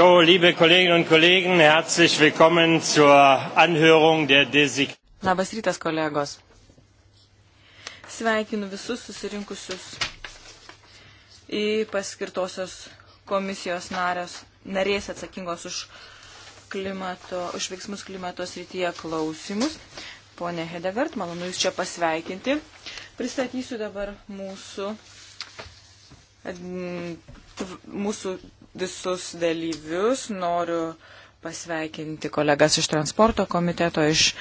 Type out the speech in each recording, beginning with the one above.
So, liebe Kolleginnen und Kollegen, herzlich willkommen zur Anhörung der Desig. Labas rytas, kolegos. Sveikinu visus susirinkusius į paskirtosios komisijos narės, narės atsakingos už, klimato, už veiksmus klimato srityje klausimus. Pone Hedevert, malonu Jūs čia pasveikinti. Pristatysiu dabar mūsų, mūsų visus dalyvius, noriu pasveikinti kolegas iš transporto komiteto, iš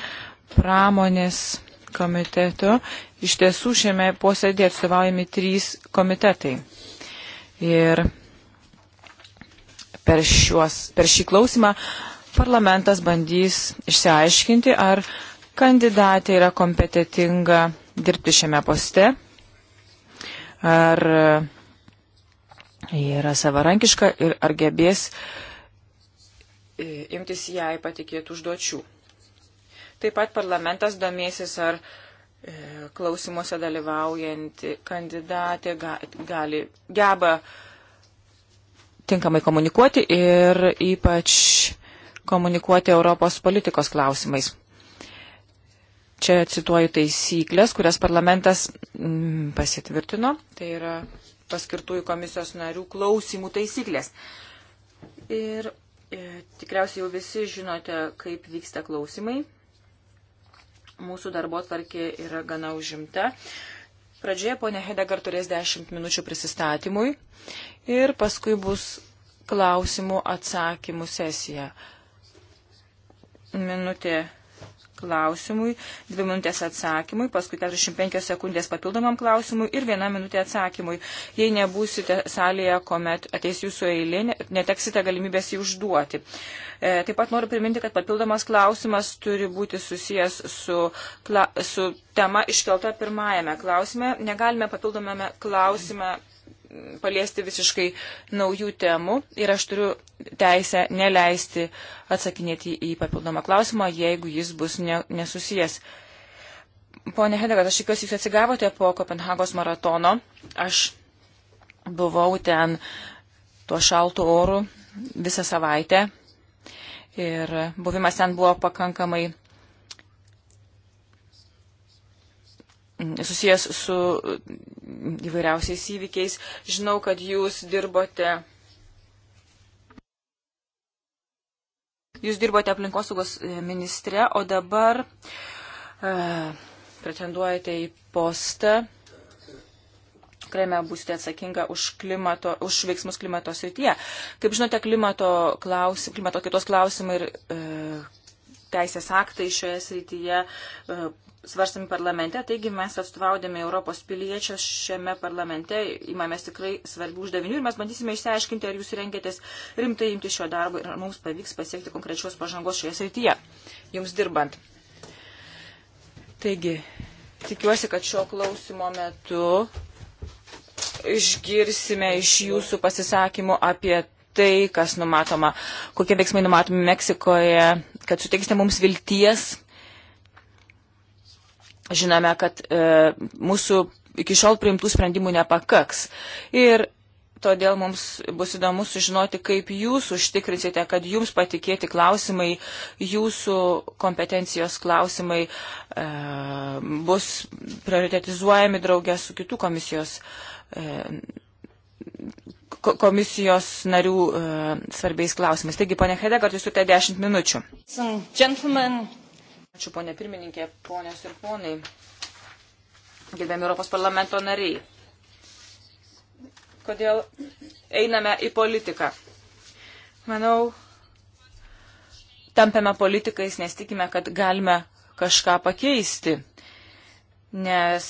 pramonės komiteto. Iš tiesų šiame posėdėje atstovaujami trys komitetai. Ir per, šiuos, per šį klausimą parlamentas bandys išsiaiškinti, ar kandidatė yra kompetitinga dirbti šiame poste, ar Jie yra savarankiška ir ar gebės e, imtis jai patikėtų užduočių. Taip pat parlamentas domėsis, ar e, klausimuose dalyvaujanti kandidatė gali, geba tinkamai komunikuoti ir ypač komunikuoti Europos politikos klausimais. Čia cituoju taisyklės, kurias parlamentas mm, pasitvirtino. Tai yra paskirtųjų komisijos narių klausimų taisyklės. Ir e, tikriausiai jau visi žinote, kaip vyksta klausimai. Mūsų darbo tvarkė yra gana užimta. Pradžioje ponė Hedegar turės 10 minučių prisistatymui ir paskui bus klausimų atsakymų sesija. Minutė klausimui, 2 minutės atsakymui, paskui 45 sekundės papildomam klausimui ir 1 minutė atsakymui. Jei nebūsite salėje, kuomet ateis jūsų eilė, neteksite galimybės jį užduoti. E, taip pat noriu priminti, kad papildomas klausimas turi būti susijęs su, kla, su tema iškelta pirmajame klausime. Negalime papildomame klausime paliesti visiškai naujų temų ir aš turiu teisę neleisti atsakinėti į papildomą klausimą, jeigu jis bus ne, nesusijęs. Pone Hedegas, aš tikiuosi, jūs atsigavote po Kopenhagos maratono. Aš buvau ten tuo šaltu oru visą savaitę ir buvimas ten buvo pakankamai susijęs su įvairiausiais įvykiais. Žinau, kad jūs dirbote. Jūs dirbote aplinkosaugos e, ministre, o dabar uh, pretenduojate į postą, kuriame būsite atsakinga už, klimato, už veiksmus klimato srityje. Kaip žinote, klimato, klausim, klimato kitos klausimai ir uh, teisės aktai šioje srityje uh, svarstami parlamente, taigi mes atstovaudėme Europos piliečius šiame parlamente, įmamės tikrai svarbių uždavinių ir mes bandysime išsiaiškinti, ar jūs rengėtės rimtai imti šio darbo ir mums pavyks pasiekti konkrečios pažangos šioje srityje, jums dirbant. Taigi, tikiuosi, kad šio klausimo metu išgirsime iš jūsų pasisakymų apie tai, kas numatoma, kokie veiksmai numatomi Meksikoje, kad suteiksite mums vilties Žinome, kad e, mūsų iki šiol priimtų sprendimų nepakaks. Ir todėl mums bus įdomu sužinoti, kaip jūs užtikrinsite, kad jums patikėti klausimai, jūsų kompetencijos klausimai e, bus prioritetizuojami draugė su kitų komisijos, e, komisijos narių e, svarbiais klausimais. Taigi, ponė Hedegard, jūs turite 10 minučių. Gentlemen. Ačiū, ponė pirmininkė, ponios ir ponai, gerbėmi Europos parlamento nariai. Kodėl einame į politiką? Manau, tampame politikais, nes tikime, kad galime kažką pakeisti. Nes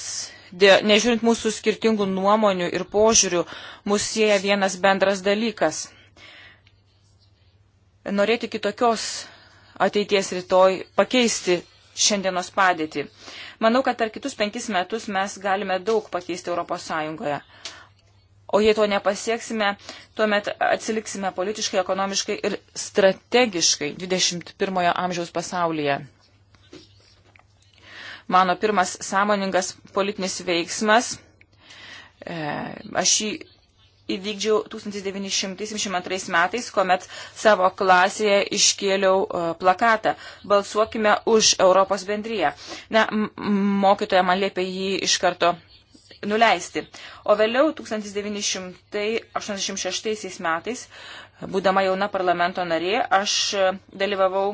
dė, nežiūrint mūsų skirtingų nuomonių ir požiūrių, mus sieja vienas bendras dalykas. Norėti kitokios ateities rytoj pakeisti šiandienos padėtį. Manau, kad per kitus penkis metus mes galime daug pakeisti Europos Sąjungoje. O jei to nepasieksime, tuomet atsiliksime politiškai, ekonomiškai ir strategiškai 21 amžiaus pasaulyje. Mano pirmas sąmoningas politinis veiksmas, e, aš jį įvykdžiau 1972 metais, kuomet savo klasėje iškėliau e, plakatą Balsuokime už Europos bendryje. Na, mokytoja man liepė jį iš karto nuleisti. O vėliau 1986 metais, būdama jauna parlamento narė, aš e, dalyvavau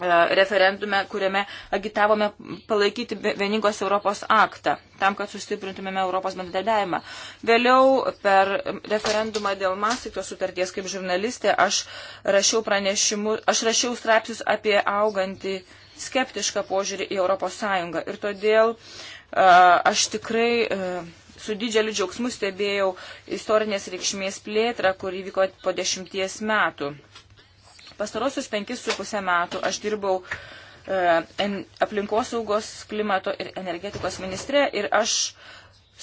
E, referendume, kuriame agitavome palaikyti vieningos Europos aktą, tam, kad sustiprintumėme Europos bendradarbiavimą. Vėliau per referendumą dėl Masikto sutarties kaip žurnalistė aš rašiau, aš rašiau straipsnius apie augantį skeptišką požiūrį į Europos Sąjungą. Ir todėl e, aš tikrai e, su dideliu džiaugsmu stebėjau istorinės reikšmės plėtrą, kuri vyko po dešimties metų. Pastarosius penkis su pusę metų aš dirbau e, aplinkosaugos, klimato ir energetikos ministrė ir aš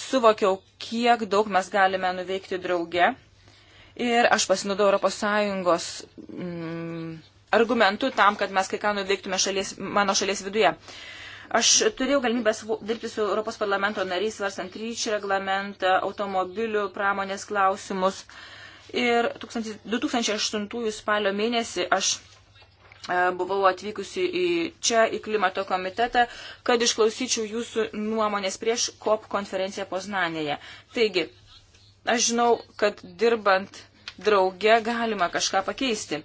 suvokiau, kiek daug mes galime nuveikti drauge. Ir aš pasinaudau Europos Sąjungos mm, argumentų tam, kad mes kai ką nuveiktume šalies, mano šalies viduje. Aš turėjau galimybę dirbti su Europos parlamento nariais, varsant ryčių reglamentą, automobilių pramonės klausimus. Uh, Ir 2008 spalio mėnesį aš e, buvau atvykusi į čia, į klimato komitetą, kad išklausyčiau jūsų nuomonės prieš COP konferenciją Poznanėje. Taigi, aš žinau, kad dirbant drauge galima kažką pakeisti.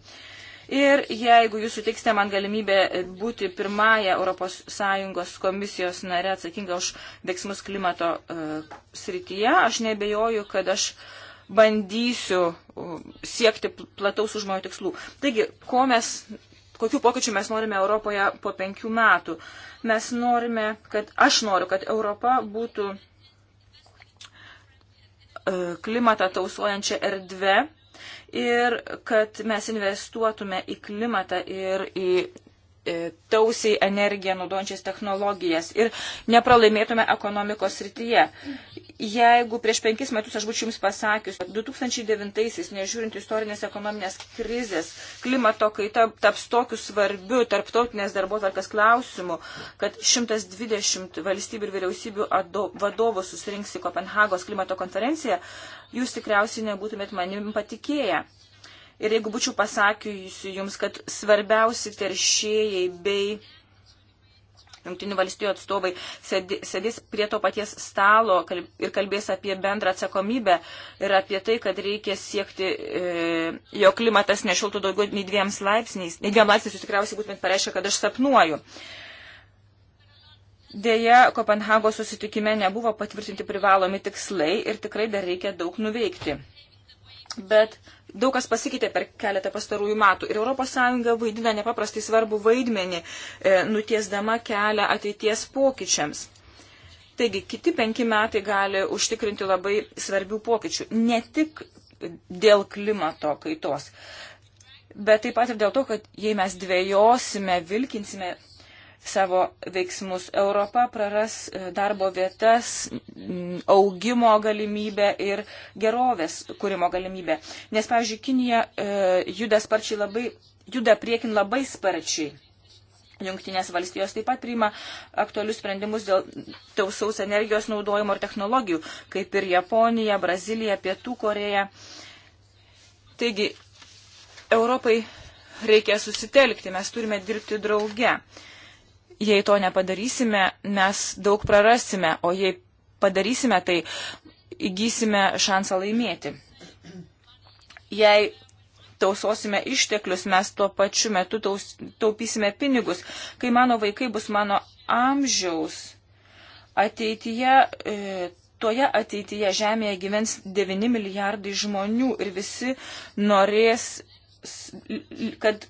Ir jeigu jūs sutiksite man galimybę būti pirmąją ES komisijos nare atsakinga už veiksmus klimato uh, srityje, aš nebejoju, kad aš uh, bandysiu siekti plataus užmojo tikslų. Taigi, ko mes, kokiu pokyčiu mes norime Europoje po penkių metų? Mes norime, kad aš noriu, kad Europa būtų e, klimatą tausojančią erdvę ir kad mes investuotume į klimatą ir į E, tausiai energiją naudojančias technologijas ir nepralaimėtume ekonomikos srityje. Jeigu prieš penkis metus aš būčiau jums pasakius, 2009-aisiais, nežiūrint istorinės ekonominės krizės, klimato kaita taps tokiu svarbiu tarptautinės darbo tvarkas klausimu, kad 120 valstybių ir vyriausybių vadovų susirinks į Kopenhagos klimato konferenciją, jūs tikriausiai nebūtumėt manim patikėję. Ir jeigu būčiau pasakiusi jums, kad svarbiausi teršėjai bei Junktinių valstybių atstovai sėdės prie to paties stalo ir kalbės apie bendrą atsakomybę ir apie tai, kad reikia siekti, e, jo klimatas nešiltų daugiau nei dviems laipsniais. Nei dviem laipsniais jūs tikriausiai būtumėt pareiškę, kad aš sapnuoju. Deja, Kopenhagos susitikime nebuvo patvirtinti privalomi tikslai ir tikrai dar reikia daug nuveikti. Bet Daug kas pasikeitė per keletą pastarųjų metų ir ES vaidina nepaprastai svarbu vaidmenį, e, nutiesdama kelią ateities pokyčiams. Taigi, kiti penki metai gali užtikrinti labai svarbių pokyčių, ne tik dėl klimato kaitos, bet taip pat ir dėl to, kad jei mes dvėjosime, vilkinsime, savo veiksmus. Europa praras e, darbo vietas, augimo galimybę ir gerovės kūrimo galimybę. Nes, pavyzdžiui, Kinija e, juda sparčiai labai, juda priekin labai sparčiai. Junktinės valstijos taip pat priima aktualius sprendimus dėl tausaus energijos naudojimo ir technologijų, kaip ir Japonija, Brazilija, Pietų Koreja. Taigi, Europai reikia susitelkti, mes turime dirbti drauge. Uh, Jei to nepadarysime, mes daug prarasime, o jei padarysime, tai įgysime šansą laimėti. Jei tausosime išteklius, mes tuo pačiu metu taus, taupysime pinigus. Kai mano vaikai bus mano amžiaus, ateityje, e, toje ateityje Žemėje gyvens 9 milijardai žmonių ir visi norės, kad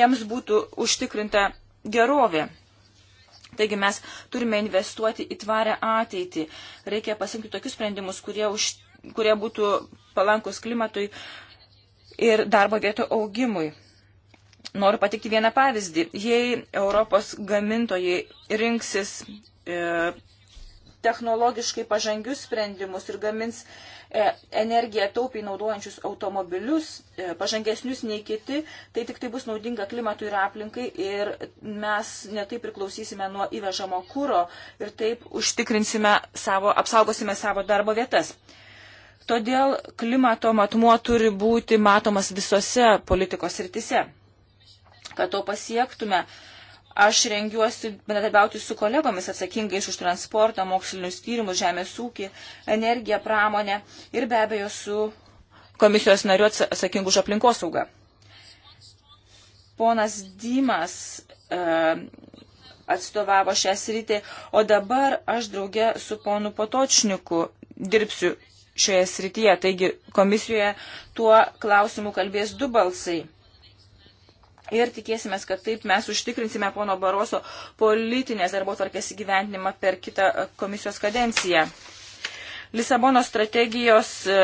jiems būtų užtikrinta gerovė. Taigi mes turime investuoti į tvarę ateitį. Reikia pasirinkti tokius sprendimus, kurie, už, kurie būtų palankus klimatui ir darbo vietų augimui. Noriu patikti vieną pavyzdį. Jei Europos gamintojai rinksis e, technologiškai pažangius sprendimus ir gamins E, energiją taupiai naudojančius automobilius, e, pažangesnius nei kiti, tai tik tai bus naudinga klimatui ir aplinkai ir mes netai priklausysime nuo įvežamo kūro ir taip užtikrinsime savo, apsaugosime savo darbo vietas. Todėl klimato matmuo turi būti matomas visose politikos rytise. Kad to pasiektume, uh, Aš rengiuosi bendradarbiauti su kolegomis atsakingais už transportą, mokslinius tyrimus, žemės ūkį, energiją, pramonę ir be abejo su komisijos nariu atsakingu už aplinkosaugą. Ponas Dimas e, atstovavo šią sritį, o dabar aš draugė su ponu Potočniku dirbsiu šioje srityje. Taigi komisijoje tuo klausimu kalbės du balsai. Ir tikėsime, kad taip mes užtikrinsime pono Baroso politinės darbo tvarkės įgyvendinimą per kitą e, komisijos kadenciją. Lisabono strategijos e,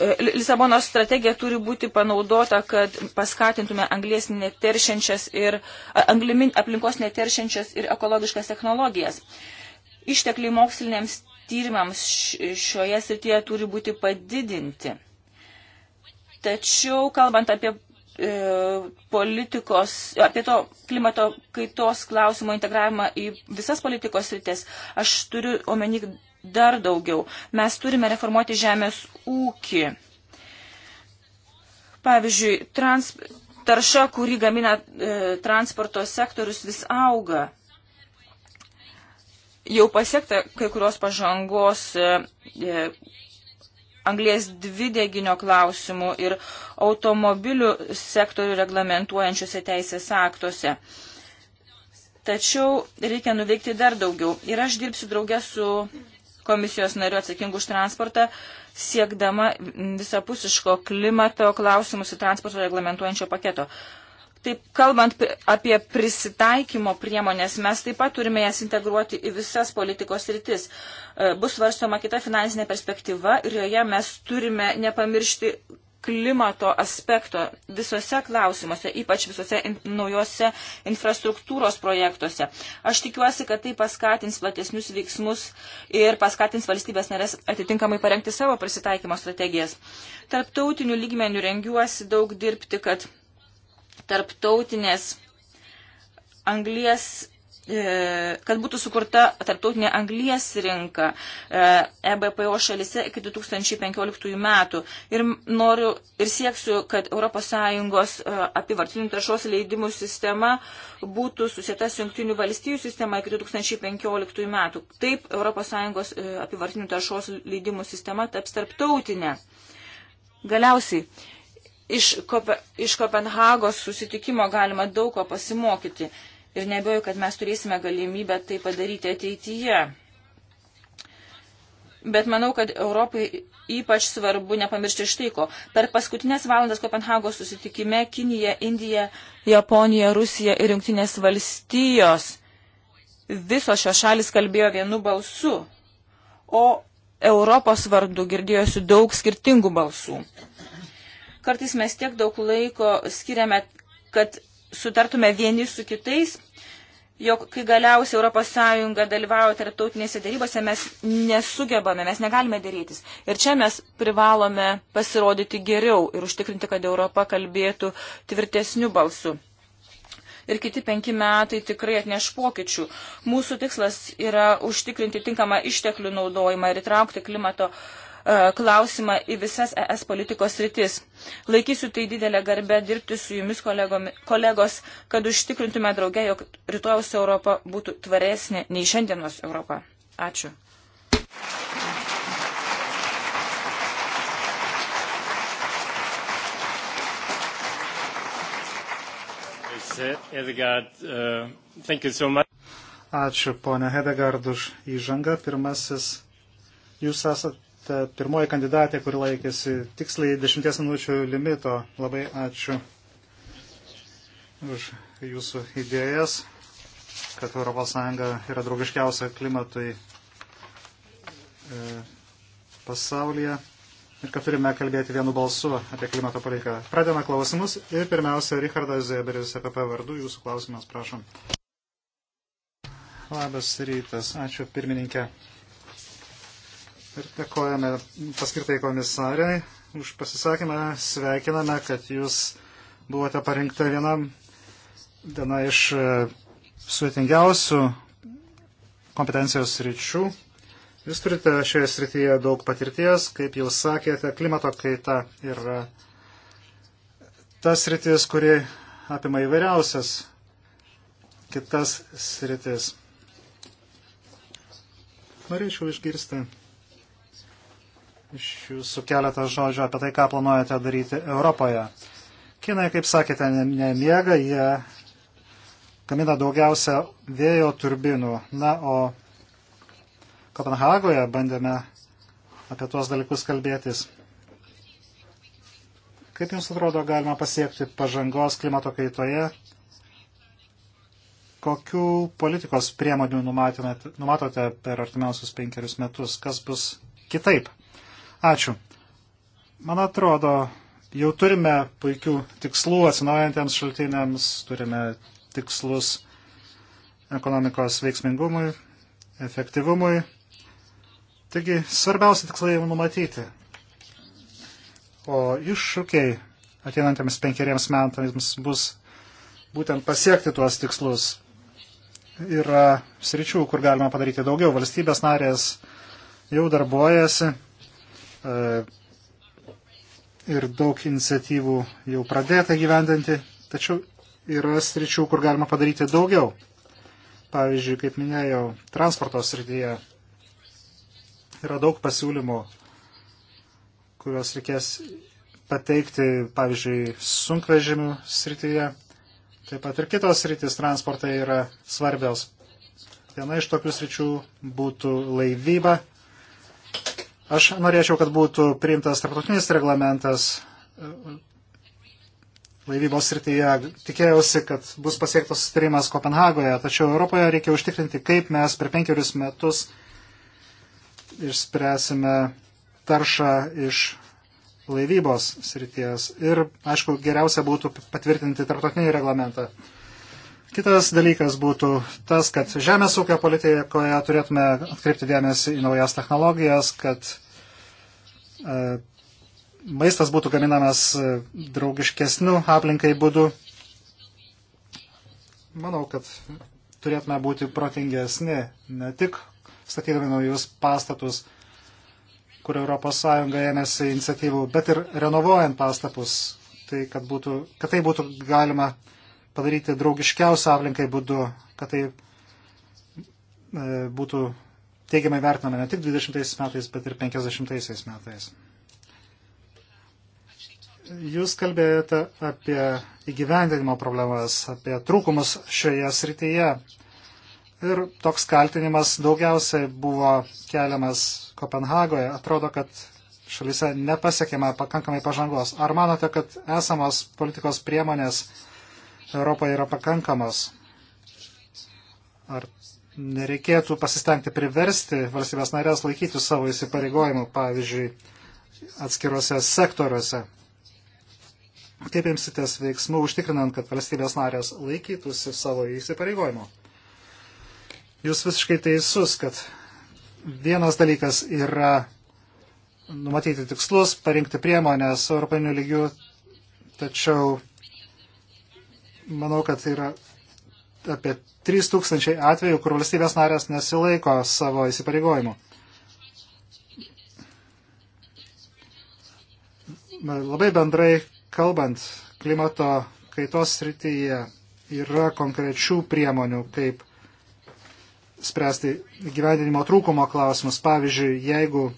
e, Lisabono strategija turi būti panaudota, kad paskatintume anglės neteršiančias ir anglimi, aplinkos neteršiančias ir ekologiškas technologijas. Ištekliai moksliniams tyrimams šioje srityje turi būti padidinti. Tačiau, kalbant apie e, politikos, apie to klimato kaitos klausimo integravimą į visas politikos rytis, aš turiu omeny dar daugiau. Mes turime reformuoti žemės ūkį. Pavyzdžiui, trans, tarša, kurį gamina e, transporto sektorius, vis auga. Jau pasiekta kai kurios pažangos e, e anglės dvideginio klausimų ir automobilių sektorių reglamentuojančiuose teisės aktuose. Tačiau reikia nuveikti dar daugiau. Ir aš dirbsiu draugę su komisijos nariu atsakingu už transportą, siekdama visapusiško klimato klausimus į transporto reglamentuojančio paketo. Taip, kalbant apie prisitaikymo priemonės, mes taip pat turime jas integruoti į visas politikos rytis. E, bus varstoma kita finansinė perspektyva ir joje mes turime nepamiršti klimato aspekto visose klausimuose, ypač visose in, naujose infrastruktūros projektuose. Aš tikiuosi, kad tai paskatins platesnius veiksmus ir paskatins valstybės narės atitinkamai parengti savo prisitaikymo strategijas. Tarptautinių lygmenių rengiuosi daug dirbti, kad tarptautinės anglies e, kad būtų sukurta tarptautinė anglies rinka EBPO e šalise iki 2015 metų. Ir noriu ir sieksiu, kad ES e, apivartinių taršos leidimų sistema būtų susieta su jungtinių valstybių sistema iki 2015 metų. Taip ES apivartinių taršos leidimų sistema taps tarptautinė. Galiausiai iš, Kope, iš Kopenhagos susitikimo galima daug ko pasimokyti ir nebejoju, kad mes turėsime galimybę tai padaryti ateityje. Bet manau, kad Europai ypač svarbu nepamiršti štai ko. Per paskutinės valandas Kopenhagos susitikime Kinija, Indija, Japonija, Rusija ir Junktinės valstijos visos šios šalis kalbėjo vienu balsu, o Europos vardu girdėjosi daug skirtingų balsų. Kartais mes tiek daug laiko skiriame, kad sutartume vieni su kitais, jog kai galiausiai ES dalyvauja tarptautinėse dėrybose, mes nesugebame, mes negalime dėrytis. Ir čia mes privalome pasirodyti geriau ir užtikrinti, kad Europa kalbėtų tvirtesniu balsu. Ir kiti penki metai tikrai atneš pokyčių. Mūsų tikslas yra užtikrinti tinkamą išteklių naudojimą ir įtraukti klimato uh, E, klausimą į visas ES politikos rytis. Laikysiu tai didelę garbę dirbti su jumis kolegomi, kolegos, kad užtikrintume draugę, jog rytojaus Europa būtų tvaresnė nei šiandienos Europa. Ačiū. Uh, Ačiū, ponia Hedegard, už įžangą. Pirmasis, jūs esate ta pirmoji kandidatė, kuri laikėsi tiksliai 10 minučių limito. Labai ačiū už jūsų idėjas, kad ES yra draugiškiausia klimatui e, pasaulyje ir kad turime kalbėti vienu balsu apie klimato politiką. Pradėjome klausimus ir pirmiausia, Richardas Zeberis, EPP vardu, jūsų klausimas, prašom. Labas rytas, ačiū pirmininkė. Ir dėkojame paskirtai komisariai už pasisakymą. Sveikiname, kad jūs buvote parinkta viena, viena iš e, sudėtingiausių kompetencijos ryčių. Jūs turite šioje srityje daug patirties, kaip jau sakėte, klimato kaita yra tas sritis, kuri apima įvairiausias kitas sritis. Norėčiau išgirsti iš jūsų keletą žodžių apie tai, ką planuojate daryti Europoje. Kinai, kaip sakėte, nemiega, jie gamina daugiausia vėjo turbinų. Na, o Kopenhagoje bandėme apie tuos dalykus kalbėtis. Kaip jums atrodo, galima pasiekti pažangos klimato kaitoje? Kokių politikos priemonių numatote per artimiausius penkerius metus? Kas bus kitaip? Ačiū. Man atrodo, jau turime puikių tikslų atsinaujantiems šaltiniams, turime tikslus ekonomikos veiksmingumui, efektyvumui. Taigi, svarbiausia tikslai jau numatyti. O iššūkiai ateinantiems penkeriems metams bus būtent pasiekti tuos tikslus. Yra sričių, kur galima padaryti daugiau. Valstybės narės jau darbuojasi E, ir daug iniciatyvų jau pradėta gyvendinti, tačiau yra sričių, kur galima padaryti daugiau. Pavyzdžiui, kaip minėjau, transporto srityje yra daug pasiūlymų, kuriuos reikės pateikti, pavyzdžiui, sunkvežimių srityje. Taip pat ir kitos sritis transportai yra svarbios. Viena iš tokių sričių būtų laivyba Aš norėčiau, kad būtų priimtas tarptautinis reglamentas e, laivybos srityje. Tikėjausi, kad bus pasiektas sustarimas Kopenhagoje, tačiau Europoje reikia užtikrinti, kaip mes per penkerius metus išspręsime taršą iš laivybos srities. Ir, aišku, geriausia būtų patvirtinti tarptautinį reglamentą. Kitas dalykas būtų tas, kad žemės ūkio politikoje turėtume atkreipti dėmesį į naujas technologijas, kad e, maistas būtų gaminamas e, draugiškesnių aplinkai būdų. Manau, kad turėtume būti protingesni, ne tik statydami naujus pastatus, kur ES ėmėsi iniciatyvų, bet ir renovuojant pastatus, tai kad, būtų, kad tai būtų galima padaryti draugiškiausią aplinkai būdu, kad tai e, būtų teigiamai vertinama ne tik 20 metais, bet ir 50 metais. Jūs kalbėjote apie įgyvendinimo problemas, apie trūkumus šioje srityje. Ir toks kaltinimas daugiausiai buvo keliamas Kopenhagoje. Atrodo, kad šalise nepasiekėme pakankamai pažangos. Ar manote, kad esamos politikos priemonės Europoje yra pakankamas. Ar nereikėtų pasistengti priversti valstybės narės laikyti savo įsipareigojimų, pavyzdžiui, atskiruose sektoriuose. Kaip imsitės veiksmų užtikrinant, kad valstybės narės laikytųsi savo įsipareigojimų? Jūs visiškai teisus, kad vienas dalykas yra numatyti tikslus, parinkti priemonės europinių lygių, tačiau manau, kad tai yra apie 3000 atvejų, kur valstybės narės nesilaiko savo įsipareigojimų. Labai bendrai kalbant, klimato kaitos srityje yra konkrečių priemonių, kaip spręsti gyvendinimo trūkumo klausimus. Pavyzdžiui, jeigu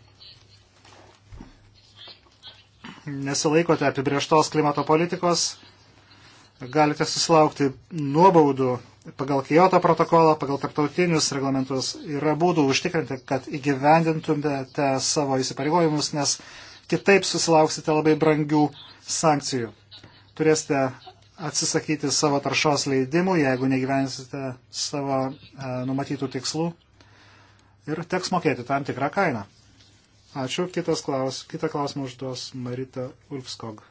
nesilaikote apibrieštos klimato politikos, galite susilaukti nuobaudų pagal Kyoto protokolą, pagal tarptautinius reglamentus. Yra būdų užtikrinti, kad įgyvendintumėte savo įsipareigojimus, nes kitaip susilauksite labai brangių sankcijų. Turėsite atsisakyti savo taršos leidimų, jeigu negyvensite savo e, numatytų tikslų ir teks mokėti tam tikrą kainą. Ačiū. Kitas klaus, kitą klausimą užduos Marita Ulfskog.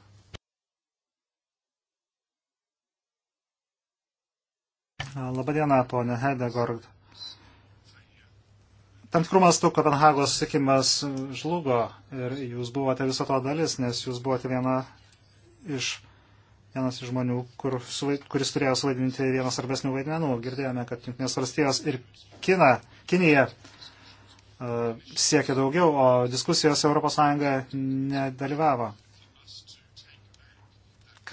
Labadiena, ponė Hedegord. Tam tikrų mastų Kopenhagos sutikimas žlugo ir jūs buvote viso to dalis, nes jūs buvote viena iš, vienas iš žmonių, kur, kuris turėjo suvaidinti vieną svarbesnių vaidmenų. Girdėjome, kad Junktinės valstijos ir Kina, Kinija e, siekia daugiau, o diskusijos ES nedalyvavo.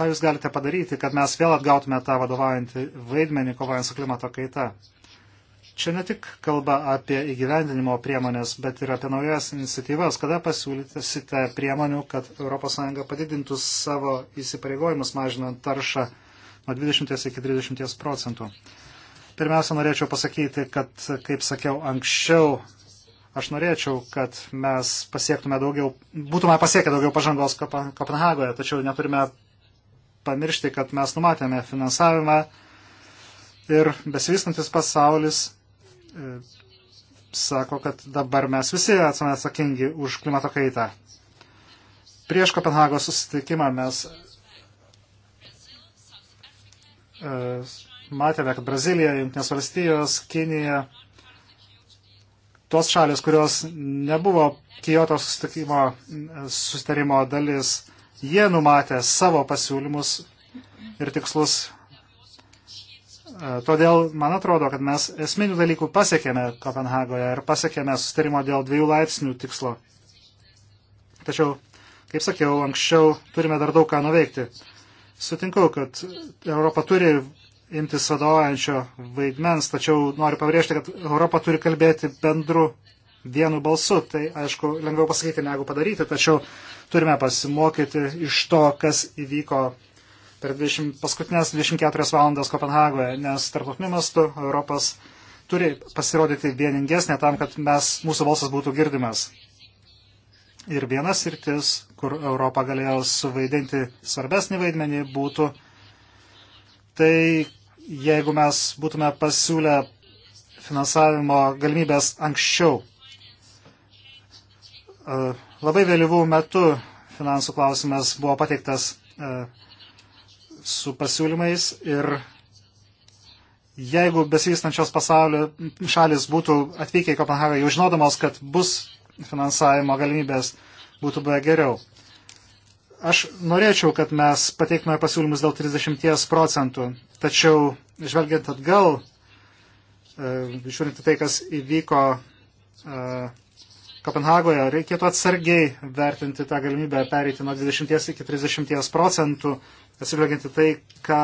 Ką jūs galite padaryti, kad mes vėl atgautume tą vadovaujantį vaidmenį kovojant su klimato kaita? Čia ne tik kalba apie įgyvendinimo priemonės, bet ir apie naujas iniciatyvas. Kada pasiūlytesite priemonių, kad ES padidintų savo įsipareigojimus mažinant taršą nuo 20 iki 30 procentų? Pirmiausia, norėčiau pasakyti, kad, kaip sakiau anksčiau, aš norėčiau, kad mes pasiektume daugiau, būtume pasiekę daugiau pažangos Kopenhagoje, tačiau neturime pamiršti, kad mes numatėme finansavimą ir besivystantis pasaulis e, sako, kad dabar mes visi esame atsakingi už klimato kaitą. Prieš Kopenhagos susitikimą mes e, matėme, kad Brazilija, Junktinės valstijos, Kinija, tos šalis, kurios nebuvo Kijoto susitarimo dalis, Jie numatė savo pasiūlymus ir tikslus. E, todėl man atrodo, kad mes esminių dalykų pasiekėme Kopenhagoje ir pasiekėme sustarimo dėl dviejų laipsnių tikslo. Tačiau, kaip sakiau, anksčiau turime dar daug ką nuveikti. Sutinku, kad Europa turi imtis vadovaujančio vaidmens, tačiau noriu pabrėžti, kad Europa turi kalbėti bendru vienu balsu. Tai, aišku, lengviau pasakyti negu padaryti, tačiau turime pasimokyti iš to, kas įvyko per 20, paskutinės 24 valandas Kopenhagoje, nes tarptautiniu mastu Europos turi pasirodyti vieningesnė tam, kad mes, mūsų balsas būtų girdimas. Ir vienas sritis, kur Europa galėjo suvaidinti svarbesnį vaidmenį, būtų tai, jeigu mes būtume pasiūlę finansavimo galimybės anksčiau. Labai vėlyvų metų finansų klausimas buvo pateiktas su pasiūlymais ir jeigu besivystančios pasaulio šalis būtų atvykę į Kopenhagą jau žinodamos, kad bus finansavimo galimybės, būtų buvę geriau. Aš norėčiau, kad mes pateiktume pasiūlymus dėl 30 procentų, tačiau žvelgiant atgal, e, žiūrint tai, kas įvyko e, Kopenhagoje reikėtų atsargiai vertinti tą galimybę pereiti nuo 20 iki 30 procentų, atsižvelgiant į tai, ką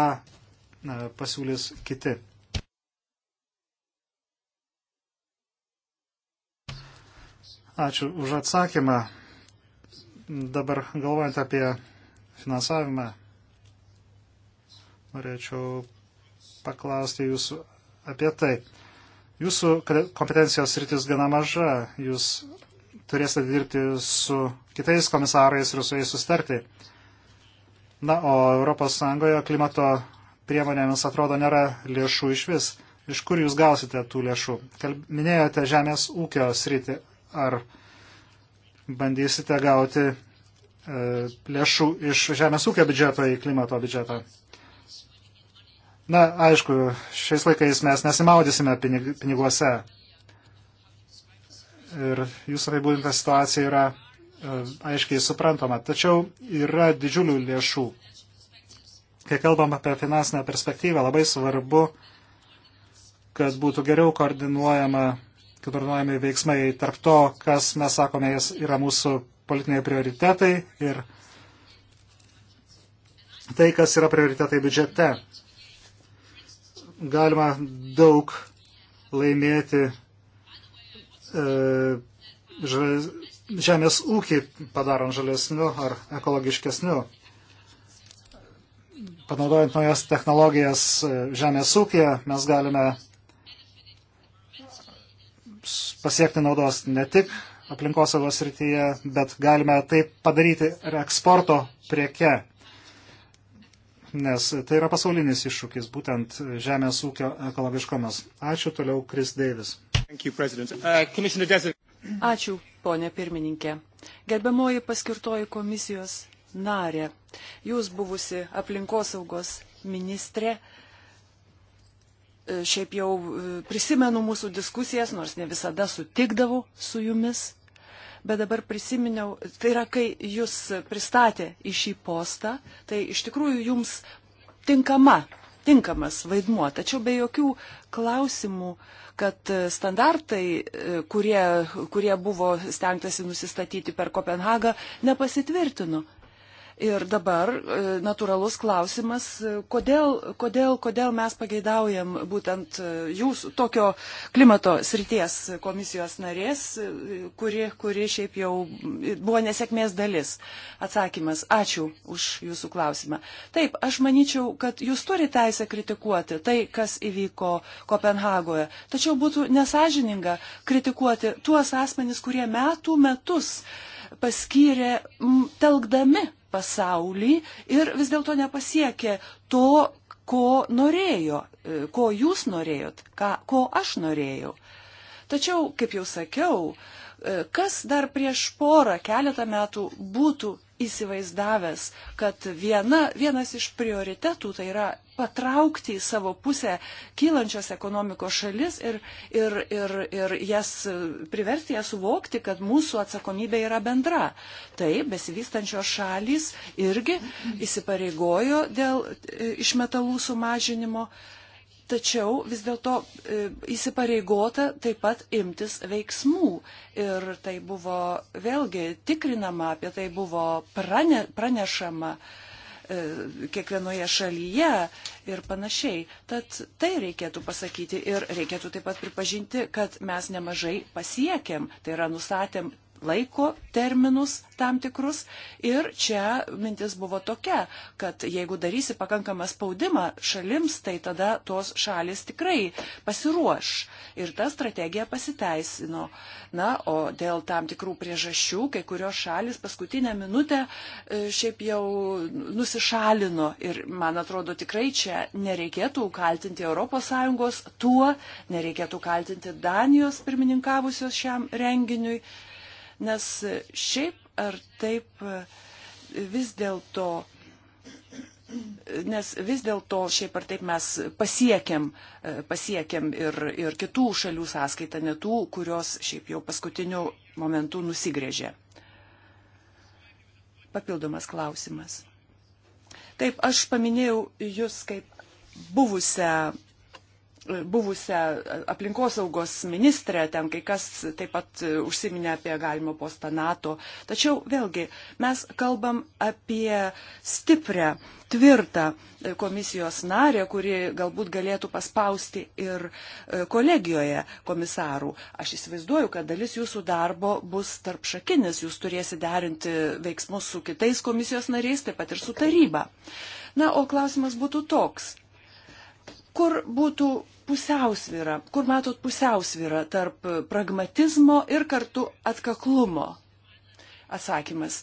na, pasiūlys kiti. Ačiū už atsakymą. Dabar galvojant apie finansavimą, norėčiau paklausti jūsų apie tai. Jūsų kompetencijos rytis gana maža, jūs turėsite dirbti su kitais komisarais ir su jais sustarti. Na, o ES klimato priemonėmis atrodo nėra lėšų iš vis. Iš kur jūs gausite tų lėšų? Kalb... Minėjote žemės ūkio sritį. Ar bandysite gauti e, lėšų iš žemės ūkio biudžeto į klimato biudžetą? Na, aišku, šiais laikais mes nesimaudysime pinig, piniguose ir jūsų apibūdinta situacija yra e, aiškiai suprantama. Tačiau yra didžiulių lėšų. Kai kalbam apie finansinę perspektyvą, labai svarbu, kad būtų geriau koordinuojama, koordinuojami veiksmai tarp to, kas mes sakome, yra mūsų politiniai prioritetai ir tai, kas yra prioritetai biudžete. Galima daug laimėti E, žemės ūkį padarant žalesniu ar ekologiškesniu. Panaudojant naujas technologijas e, žemės ūkėje, mes galime pasiekti naudos ne tik aplinkosaugos rytyje, bet galime tai padaryti ir eksporto prieke, nes tai yra pasaulinis iššūkis, būtent žemės ūkio ekologiškumas. Ačiū toliau, Kris Deivis. Uh, Ačiū, ponė pirmininkė. Gerbiamoji paskirtoji komisijos narė, jūs buvusi aplinkosaugos ministrė, e, šiaip jau e, prisimenu mūsų diskusijas, nors ne visada sutikdavau su jumis, bet dabar prisiminiau, tai yra, kai jūs pristatė į šį postą, tai iš tikrųjų jums tinkama tinkamas vaidmuo. Tačiau be jokių klausimų, kad standartai, e, kurie, kurie buvo stengtasi nusistatyti per Kopenhagą, nepasitvirtino. Ir dabar e, natūralus klausimas, e, kodėl, kodėl, kodėl mes pageidaujam būtent e, jūsų tokio klimato srities komisijos narės, kuri, kuri šiaip jau buvo nesėkmės dalis. Atsakymas, ačiū už jūsų klausimą. Taip, aš manyčiau, kad jūs turite teisę kritikuoti tai, kas įvyko Kopenhagoje. Tačiau būtų nesažininga kritikuoti tuos asmenys, kurie metų metus paskyrė telkdami pasaulį ir vis dėlto nepasiekė to, ko norėjo, e, ko jūs norėjot, ką, ko aš norėjau. Tačiau, kaip jau sakiau, E, kas dar prieš porą keletą metų būtų įsivaizdavęs, kad viena, vienas iš prioritetų tai yra patraukti į savo pusę kylančios ekonomikos šalis ir, ir, ir, ir jas priversti ją suvokti, kad mūsų atsakomybė yra bendra. Taip, besivystančios šalys irgi įsipareigojo dėl e, išmetalų sumažinimo. E, Tačiau vis dėlto e, įsipareigota taip pat imtis veiksmų. Ir tai buvo vėlgi tikrinama, apie tai buvo prane, pranešama e, kiekvienoje šalyje ir panašiai. Tad tai reikėtų pasakyti ir reikėtų taip pat pripažinti, kad mes nemažai pasiekėm. Tai yra nustatėm laiko terminus tam tikrus. Ir čia mintis buvo tokia, kad jeigu darysi pakankamą spaudimą šalims, tai tada tos šalis tikrai pasiruoš. Ir ta strategija pasiteisino. Na, o dėl tam tikrų priežasčių, kai kurios šalis paskutinę minutę e, šiaip jau nusišalino. Ir man atrodo, tikrai čia nereikėtų kaltinti ES tuo, nereikėtų kaltinti Danijos pirmininkavusios šiam renginiui Nes šiaip ar taip vis dėlto nes vis dėlto šiaip ar taip mes pasiekėm, pasiekėm ir, ir kitų šalių sąskaitą, ne tų, kurios šiaip jau paskutiniu momentu nusigrėžė. Papildomas klausimas. Taip, aš paminėjau jūs kaip buvusią buvusią aplinkosaugos ministrę, ten kai kas taip pat užsiminė apie galimą postą NATO. Tačiau vėlgi mes kalbam apie stiprią, tvirtą komisijos narę, kuri galbūt galėtų paspausti ir e, kolegijoje komisarų. Aš įsivaizduoju, kad dalis jūsų darbo bus tarp šakinis, jūs turėsite derinti veiksmus su kitais komisijos nariais, taip pat ir su taryba. Na, o klausimas būtų toks kur būtų pusiausvyra, kur matot pusiausvyrą tarp pragmatizmo ir kartu atkaklumo? Atsakymas.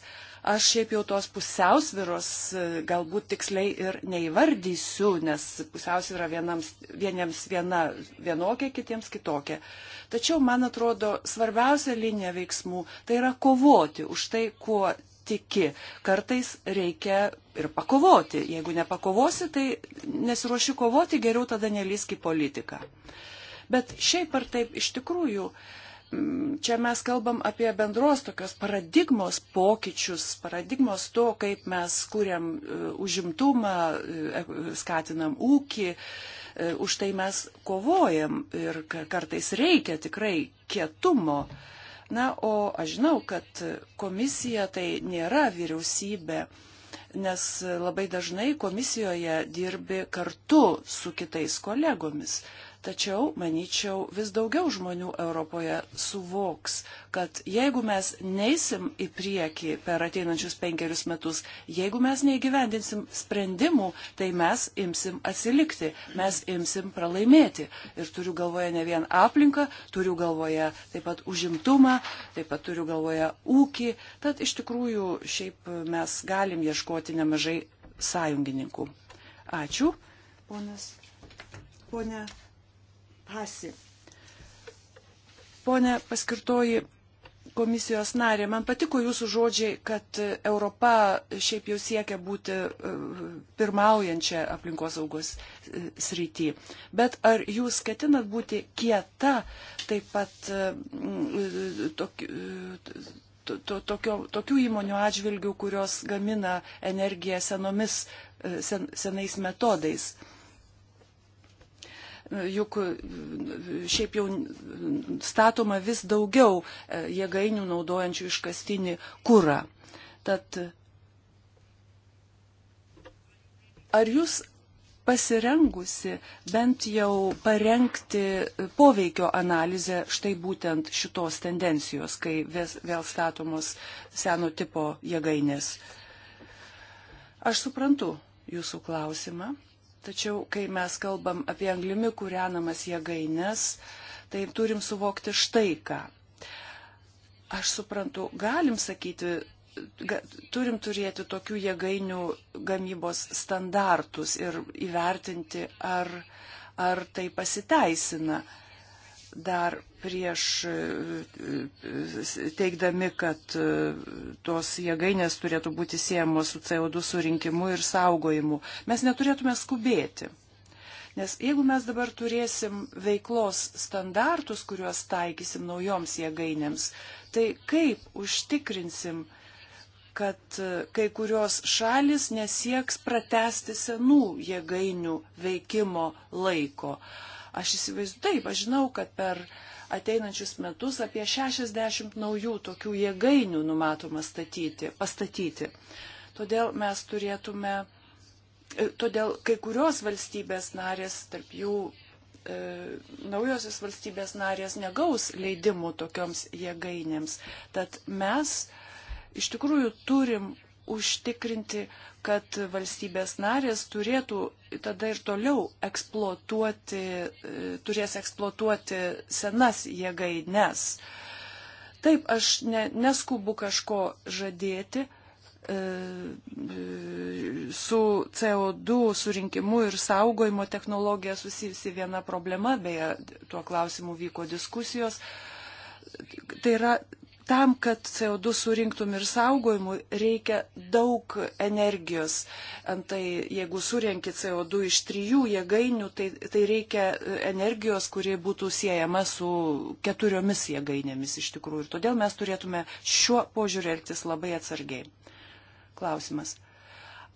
Aš šiaip jau tos pusiausviros e, galbūt tiksliai ir neįvardysiu, nes pusiausvyra vienams, vieniems viena vienokia, kitiems kitokia. Tačiau, man atrodo, svarbiausia linija veiksmų tai yra kovoti už tai, kuo tiki. Kartais reikia ir pakovoti. Jeigu nepakovosi, tai nesiruoši kovoti, geriau tada nelysk į politiką. Bet šiaip ar taip iš tikrųjų, mm, čia mes kalbam apie bendros tokios paradigmos pokyčius, paradigmos to, kaip mes kuriam e, užimtumą, e, e, skatinam ūkį, už tai mes kovojam ir kartais reikia tikrai kietumo. Na, o aš žinau, kad komisija tai nėra vyriausybė nes labai dažnai komisijoje dirbi kartu su kitais kolegomis. Tačiau, manyčiau, vis daugiau žmonių Europoje suvoks, kad jeigu mes neisim į priekį per ateinančius penkerius metus, jeigu mes neįgyvendinsim sprendimų, tai mes imsim atsilikti, mes imsim pralaimėti. Ir turiu galvoje ne vien aplinką, turiu galvoje taip pat užimtumą, taip pat turiu galvoje ūkį. Tad iš tikrųjų šiaip mes galim ieškoti nemažai sąjungininkų. Ačiū, ponas. Ponia Hasi. Pone paskirtoji komisijos narė, man patiko jūsų žodžiai, kad Europa šiaip jau siekia būti e, pirmaujančia aplinkosaugos e, srity. Bet ar jūs ketinat būti kieta taip pat e, tokiu. To, to, tokio, tokių įmonių atžvilgių, kurios gamina energiją senomis, sen, senais metodais. Uh, juk šiaip jau statoma vis daugiau e, jėgainių naudojančių iškastinį kūrą. Tad ar jūs pasirengusi bent jau parengti poveikio analizę štai būtent šitos tendencijos, kai vėl statomos seno tipo jėgainės? Aš suprantu jūsų klausimą. Tačiau, kai mes kalbam apie anglimi kūrenamas jėgainės, tai turim suvokti štai ką. Aš suprantu, galim sakyti, turim turėti tokių jėgainių gamybos standartus ir įvertinti, ar, ar tai pasiteisina. Dar prieš e, teikdami, kad e, tos jėgainės turėtų būti siejamos su CO2 surinkimu ir saugojimu. Mes neturėtume skubėti. Nes jeigu mes dabar turėsim veiklos standartus, kuriuos taikysim naujoms jėgainėms, tai kaip užtikrinsim, kad e, kai kurios šalis nesieks pratesti senų jėgainių veikimo laiko. Aš įsivaizduoju, taip, aš žinau, kad per ateinančius metus apie 60 naujų tokių jėgainių numatoma statyti, pastatyti. Todėl mes turėtume, e, todėl kai kurios valstybės narės, tarp jų e, naujosios valstybės narės negaus leidimų tokioms jėgainėms. Tad mes iš tikrųjų turim užtikrinti, kad valstybės narės turėtų tada ir toliau eksploatuoti, turės eksploatuoti senas jėgaines. Taip, aš ne, neskubu kažko žadėti e, su CO2 surinkimu ir saugojimo technologija susijusi viena problema, beje, tuo klausimu vyko diskusijos. Tai yra tam, kad CO2 surinktum ir saugojimui, reikia daug energijos. Antai, jeigu surenki CO2 iš trijų jėgainių, tai, tai reikia e, energijos, kuri būtų siejama su keturiomis jėgainėmis iš tikrųjų. Ir todėl mes turėtume šiuo požiūriu elgtis labai atsargiai. Klausimas.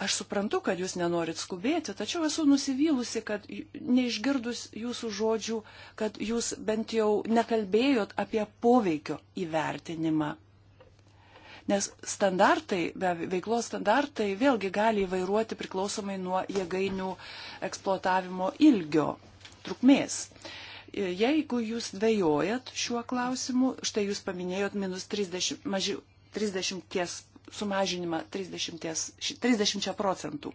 Aš suprantu, kad jūs nenorit skubėti, tačiau esu nusivylusi, kad neišgirdus jūsų žodžių, kad jūs bent jau nekalbėjot apie poveikio įvertinimą. Nes standartai, veiklos standartai vėlgi gali įvairuoti priklausomai nuo jėgainių eksploatavimo ilgio, trukmės jeigu jūs dvėjojat šiuo klausimu, štai jūs paminėjot minus 30, mažiau 30 sumažinimą 30, 30 procentų.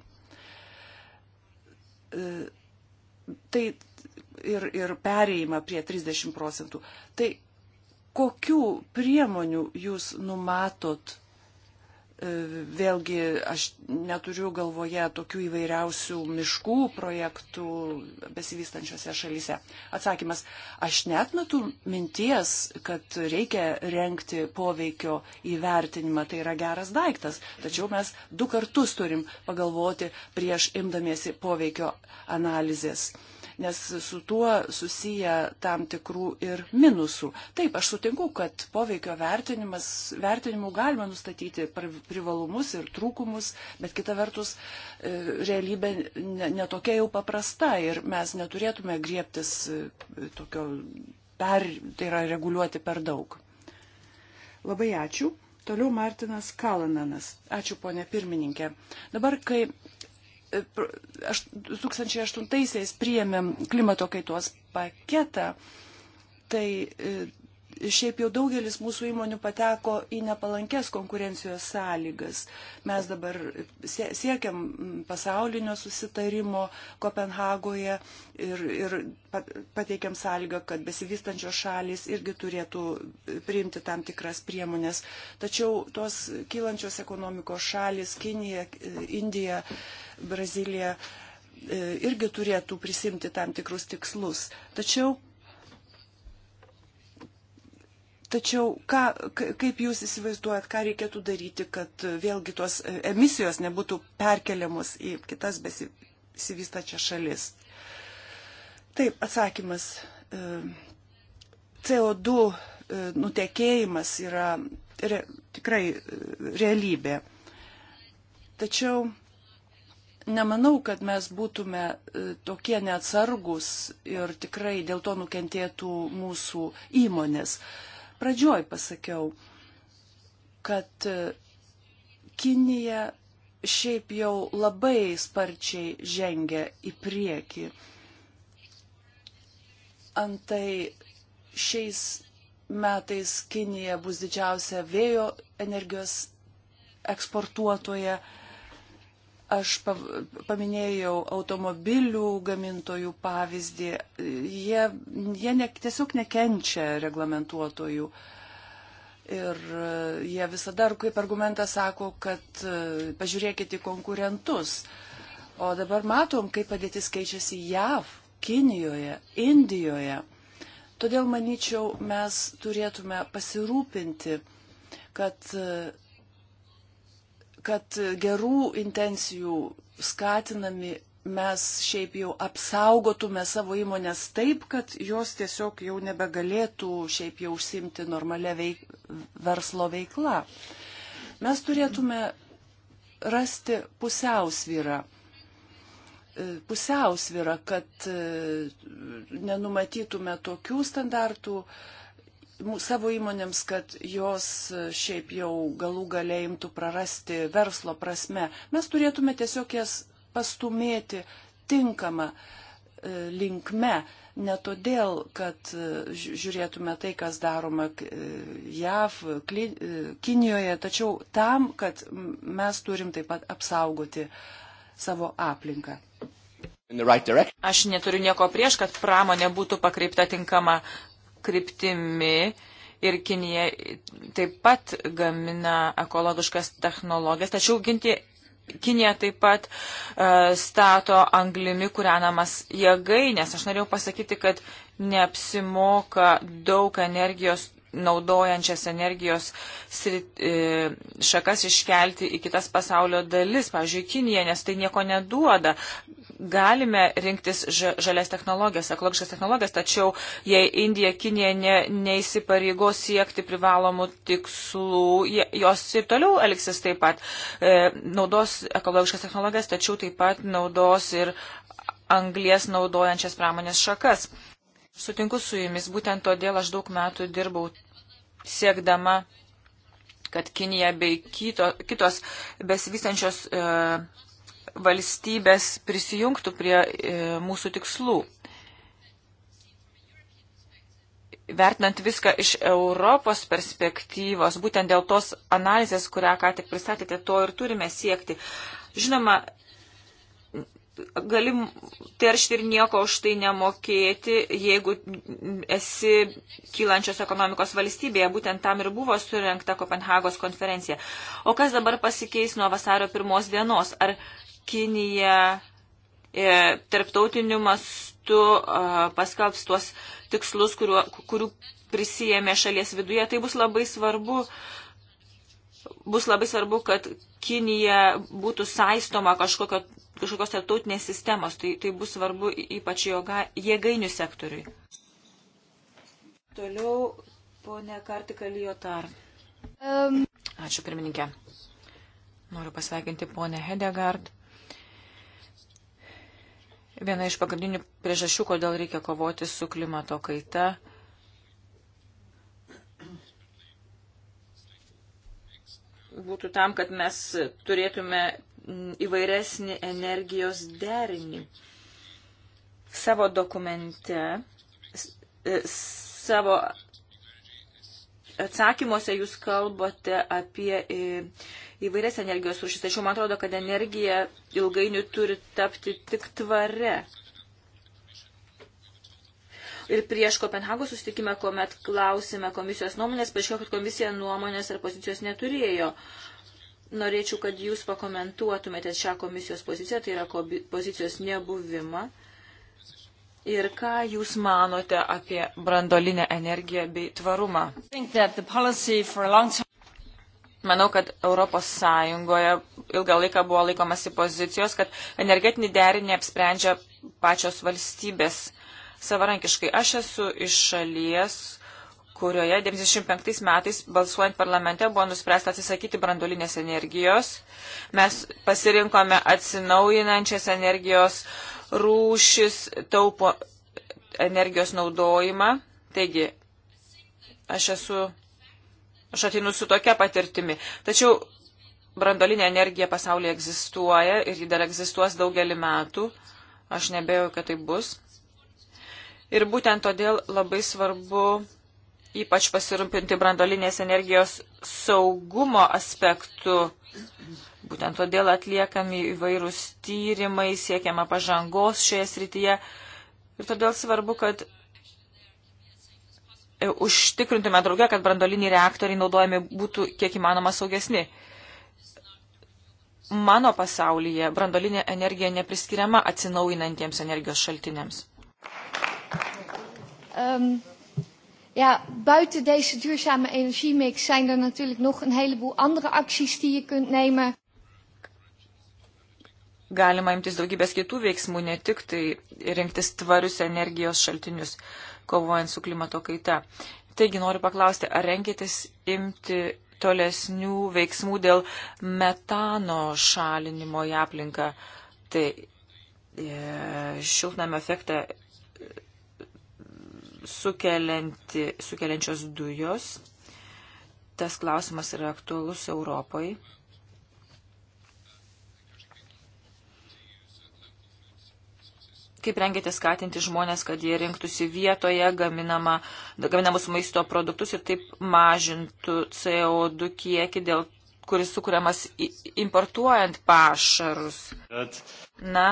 E, tai ir, ir pereimą prie 30 procentų. Tai kokių priemonių jūs numatot E, vėlgi aš neturiu galvoje tokių įvairiausių miškų projektų besivystančiose šalyse. Atsakymas, aš net metu minties, kad reikia renkti poveikio įvertinimą, tai yra geras daiktas, tačiau mes du kartus turim pagalvoti prieš imdamiesi poveikio analizės nes su tuo susiję tam tikrų ir minusų. Taip, aš sutinku, kad poveikio vertinimu galima nustatyti privalumus ir trūkumus, bet kita vertus e, realybė netokia jau paprasta ir mes neturėtume griebtis e, tokio per, tai yra reguliuoti per daug. Labai ačiū. Toliau Martinas Kalananas. Ačiū, ponė pirmininkė. Dabar, kai 2008-aisiais priėmėm klimato kaitos paketą, tai e, Šiaip jau daugelis mūsų įmonių pateko į nepalankės konkurencijos sąlygas. Mes dabar siekiam mm, pasaulinio susitarimo Kopenhagoje ir, ir pateikiam sąlygą, kad besivystančios šalis irgi turėtų priimti tam tikras priemonės. Tačiau tos kylančios ekonomikos šalis - Kinija, Indija, Brazilija e, irgi turėtų prisimti tam tikrus tikslus. Tačiau Tačiau ką, kaip jūs įsivaizduojat, ką reikėtų daryti, kad vėlgi tos emisijos nebūtų perkeliamos į kitas besivystačias šalis? Taip, atsakymas. E, CO2 e, nutekėjimas yra re, tikrai e, realybė. Tačiau nemanau, kad mes būtume tokie neatsargus ir tikrai dėl to nukentėtų mūsų įmonės. Uh, pradžioj pasakiau, kad e, Kinija šiaip jau labai sparčiai žengia į priekį. Antai šiais metais Kinija bus didžiausia vėjo energijos eksportuotoja Aš paminėjau automobilių gamintojų pavyzdį. Jie, jie ne, tiesiog nekenčia reglamentuotojų. Ir e, jie visada kaip argumentą sako, kad e, pažiūrėkite į konkurentus. O dabar matom, kaip padėtis keičiasi JAV, Kinijoje, Indijoje. Todėl, manyčiau, mes turėtume pasirūpinti, kad e, kad gerų intencijų skatinami mes šiaip jau apsaugotume savo įmonės taip, kad jos tiesiog jau nebegalėtų šiaip jau užsimti normalią veik, verslo veiklą. Mes turėtume rasti pusiausvyrą. E, pusiausvyrą, kad e, nenumatytume tokių standartų, savo įmonėms, kad jos e, šiaip jau galų galiai imtų prarasti verslo prasme. Mes turėtume tiesiog jas pastumėti tinkamą e, linkme, ne todėl, kad e, žiūrėtume tai, kas daroma JAV, Kinijoje, tačiau tam, kad mes turim taip pat apsaugoti savo aplinką. Right Aš neturiu nieko prieš, kad pramonė būtų pakreipta tinkama kryptimi ir Kinija taip pat gamina ekologiškas technologijas, tačiau ginti Kinija taip pat uh, stato anglimi kūrenamas jėgai, nes aš norėjau pasakyti, kad neapsimoka daug energijos naudojančias energijos e, šakas iškelti į kitas pasaulio dalis, pavyzdžiui, Kiniją, nes tai nieko neduoda. Galime rinktis žalias technologijas, ekologiškas technologijas, tačiau jei Indija, Kinija ne, neįsipareigo siekti privalomų tikslų, jos ir toliau elgsis taip pat, e, naudos ekologiškas technologijas, tačiau taip pat naudos ir anglies naudojančias pramonės šakas. Sutinku su jumis, būtent todėl aš daug metų dirbau siekdama, kad Kinija bei kito, kitos besivystančios e, valstybės prisijungtų prie e, mūsų tikslų. Vertinant viską iš Europos perspektyvos, būtent dėl tos analizės, kurią ką tik pristatėte, to ir turime siekti. Žinoma, gali teršti ir nieko už tai nemokėti, jeigu esi kylančios ekonomikos valstybėje. Būtent tam ir buvo surinkta Kopenhagos konferencija. O kas dabar pasikeis nuo vasario pirmos dienos? Ar Kinija e, tarptautiniu mastu e, paskelbs tuos tikslus, kuriuo, kurių prisijėmė šalies viduje? Tai bus labai svarbu. Bus labai svarbu, kad Kinija būtų saistoma kažkokio kažkokios tarptautinės sistemos. Tai, tai bus svarbu ypač joga, jėgainių sektoriui. Toliau ponė Kartika Liotar. Um. Ačiū pirmininkė. Noriu pasveikinti ponę Hedegard. Viena iš pagrindinių priežasčių, kodėl reikia kovoti su klimato kaita, būtų tam, kad mes turėtume įvairesnį energijos derinį. Savo dokumente, e, savo atsakymuose jūs kalbate apie e, įvairias energijos rūšis, tačiau man atrodo, kad energija ilgainiui turi tapti tik tvare. Ir prieš Kopenhagos susitikimą, kuomet klausime komisijos nuomonės, paaiškėjo, kad komisija nuomonės ar pozicijos neturėjo. Uh, norėčiau, kad jūs pakomentuotumėte šią komisijos poziciją, tai yra pozicijos nebuvimą. Ir ką Jūs manote apie brandolinę energiją bei tvarumą? Manau, kad ES ilgą laiką buvo laikomasi pozicijos, kad energetinį derinį apsprendžia pačios valstybės savarankiškai. Aš esu iš šalies, kurioje 95 metais balsuojant parlamente buvo nuspręsta atsisakyti brandolinės energijos. Mes pasirinkome atsinaujinančias energijos rūšis, taupo energijos naudojimą. Taigi, aš esu, aš atinu su tokia patirtimi. Tačiau brandolinė energija pasaulyje egzistuoja ir ji dar egzistuos daugelį metų. Aš nebejau, kad tai bus. Ir būtent todėl labai svarbu ypač pasirūpinti brandolinės energijos saugumo aspektu. Būtent todėl atliekami įvairūs tyrimai, siekiama pažangos šioje srityje. Ir todėl svarbu, kad e, užtikrintume draugę, kad brandoliniai reaktoriai naudojami būtų kiek įmanoma saugesni. Mano pasaulyje brandolinė energija nepriskiriama atsinaujinantiems energijos šaltiniams. Um. Ja, buiten deze duurzame energiemix zijn er natuurlijk nog een heleboel andere acties die je kunt nemen. Galima imtis daugybės kitų veiksmų, ne tik tai rinktis tvarius energijos šaltinius, kovojant su klimato kaita. Taigi noriu paklausti, ar renkitės imti tolesnių veiksmų dėl metano šalinimo į aplinką? Tai e, šiltnamio efektą sukeliančios dujos. Tas klausimas yra aktualus Europoje. Kaip rengėte skatinti žmonės, kad jie rinktųsi vietoje gaminama, gaminamus maisto produktus ir taip mažintų CO2 kiekį, dėl, kuris sukūriamas importuojant pašarus? Na,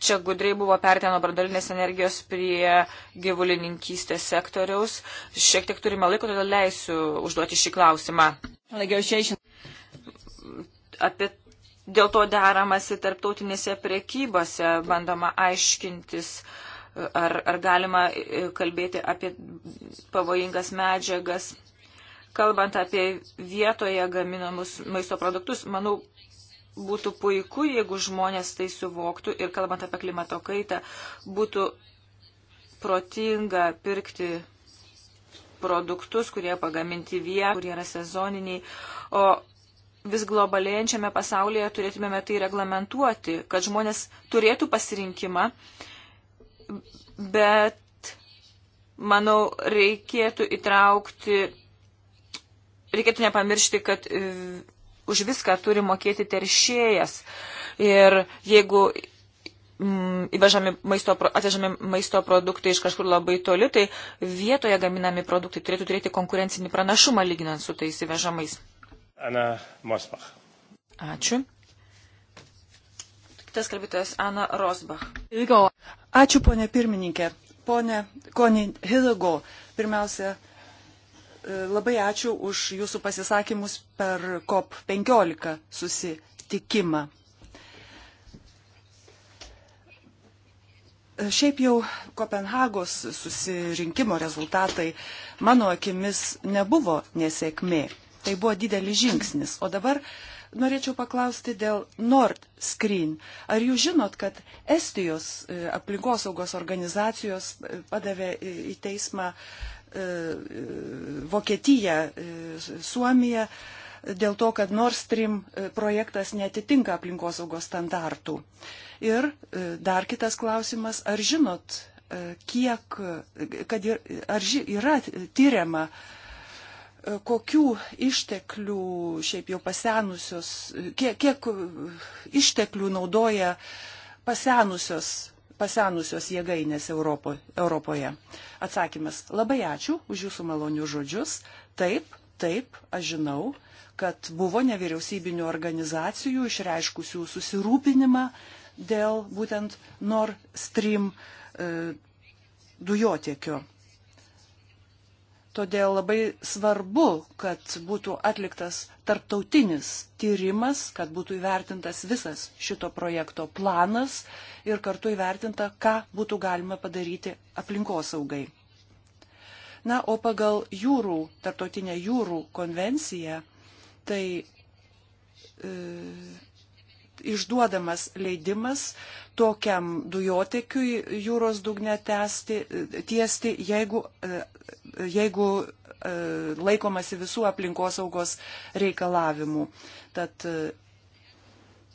čia gudriai buvo pertė nuo brandolinės energijos prie gyvulininkystės sektoriaus. Šiek tiek turime laiko, todėl leisiu užduoti šį klausimą. Apie dėl to deramasi tarptautinėse prekybose, bandoma aiškintis, ar, ar galima e, kalbėti apie pavojingas medžiagas. Kalbant apie vietoje gaminamus maisto produktus, manau, būtų puiku, jeigu žmonės tai suvoktų ir kalbant apie klimato kaitą, būtų protinga pirkti produktus, kurie pagaminti vietoje, kurie yra sezoniniai, o vis globalėjančiame pasaulyje turėtumėme tai reglamentuoti, kad žmonės turėtų pasirinkimą, bet, manau, reikėtų įtraukti, reikėtų nepamiršti, kad už viską turi mokėti teršėjas. Ir jeigu mm, įvežami maisto, atvežami maisto produktai iš kažkur labai toli, tai vietoje gaminami produktai turėtų turėti konkurencinį pranašumą lyginant su tais įvežamais. Ana Mosbach. Ačiū. Kitas kalbėtojas Ana Rosbach. Ačiū, ponė pirmininkė. Ponė Konin Hilago, pirmiausia, E, labai ačiū už jūsų pasisakymus per COP15 susitikimą. E, šiaip jau Kopenhagos susirinkimo rezultatai mano akimis nebuvo nesėkmė. Tai buvo didelis žingsnis. O dabar norėčiau paklausti dėl Nord Screen. Ar jūs žinot, kad Estijos e, aplinkosaugos organizacijos padavė į teismą E, Vokietija, e, Suomija dėl to, kad Nord Stream e, projektas netitinka aplinkosaugos standartų. Ir dar kitas klausimas, ar žinot, kiek, kad ir, ar ži, yra tyriama, kokių išteklių šiaip jau pasenusios, kiek, kiek išteklių naudoja pasenusios pasenusios jėgainės Europo, Europoje? Atsakymas - labai ačiū už jūsų malonius žodžius. Taip, taip, aš žinau, kad buvo nevyriausybinių organizacijų išreiškusių susirūpinimą dėl būtent Nord Stream e, dujotiekio Todėl labai svarbu, kad būtų atliktas tarptautinis tyrimas, kad būtų įvertintas visas šito projekto planas ir kartu įvertinta, ką būtų galima padaryti aplinkosaugai. Na, o pagal jūrų, tarptautinę jūrų konvenciją, tai e, išduodamas leidimas tokiam dujotekiui jūros dugne tęsti, tiesti, jeigu, e, jeigu e, laikomasi visų aplinkosaugos reikalavimų. Tad e,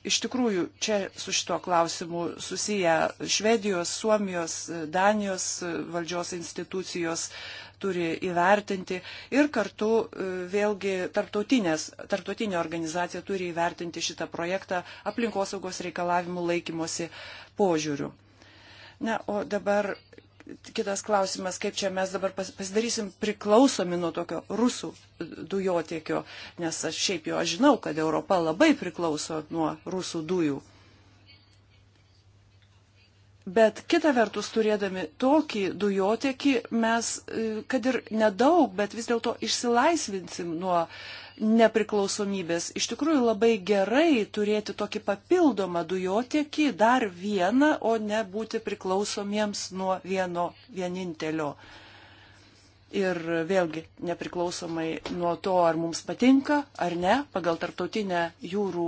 iš tikrųjų čia su šito klausimu susiję Švedijos, Suomijos, Danijos valdžios institucijos, turi įvertinti ir kartu e, vėlgi tarptautinė organizacija turi įvertinti šitą projektą aplinkosaugos reikalavimų laikymosi požiūrių. Na, o dabar kitas klausimas, kaip čia mes dabar pasidarysim priklausomi nuo tokio rusų dujotiekio, nes aš šiaip jau aš žinau, kad Europa labai priklauso nuo rusų dujų. Bet kita vertus, turėdami tokį dujotiekį, mes, e, kad ir nedaug, bet vis dėlto išsilaisvinsim nuo nepriklausomybės. Iš tikrųjų labai gerai turėti tokį papildomą dujotiekį, dar vieną, o ne būti priklausomiems nuo vieno vienintelio ir vėlgi nepriklausomai nuo to, ar mums patinka ar ne, pagal tarptautinę jūrų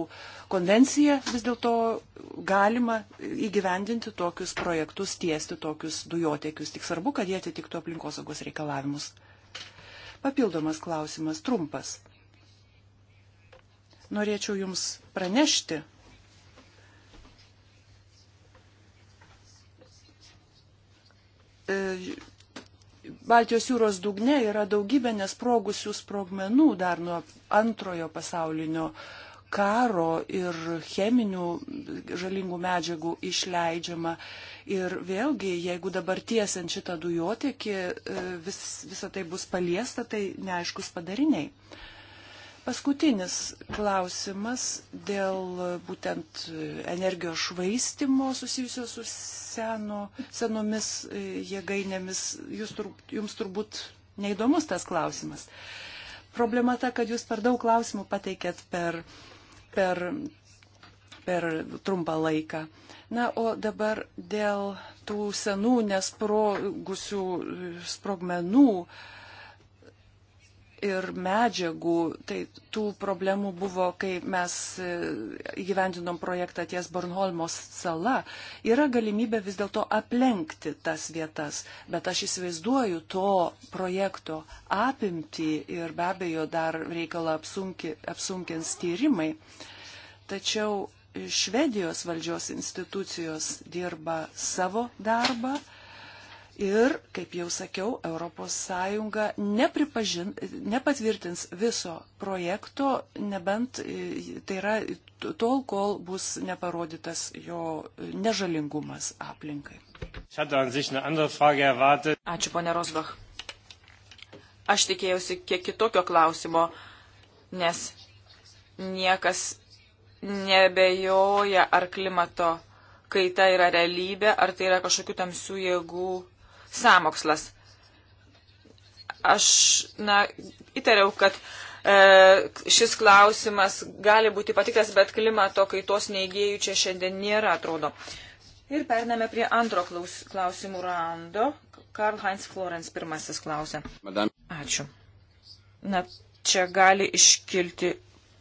konvenciją vis dėlto galima įgyvendinti tokius projektus, tiesti tokius dujotiekius. Tik svarbu, kad jie atitiktų aplinkosaugos reikalavimus. Papildomas klausimas, trumpas. Norėčiau Jums pranešti, Baltijos jūros dugne yra daugybė nesprogusių sprogmenų dar nuo antrojo pasaulinio karo ir cheminių žalingų medžiagų išleidžiama. Ir vėlgi, jeigu dabar tiesiant šitą dujotiekį, e, vis, visą tai bus paliesta, tai neaiškus padariniai. Uh, Paskutinis klausimas dėl būtent energijos švaistimo susijusio su seno, senomis e, jėgainėmis. Jūs tur, jums turbūt neįdomus tas klausimas. Problema ta, kad jūs per daug klausimų pateikėt per, per, per trumpą laiką. Na, o dabar dėl tų senų nespro, sprogmenų. Uh, ir medžiagų, tai tų problemų buvo, kai mes e, įgyvendinom projektą ties Bornholmos sala, yra galimybė vis dėlto aplenkti tas vietas, bet aš įsivaizduoju to projekto apimtį ir be abejo dar reikalą apsunki, apsunkins tyrimai. Tačiau Švedijos valdžios institucijos dirba savo darbą Ir, kaip jau sakiau, ES nepripažin, nepatvirtins viso projekto, nebent e, tai yra tol, kol bus neparodytas jo nežalingumas aplinkai. Ačiū, ponė Rosbach. Aš tikėjausi kiek kitokio klausimo, nes niekas nebejoja, ar klimato kaita yra realybė, ar tai yra kažkokių tamsių jėgų samokslas. Aš, na, įtariau, kad e, šis klausimas gali būti patiktas, bet klimato kaitos neįgėjų čia šiandien nėra, atrodo. Ir pername prie antro klaus, klausimų rando. Karl Heinz Florence pirmasis klausė. Madame. Ačiū. Na, čia gali iškilti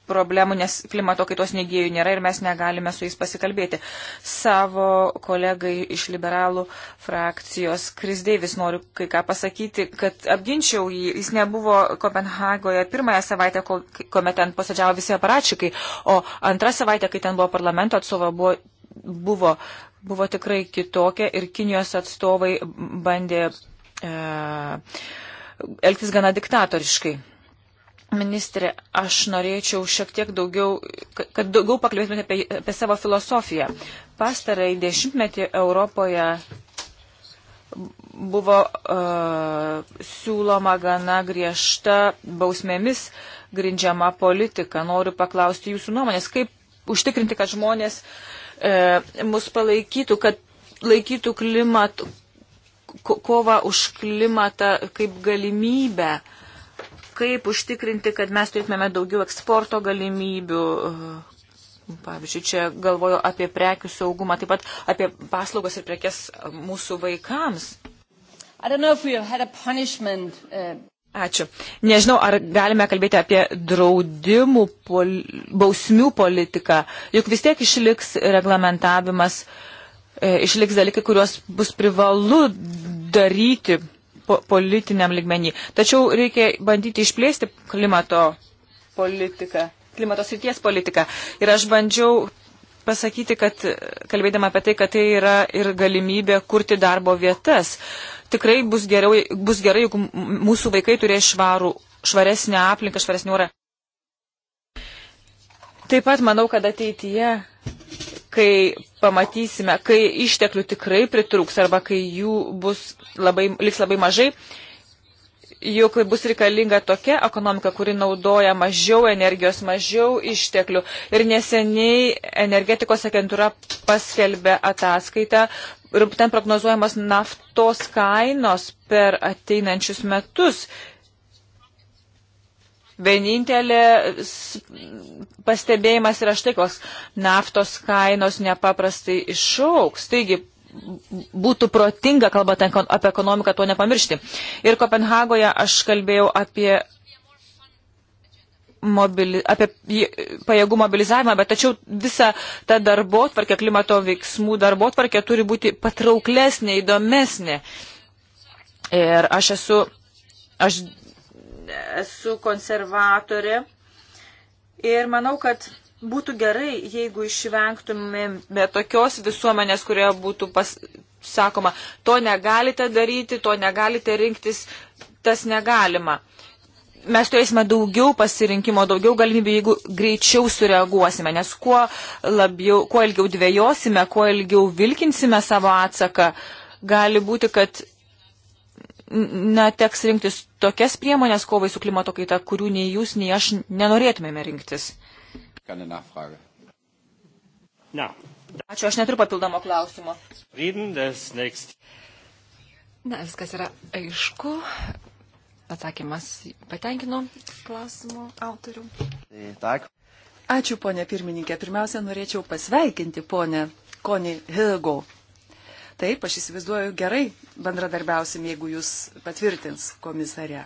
problemų, nes klimato kaitos negėjų nėra ir mes negalime su jais pasikalbėti. Savo kolegai iš liberalų frakcijos Kris Deivis noriu kai ką pasakyti, kad apginčiau jį. Jis nebuvo Kopenhagoje pirmąją savaitę, kuomet ten posėdžiavo visi aparačikai, o antrą savaitę, kai ten buvo parlamento atstovo, buvo, buvo, buvo tikrai kitokia ir Kinijos atstovai bandė e, elgtis gana diktatoriškai. Ministrė, aš norėčiau šiek tiek daugiau, kad daugiau pakalbėtumėte apie, apie savo filosofiją. Pastarai dešimtmetį Europoje buvo uh, siūloma gana griežta bausmėmis grindžiama politika. Noriu paklausti jūsų nuomonės, kaip užtikrinti, kad žmonės uh, mus palaikytų, kad laikytų klimat, kovą už klimatą kaip galimybę. Uh, kaip užtikrinti, kad mes turėtume daugiau eksporto galimybių. E, pavyzdžiui, čia galvoju apie prekių saugumą, taip pat apie paslaugas ir prekes mūsų vaikams. Uh, Ačiū. Nežinau, ar galime kalbėti apie draudimų, pol, bausmių politiką. Juk vis tiek išliks reglamentavimas, e, išliks dalykai, kuriuos bus privalu daryti po, politiniam ligmenį. Tačiau reikia bandyti išplėsti klimato politiką, klimato srities politiką. Ir aš bandžiau pasakyti, kad kalbėdama apie tai, kad tai yra ir galimybė kurti darbo vietas. Tikrai bus, geriau, bus gerai, jeigu mūsų vaikai turės švarų, švaresnę aplinką, švaresnį orą. Taip pat manau, kad ateityje, kai pamatysime, kai išteklių tikrai pritrūks arba kai jų bus labai, liks labai mažai, juk bus reikalinga tokia ekonomika, kuri naudoja mažiau energijos, mažiau išteklių. Ir neseniai energetikos agentūra paskelbė ataskaitą ir ten prognozuojamas naftos kainos per ateinančius metus. Vienintelė pastebėjimas yra štai koks. Naftos kainos nepaprastai išauks. Taigi, būtų protinga, kalbant apie ekonomiką, to nepamiršti. Ir Kopenhagoje aš kalbėjau apie, mobili, apie pajėgų mobilizavimą, bet tačiau visa ta darbo tvarkė, klimato veiksmų darbo tvarkė turi būti patrauklesnė, įdomesnė. Ir aš esu, aš esu konservatorė ir manau, kad būtų gerai, jeigu išvengtumėme tokios visuomenės, kurioje būtų pas, sakoma, to negalite daryti, to negalite rinktis, tas negalima. Mes turėsime daugiau pasirinkimo, daugiau galimybių, jeigu greičiau sureaguosime, nes kuo, labiau, kuo ilgiau dvėjosime, kuo ilgiau vilkinsime savo atsaką, gali būti, kad na, teks rinktis tokias priemonės kovai su klimato kaita, kurių nei jūs, nei aš nenorėtumėme rinktis. Ačiū, aš neturiu papildomo klausimo. Na, viskas yra aišku. Atsakymas patenkino klausimų autorių. Ačiū, ponė pirmininkė. Pirmiausia, norėčiau pasveikinti ponę Konį Hilgo Taip, aš įsivaizduoju gerai bendradarbiausim, jeigu jūs patvirtins komisare.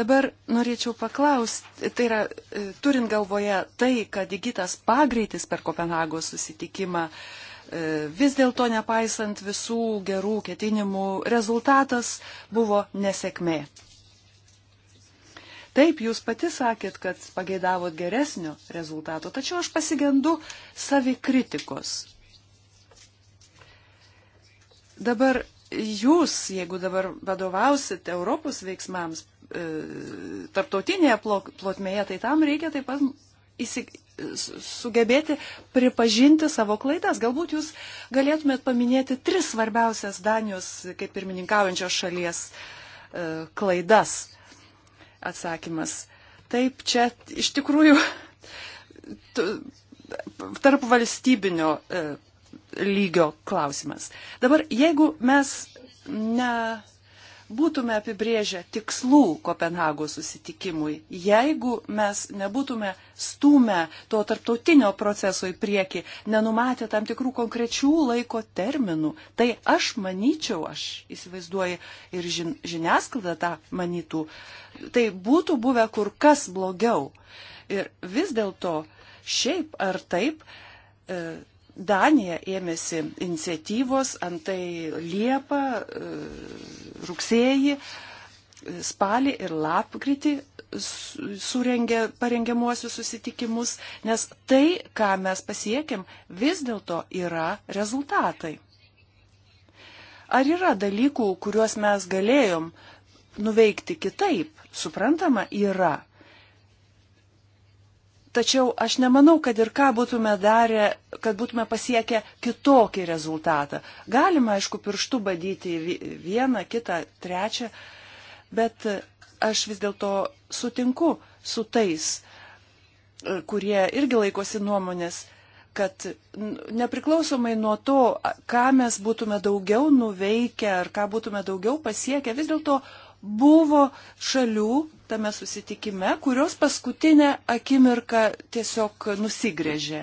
Dabar norėčiau paklausti, tai yra, e, turint galvoje tai, kad įgytas pagreitis per Kopenhagos susitikimą, e, vis dėlto nepaisant visų gerų ketinimų, rezultatas buvo nesėkmė. Taip, jūs pati sakėt, kad pageidavot geresnio rezultato, tačiau aš pasigendu savikritikos. Dabar jūs, jeigu dabar vadovausit Europos veiksmams e, tarptautinėje plotmėje, tai tam reikia taip pat įsik, sugebėti pripažinti savo klaidas. Galbūt jūs galėtumėt paminėti tris svarbiausias Danijos kaip pirmininkaujančios šalies e, klaidas. Atsakymas. Taip, čia iš tikrųjų tarp valstybinio e, lygio klausimas. Dabar, jeigu mes ne būtume apibrėžę tikslų Kopenhagos susitikimui, jeigu mes nebūtume stumę to tarptautinio proceso į priekį, nenumatę tam tikrų konkrečių laiko terminų, tai aš manyčiau, aš įsivaizduoju ir žin, žiniasklaida tą manytų, tai būtų buvę kur kas blogiau. Ir vis dėlto, šiaip ar taip, e, Danija ėmėsi iniciatyvos, antai Liepa, e, rugsėjį, spalį ir lapkritį surengė parengiamuosius susitikimus, nes tai, ką mes pasiekėm, vis dėlto yra rezultatai. Ar yra dalykų, kuriuos mes galėjom nuveikti kitaip? Suprantama, yra. Tačiau aš nemanau, kad ir ką būtume darę, kad būtume pasiekę kitokį rezultatą. Galima, aišku, pirštų badyti vieną, kitą, trečią, bet aš vis dėlto sutinku su tais, e, kurie irgi laikosi nuomonės, kad nepriklausomai nuo to, ką mes būtume daugiau nuveikę ar ką būtume daugiau pasiekę, vis dėlto buvo šalių tame susitikime, kurios paskutinę akimirką tiesiog nusigrėžė.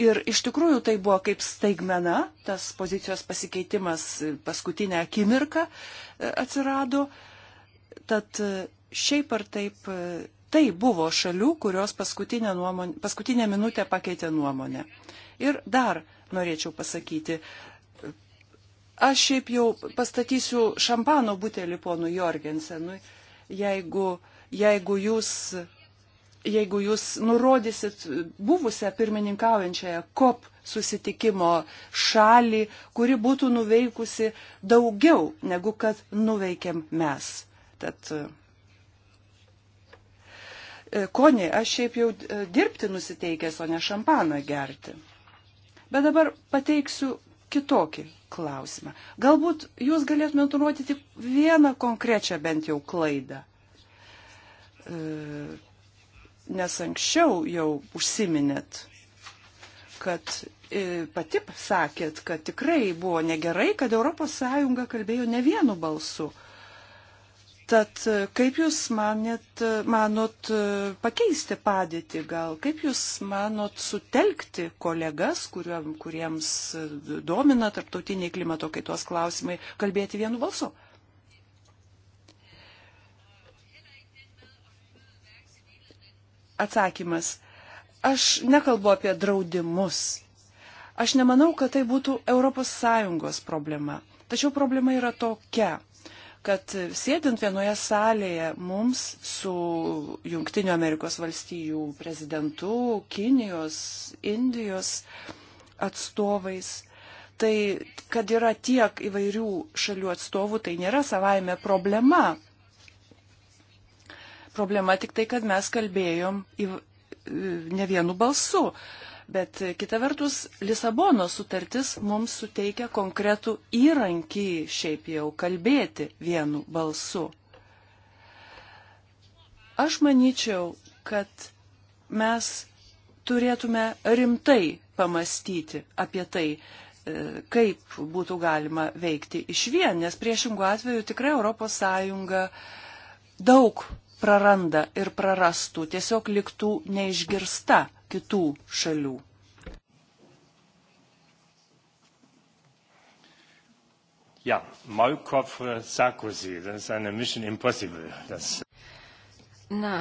Ir iš tikrųjų tai buvo kaip staigmena, tas pozicijos pasikeitimas paskutinę akimirką e, atsirado. Tad e, šiaip ar taip, e, tai buvo šalių, kurios paskutinę, nuomonę, paskutinę minutę pakeitė nuomonę. Ir dar norėčiau pasakyti, Aš šiaip jau pastatysiu šampano butelį ponui Jorgensenui, jeigu, jeigu jūs jeigu jūs nurodysit buvusią pirmininkaujančiąją COP susitikimo šalį, kuri būtų nuveikusi daugiau negu kad nuveikėm mes. Tad, e, Koni, aš šiaip jau e, dirbti nusiteikęs, o ne šampaną gerti. Bet dabar pateiksiu kitokį klausimą. Galbūt jūs galėtumėte nurodyti vieną konkrečią bent jau klaidą. E, nes anksčiau jau užsiminėt, kad e, pati sakėt, kad tikrai buvo negerai, kad ES kalbėjo ne vienu balsu. Tad kaip jūs manėt, manot pakeisti padėtį gal, kaip jūs manot sutelkti kolegas, kuriuom, kuriems domina tarptautiniai klimato kaitos klausimai, kalbėti vienu balsu? Atsakymas. Aš nekalbu apie draudimus. Aš nemanau, kad tai būtų ES problema. Tačiau problema yra tokia kad sėdint vienoje salėje mums su Junktinių Amerikos valstijų prezidentu, Kinijos, Indijos atstovais, tai kad yra tiek įvairių šalių atstovų, tai nėra savaime problema. Problema tik tai, kad mes kalbėjom ne vienu balsu. Bet kita vertus, Lisabono sutartis mums suteikia konkretų įrankį šiaip jau kalbėti vienu balsu. Aš manyčiau, kad mes turėtume rimtai pamastyti apie tai, e, kaip būtų galima veikti iš vien, nes priešingų atveju tikrai ES daug praranda ir prarastų, tiesiog liktų neišgirsta kitų šalių. Ja, Maulkopf Sarkozy, das ist eine Mission Impossible. Das Na,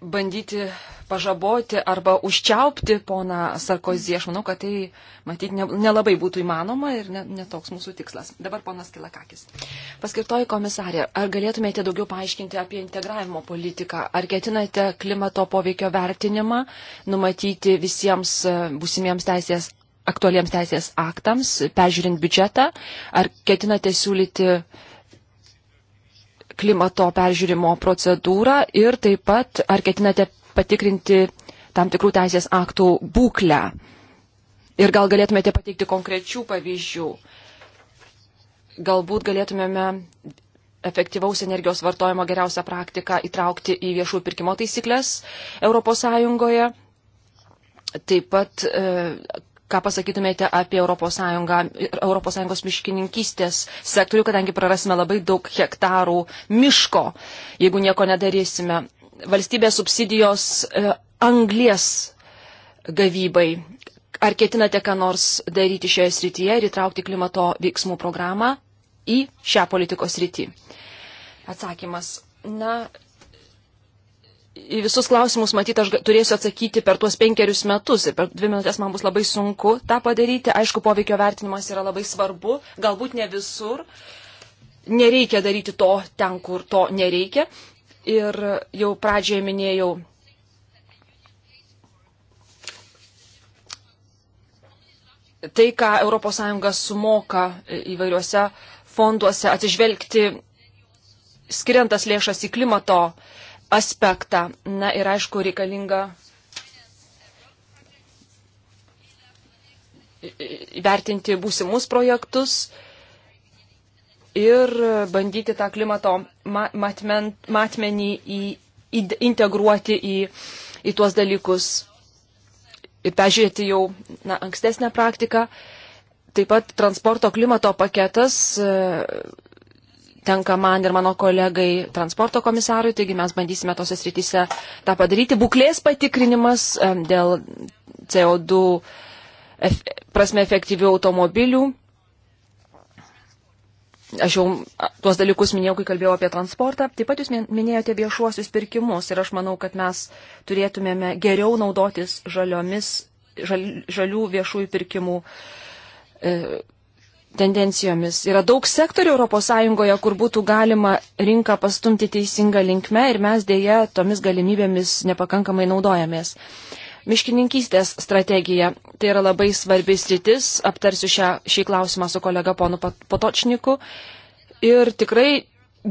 bandyti pažaboti arba užčiaupti poną Sarkozį. Aš manau, kad tai matyt nelabai ne būtų įmanoma ir netoks ne mūsų tikslas. Dabar ponas Kilakakis. Paskirtoji komisarė, ar galėtumėte daugiau paaiškinti apie integravimo politiką? Ar ketinate klimato poveikio vertinimą numatyti visiems e, būsimiems teisės aktualiems teisės aktams, peržiūrint biudžetą, ar ketinate siūlyti uh, klimato peržiūrimo procedūrą ir taip pat ar ketinate patikrinti tam tikrų teisės aktų būklę. Ir gal galėtumėte pateikti konkrečių pavyzdžių. Galbūt galėtumėme efektyvaus energijos vartojimo geriausią praktiką įtraukti į viešųjų pirkimo taisyklės ES. Taip pat e, ką pasakytumėte apie ES, ES miškininkystės sektorių, kadangi prarasime labai daug hektarų miško, jeigu nieko nedarysime. Valstybės subsidijos e, anglės gavybai. Ar ketinate ką nors daryti šioje srityje ir įtraukti klimato veiksmų programą į šią politikos srityje? Atsakymas. Na, į visus klausimus, matyt, aš turėsiu atsakyti per tuos penkerius metus ir per dvi minutės man bus labai sunku tą padaryti. Aišku, poveikio vertinimas yra labai svarbu, galbūt ne visur. Nereikia daryti to ten, kur to nereikia. Ir jau pradžioje minėjau. Tai, ką ES sumoka įvairiuose fonduose, atsižvelgti skiriantas lėšas į klimato uh, aspektą. Na ir aišku, reikalinga vertinti būsimus projektus ir bandyti tą klimato matmen, matmenį į, į, integruoti į, į tuos dalykus ir peržiūrėti jau na, ankstesnę praktiką. Taip pat transporto klimato paketas tenka man ir mano kolegai transporto komisarui, taigi mes bandysime tose srityse tą padaryti. Būklės patikrinimas dėl CO2 prasme efektyvių automobilių. Aš jau tuos dalykus minėjau, kai kalbėjau apie transportą. Taip pat jūs minėjote viešuosius pirkimus ir aš manau, kad mes turėtumėme geriau naudotis žaliomis, žal, žalių viešųjų pirkimų e, tendencijomis. Yra daug sektorių ES, kur būtų galima rinką pastumti teisingą linkmę ir mes dėje tomis galimybėmis nepakankamai naudojamės. Miškininkystės strategija. Tai yra labai svarbi sritis. Aptarsiu šią, šį klausimą su kolega ponu Potočniku. Ir tikrai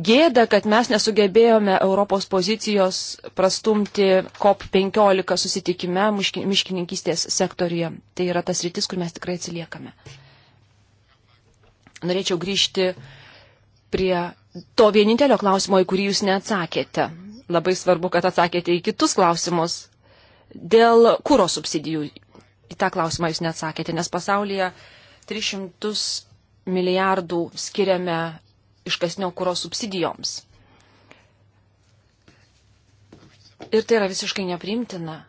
gėda, kad mes nesugebėjome Europos pozicijos prastumti COP15 susitikime miškininkystės sektoriuje. Tai yra tas rytis, kur mes tikrai atsiliekame norėčiau grįžti prie to vienintelio klausimo, į kurį jūs neatsakėte. Labai svarbu, kad atsakėte į kitus klausimus. Dėl kūro subsidijų į tą klausimą jūs neatsakėte, nes pasaulyje 300 milijardų skiriame iškasnio kūro subsidijoms. Ir tai yra visiškai nepriimtina.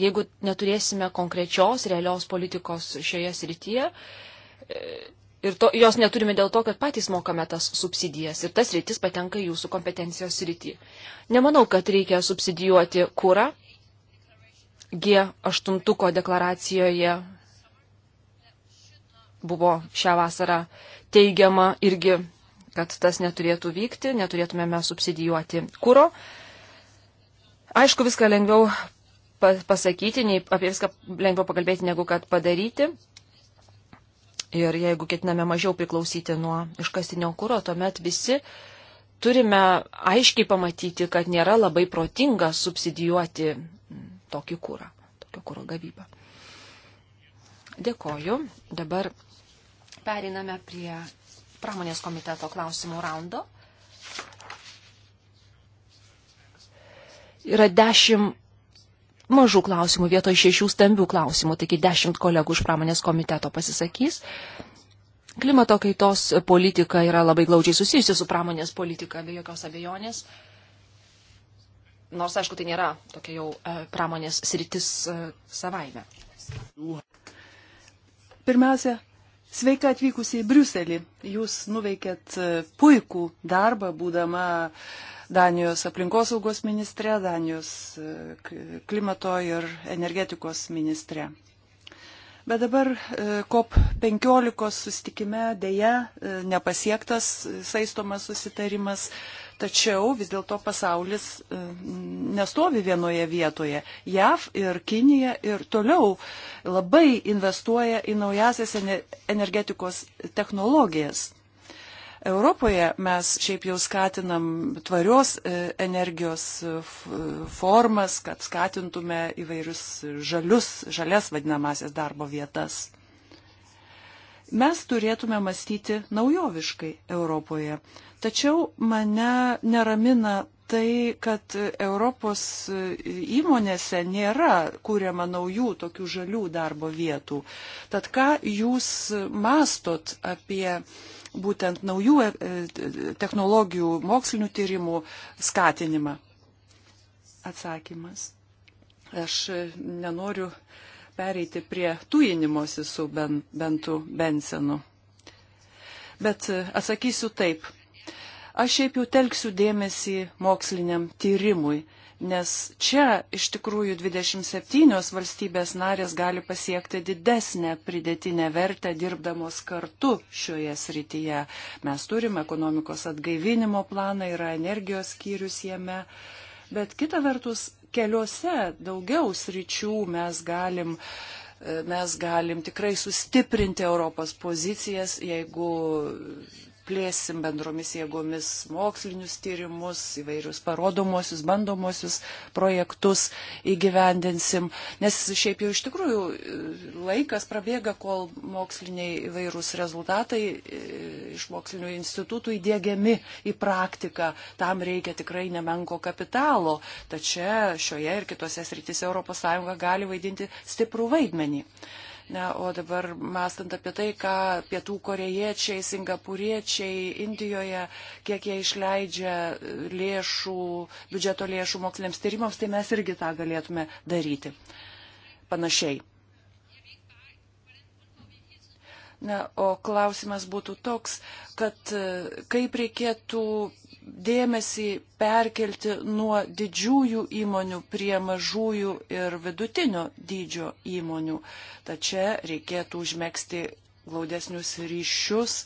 Jeigu neturėsime konkrečios, realios politikos šioje srityje, Ir to, jos neturime dėl to, kad patys mokame tas subsidijas ir tas rytis patenka jūsų kompetencijos rytį. Nemanau, kad reikia subsidijuoti kūrą. G8 deklaracijoje buvo šią vasarą teigiama irgi, kad tas neturėtų vykti, neturėtumėme subsidijuoti kūro. Aišku, viską lengviau pasakyti, nei apie viską lengviau pakalbėti, negu kad padaryti. Ir jeigu ketiname mažiau priklausyti nuo iškastinio kūro, tuomet visi turime aiškiai pamatyti, kad nėra labai protinga subsidijuoti tokį kūrą, tokio kūro gavybą. Dėkoju. Dabar periname prie pramonės komiteto klausimų raundo. Yra dešimt mažų klausimų vietoj šešių stambių klausimų, taigi dešimt kolegų iš pramonės komiteto pasisakys. Klimato kaitos politika yra labai glaudžiai susijusi su pramonės politika, be jokios abejonės. Nors, aišku, tai nėra tokia jau e, pramonės sritis e, savaime. Pirmiausia, sveika atvykusi į Briuselį. Jūs nuveikėt e, puikų darbą, būdama uh, Danijos aplinkosaugos ministre, Danijos e, klimato ir energetikos ministre. Bet dabar e, COP15 sustikime dėja e, nepasiektas saistomas susitarimas, tačiau vis dėlto pasaulis nestovi vienoje vietoje. JAV ir Kinija ir toliau labai investuoja į naujasias energetikos technologijas. Europoje mes šiaip jau skatinam tvarios e, energijos e, e, formas, kad skatintume įvairius žalius, žalias vadinamasias darbo vietas. Mes turėtume mąstyti naujoviškai Europoje. Tačiau mane neramina tai, kad Europos įmonėse nėra kūriama naujų tokių žalių darbo vietų. Tad ką jūs mastot apie uh, būtent naujų e, e, technologijų, mokslinių tyrimų skatinimą? Atsakymas. Aš e, nenoriu pereiti prie tujinimosi su ben, Bentu Bensenu. Bet atsakysiu taip. Aš šiaip jau telksiu dėmesį moksliniam tyrimui, nes čia iš tikrųjų 27 valstybės narės gali pasiekti didesnę pridėtinę vertę dirbdamos kartu šioje srityje. Mes turime ekonomikos atgaivinimo planą, yra energijos skyrius jame, bet kita vertus keliuose daugiau sričių mes galim e, mes galim tikrai sustiprinti Europos pozicijas, jeigu plėsim bendromis jėgomis mokslinius tyrimus, įvairius parodomuosius, bandomuosius projektus įgyvendinsim. Nes šiaip jau iš tikrųjų e, laikas prabėga, kol moksliniai įvairūs rezultatai e, iš mokslinio institutų įdėgiami į praktiką. Tam reikia tikrai nemenko kapitalo. Tačiau šioje ir kitose srityse ES gali vaidinti stiprų vaidmenį. Na, o dabar mąstant apie tai, ką pietų korejiečiai, singapuriečiai, Indijoje, kiek jie išleidžia lėšų, biudžeto lėšų moksliniams tyrimams, tai mes irgi tą galėtume daryti. Panašiai. Na, o klausimas būtų toks, kad e, kaip reikėtų dėmesį perkelti nuo didžiųjų įmonių prie mažųjų ir vidutinio dydžio įmonių. Tačiau reikėtų užmėgsti glaudesnius ryšius,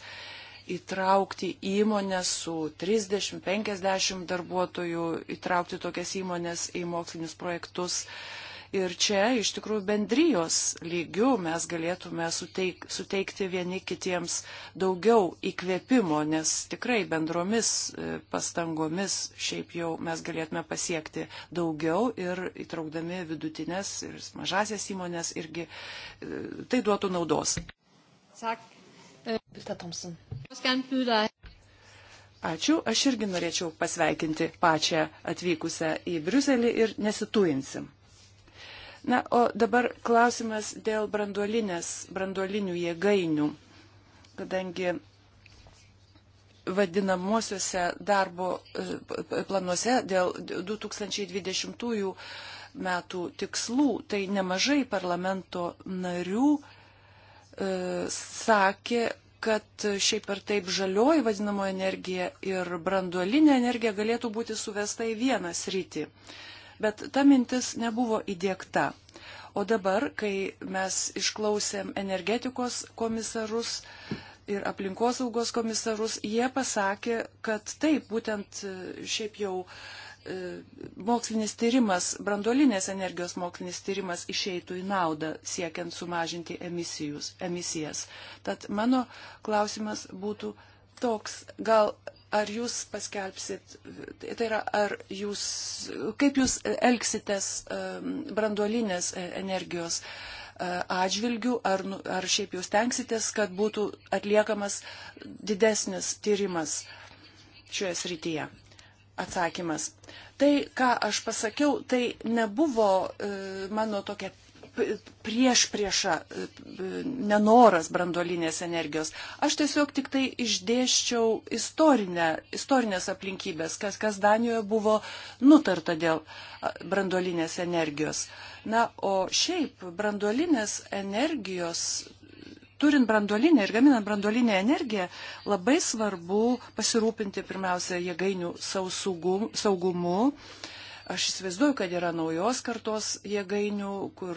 įtraukti įmonės su 30-50 darbuotojų, įtraukti tokias įmonės į mokslinius projektus. Uh, Ir čia iš tikrųjų bendrijos lygių mes galėtume suteik, suteikti vieni kitiems daugiau įkvėpimo, nes tikrai bendromis e, pastangomis šiaip jau mes galėtume pasiekti daugiau ir įtraukdami vidutinės ir mažasias įmonės irgi e, tai duotų naudos. Sak. Pilta e, Thompson. Ačiū, aš irgi norėčiau pasveikinti pačią atvykusią į Briuselį ir nesituinsim. Na, o dabar klausimas dėl branduolinės, branduolinių jėgainių, kadangi vadinamosiuose darbo e, planuose dėl 2020 metų tikslų, tai nemažai parlamento narių e, sakė, kad šiaip ar taip žalioji vadinamoji energija ir branduolinė energija galėtų būti suvesta į vieną sritį. E, Bet ta mintis nebuvo įdėkta. O dabar, kai mes išklausėm energetikos komisarus ir aplinkosaugos komisarus, jie pasakė, kad taip, būtent e, šiaip jau e, mokslinis tyrimas, brandolinės energijos mokslinis tyrimas išeitų į naudą siekiant sumažinti emisijus, emisijas. Tad mano klausimas būtų toks, gal ar jūs paskelbsit, tai yra, ar jūs, kaip jūs elgsitės um, branduolinės e, energijos e, atžvilgių, ar, nu, ar šiaip jūs tenksitės, kad būtų atliekamas didesnis tyrimas šioje srityje. Atsakymas. Tai, ką aš pasakiau, tai nebuvo e, mano tokia prieš priešą nenoras brandolinės energijos. Aš tiesiog tik tai išdėščiau istorinę, istorinės aplinkybės, kas, kas Danijoje buvo nutarta dėl brandolinės energijos. Na, o šiaip brandolinės energijos turint branduolinę ir gaminant branduolinę energiją, labai svarbu pasirūpinti pirmiausia jėgainių saugumu, saugumu Aš įsivaizduoju, kad yra naujos kartos jėgainių, kur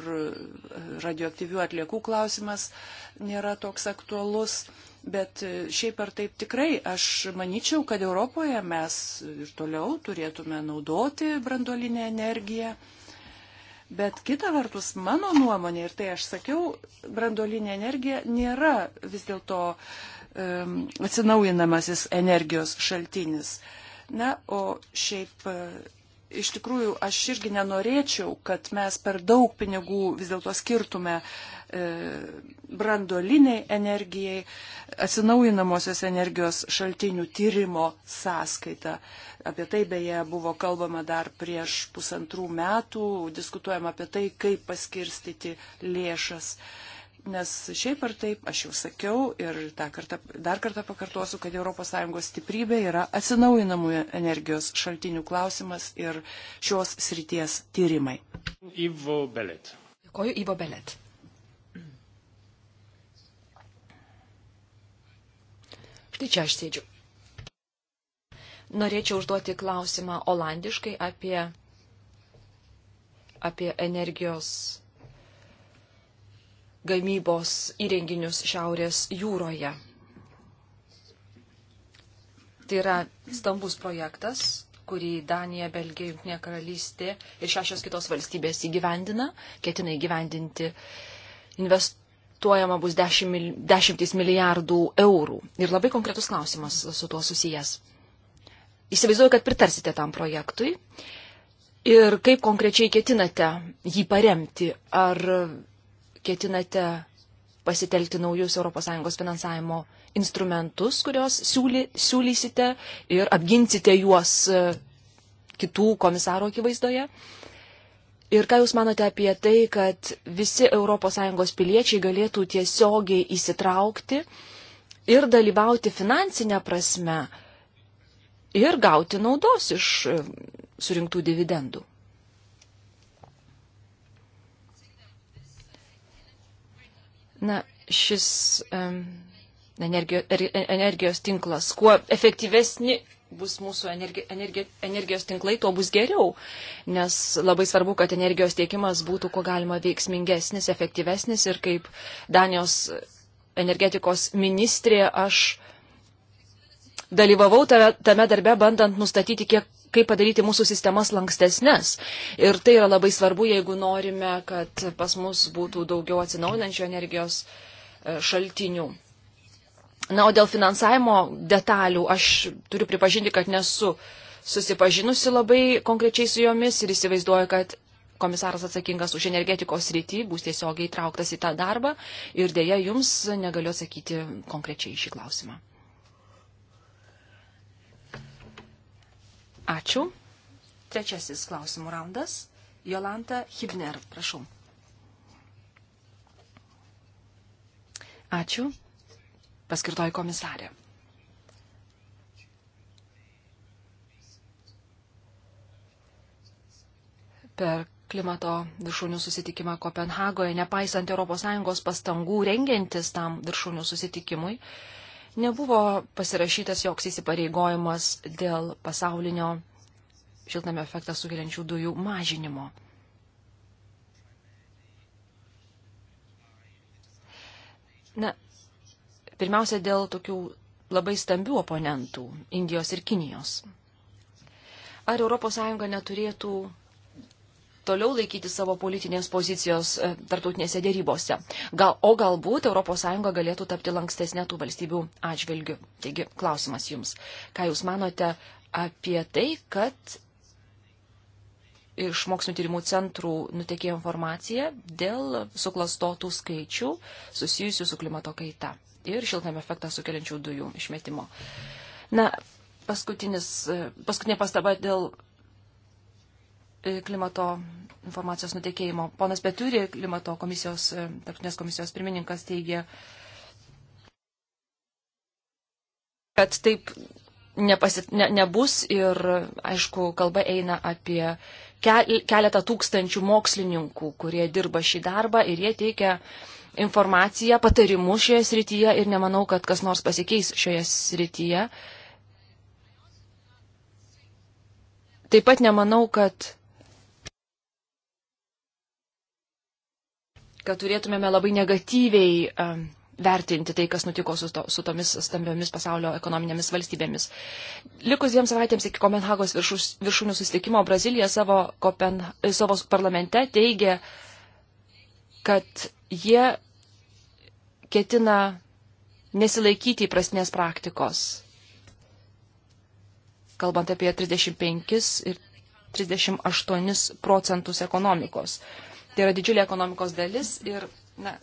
radioaktyvių atliekų klausimas nėra toks aktualus, bet šiaip ar taip tikrai aš manyčiau, kad Europoje mes ir toliau turėtume naudoti brandolinę energiją. Bet kita vertus, mano nuomonė, ir tai aš sakiau, brandolinė energija nėra vis dėlto um, atsinaujinamasis energijos šaltinis. Na, o šiaip iš tikrųjų aš irgi nenorėčiau, kad mes per daug pinigų vis dėlto skirtume e, brandoliniai energijai, atsinaujinamosios energijos šaltinių tyrimo sąskaita. Apie tai beje buvo kalbama dar prieš pusantrų metų, diskutuojama apie tai, kaip paskirstyti lėšas. Uh, Nes šiaip ar taip, aš jau sakiau ir kartą, dar kartą pakartosiu, kad ES stiprybė yra atsinaujinamų energijos šaltinių klausimas ir šios srities tyrimai. Ivo Belet. Dėkoju, Ivo Belet. Štai čia aš sėdžiu. Norėčiau užduoti klausimą olandiškai apie, apie energijos gamybos įrenginius Šiaurės jūroje. Tai yra stambus projektas, kurį Danija, Belgija, Junktinė karalystė ir šešios kitos valstybės įgyvendina, ketina įgyvendinti investuojant projektuojama bus dešimtys milijardų eurų. Ir labai konkretus klausimas su tuo susijęs. Įsivaizduoju, kad pritarsite tam projektui. Ir kaip konkrečiai ketinate jį paremti? Ar ketinate pasitelkti naujus ES finansavimo instrumentus, kurios siūly, siūlysite ir apginsite juos e, kitų komisarų akivaizdoje. Ir ką Jūs manote apie tai, kad visi ES piliečiai galėtų tiesiogiai įsitraukti ir dalyvauti finansinę prasme ir gauti naudos iš e, surinktų dividendų? Na, šis um, energijos, e, energijos tinklas, kuo efektyvesni bus mūsų energi, energi, energijos tinklai, tuo bus geriau. Nes labai svarbu, kad energijos tiekimas būtų kuo galima veiksmingesnis, efektyvesnis ir kaip Danijos energetikos ministrė aš dalyvavau tame darbe, bandant nustatyti, kiek kaip padaryti mūsų sistemas lankstesnės. Ir tai yra labai svarbu, jeigu norime, kad pas mus būtų daugiau atsinaujinančių energijos e, šaltinių. Na, o dėl finansavimo detalių aš turiu pripažinti, kad nesu susipažinusi labai konkrečiai su jomis ir įsivaizduoju, kad komisaras atsakingas už energetikos rytį bus tiesiogiai įtrauktas į tą darbą ir dėja jums negaliu atsakyti konkrečiai šį klausimą. Ačiū. Trečiasis klausimų raundas. Jolanta Hibner, prašau. Ačiū. Paskirtoji komisarė. Per klimato viršūnių susitikimą Kopenhagoje, nepaisant ES pastangų rengiantis tam viršūnių susitikimui, nebuvo pasirašytas joks įsipareigojimas dėl pasaulinio šiltnamio efektą sukeliančių dujų mažinimo. Na, pirmiausia, dėl tokių labai stambių oponentų - Indijos ir Kinijos. Ar ES neturėtų toliau laikyti savo politinės pozicijos e, tartutinėse dėrybose. Gal, o galbūt ES galėtų tapti lankstesnė tų valstybių atžvilgių. Taigi, klausimas jums. Ką jūs manote apie tai, kad iš mokslinio tyrimų centrų nutekėjo informacija dėl suklastotų skaičių susijusių su klimato kaita ir šiltnamio efektą sukeliančių dujų išmetimo. Na, paskutinis, e, paskutinė pastaba dėl E, klimato informacijos nutekėjimo. Ponas Beturi, klimato komisijos, e, tarptautinės komisijos pirmininkas, teigė, kad taip nepasit, ne, nebus ir, aišku, kalba eina apie keletą tūkstančių mokslininkų, kurie dirba šį darbą ir jie teikia informaciją, patarimus šioje srityje ir nemanau, kad kas nors pasikeis šioje srityje. Taip pat nemanau, kad kad turėtumėme labai negatyviai um, vertinti tai, kas nutiko su, to, su tomis stambiomis pasaulio ekonominėmis valstybėmis. Likus dviem savaitėms iki Kopenhagos viršus, viršūnių susitikimo Brazilija savo, Kopen, savo parlamente teigė, kad jie ketina nesilaikyti įprastinės praktikos. Kalbant apie 35 ir 38 procentus ekonomikos. Tai yra didžiulė ekonomikos dalis ir na,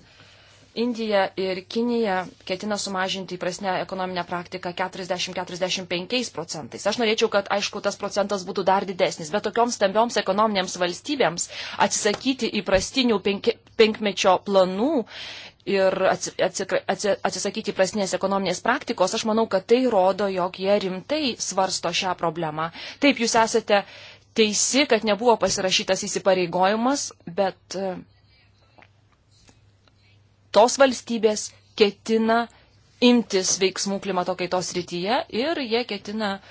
Indija ir Kinija ketina sumažinti įprasnę ekonominę praktiką 40-45 procentais. Aš norėčiau, kad, aišku, tas procentas būtų dar didesnis, bet tokioms stambioms ekonominėms valstybėms atsisakyti įprastinių penki, penkmečio planų ir atsisakyti prasnės ekonominės praktikos, aš manau, kad tai rodo, jog jie rimtai svarsto šią problemą. Taip, jūs esate teisi, kad nebuvo pasirašytas įsipareigojimas, bet e, tos valstybės ketina imtis veiksmų klimato kaitos rytyje ir jie ketina uh,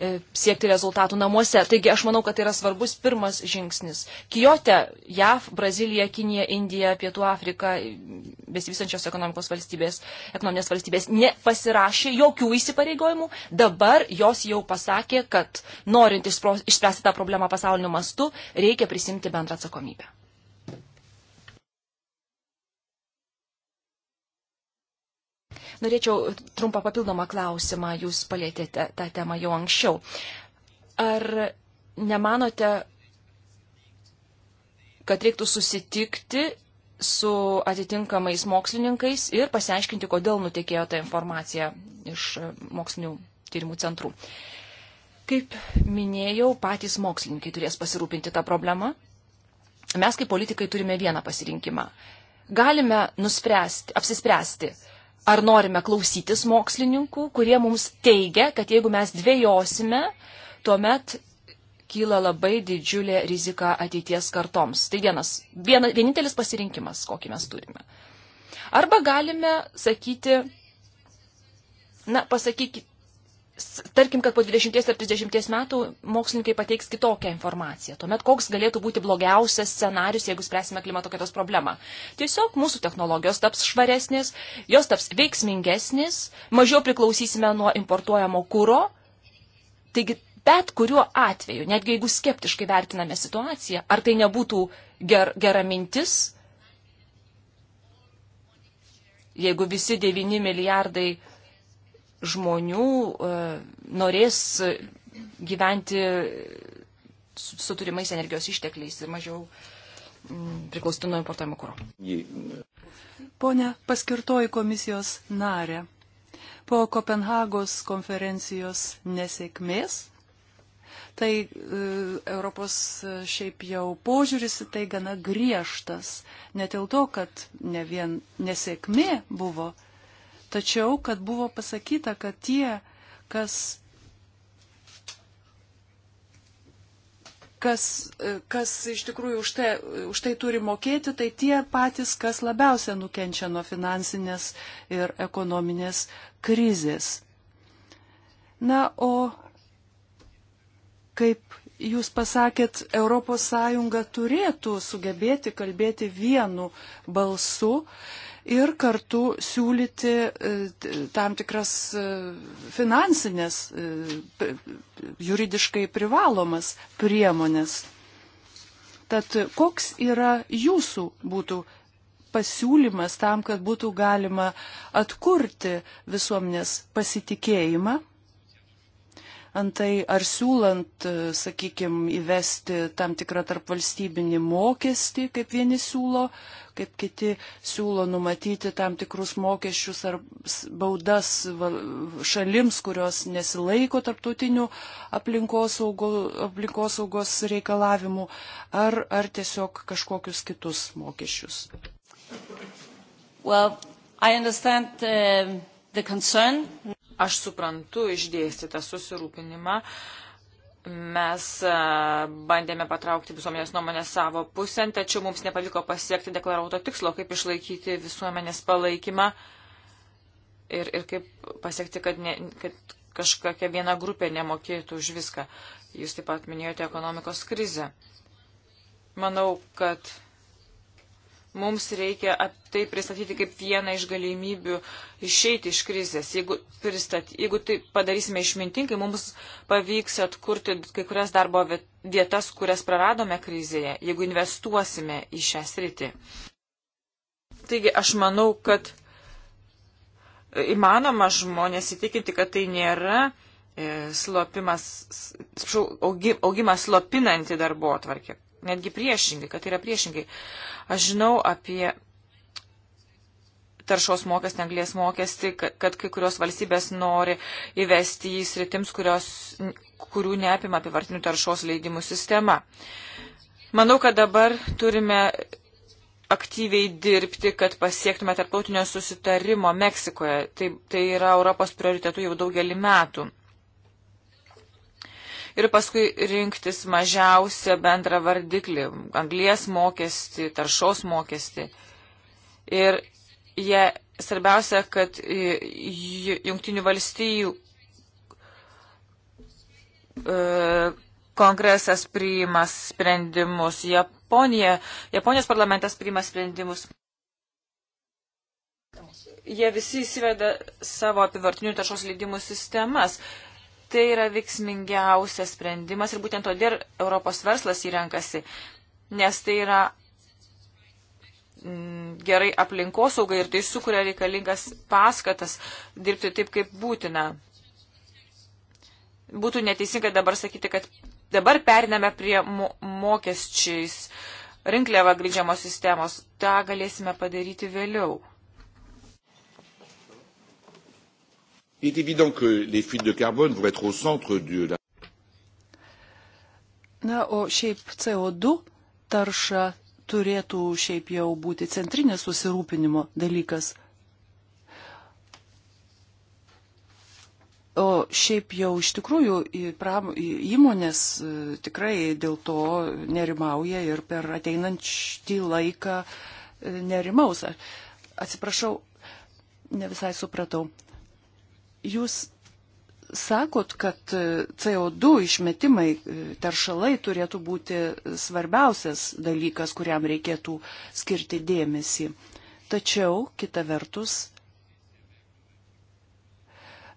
E, siekti rezultatų namuose. Taigi aš manau, kad tai yra svarbus pirmas žingsnis. Kijote, JAV, Brazilija, Kinija, Indija, Pietų Afrika, besivysančios ekonomikos valstybės, ekonominės valstybės nepasirašė jokių įsipareigojimų. Dabar jos jau pasakė, kad norint išspręsti tą problemą pasauliniu mastu, reikia prisimti bendrą atsakomybę. Norėčiau trumpą papildomą klausimą, jūs palėtėte tą temą jau anksčiau. Ar nemanote, kad reiktų susitikti su atitinkamais mokslininkais ir pasiaiškinti, kodėl nutekėjo ta informacija iš e, mokslinių tyrimų centrų. Kaip minėjau, patys mokslininkai turės pasirūpinti tą problemą. Mes kaip politikai turime vieną pasirinkimą. Galime nuspręsti, apsispręsti, ar norime klausytis mokslininkų, kurie mums teigia, kad jeigu mes dvėjosime, tuomet kyla labai didžiulė rizika ateities kartoms. Tai vienas, viena, vienintelis pasirinkimas, kokį mes turime. Arba galime sakyti, na, pasakyk, tarkim, kad po 20 ar 30 metų mokslininkai pateiks kitokią informaciją. Tuomet koks galėtų būti blogiausias scenarius, jeigu spręsime klimato kaitos problemą. Tiesiog mūsų technologijos taps švaresnės, jos taps veiksmingesnės, mažiau priklausysime nuo importuojamo kūro. Taigi, bet kuriuo atveju, netgi jeigu skeptiškai vertiname situaciją, ar tai nebūtų ger, gera mintis, jeigu visi 9 milijardai žmonių e, norės gyventi su turimais energijos ištekliais ir mažiau mm, priklausyti nuo importuojamo kūro. Pone paskirtoji komisijos narė, po Kopenhagos konferencijos nesėkmės, tai e, Europos šiaip jau požiūris į tai gana griežtas, ne dėl to, kad ne vien nesėkmė buvo Tačiau, kad buvo pasakyta, kad tie, kas, kas, kas iš tikrųjų už tai, už tai turi mokėti, tai tie patys, kas labiausia nukenčia nuo finansinės ir ekonominės krizės. Na, o kaip jūs pasakėt, ES turėtų sugebėti kalbėti vienu balsu ir kartu siūlyti e, tam tikras e, finansinės, e, juridiškai privalomas priemonės. Tad koks yra jūsų būtų pasiūlymas tam, kad būtų galima atkurti visuomenės pasitikėjimą Antai ar siūlant, e, sakykime, įvesti tam tikrą tarpvalstybinį mokestį, kaip vieni siūlo, kaip kiti siūlo numatyti tam tikrus mokesčius ar baudas šalims, kurios nesilaiko tarptautinių aplinkosaugos aplinko reikalavimų, ar, ar tiesiog kažkokius kitus mokesčius. Well, I understand, uh, the concern. Aš suprantu išdėstytą susirūpinimą. Mes e, bandėme patraukti visuomenės nuomonę savo pusę, tačiau mums nepavyko pasiekti deklarauto tikslo, kaip išlaikyti visuomenės palaikymą ir, ir kaip pasiekti, kad, ne, kad kažkokia viena grupė nemokėtų už viską. Jūs taip pat minėjote ekonomikos krizę. Manau, kad Mums reikia tai pristatyti kaip vieną iš galimybių išeiti iš krizės. Jeigu, pristaty, jeigu tai padarysime išmintingai, mums pavyks atkurti kai kurias darbo vietas, kurias praradome krizėje, jeigu investuosime į šią sritį. Taigi aš manau, kad e, įmanoma žmonės įtikinti, kad tai nėra e, slopimas, augimas slopinanti darbo atvarkė netgi priešingai, kad tai yra priešingai. Aš žinau apie taršos mokestį, anglės mokestį, kad, kad kai kurios valstybės nori įvesti į sritims, kurios, kurių neapima apivartinių taršos leidimų sistema. Manau, kad dabar turime aktyviai dirbti, kad pasiektume tarptautinio susitarimo Meksikoje. Tai, tai yra Europos prioritetų jau daugelį metų ir paskui rinktis mažiausią bendrą vardiklį, anglies mokestį, taršos mokestį. Ir jie, svarbiausia, kad jungtinių valstybių e, kongresas priima sprendimus, Japonija, Japonijos parlamentas priima sprendimus. Jie visi įsiveda savo apivartinių taršos leidimų sistemas tai yra veiksmingiausias sprendimas ir būtent todėl Europos verslas įrenkasi, nes tai yra mm, gerai aplinkosaugai ir tai sukuria reikalingas paskatas dirbti taip, kaip būtina. Būtų neteisinga dabar sakyti, kad dabar periname prie mo mokesčiais rinkliavą grindžiamos sistemos. Ta galėsime padaryti vėliau. Il est évident que les fuites de carbone vont être au centre de la. Na, o šiaip CO2 tarša turėtų šiaip jau būti centrinės susirūpinimo dalykas. O šiaip jau iš tikrųjų įmonės e, tikrai dėl to nerimauja ir per ateinantį laiką e, nerimaus. Atsiprašau, ne visai supratau. Jūs sakot, kad e, CO2 išmetimai, e, teršalai turėtų būti svarbiausias dalykas, kuriam reikėtų skirti dėmesį. Tačiau, kita vertus,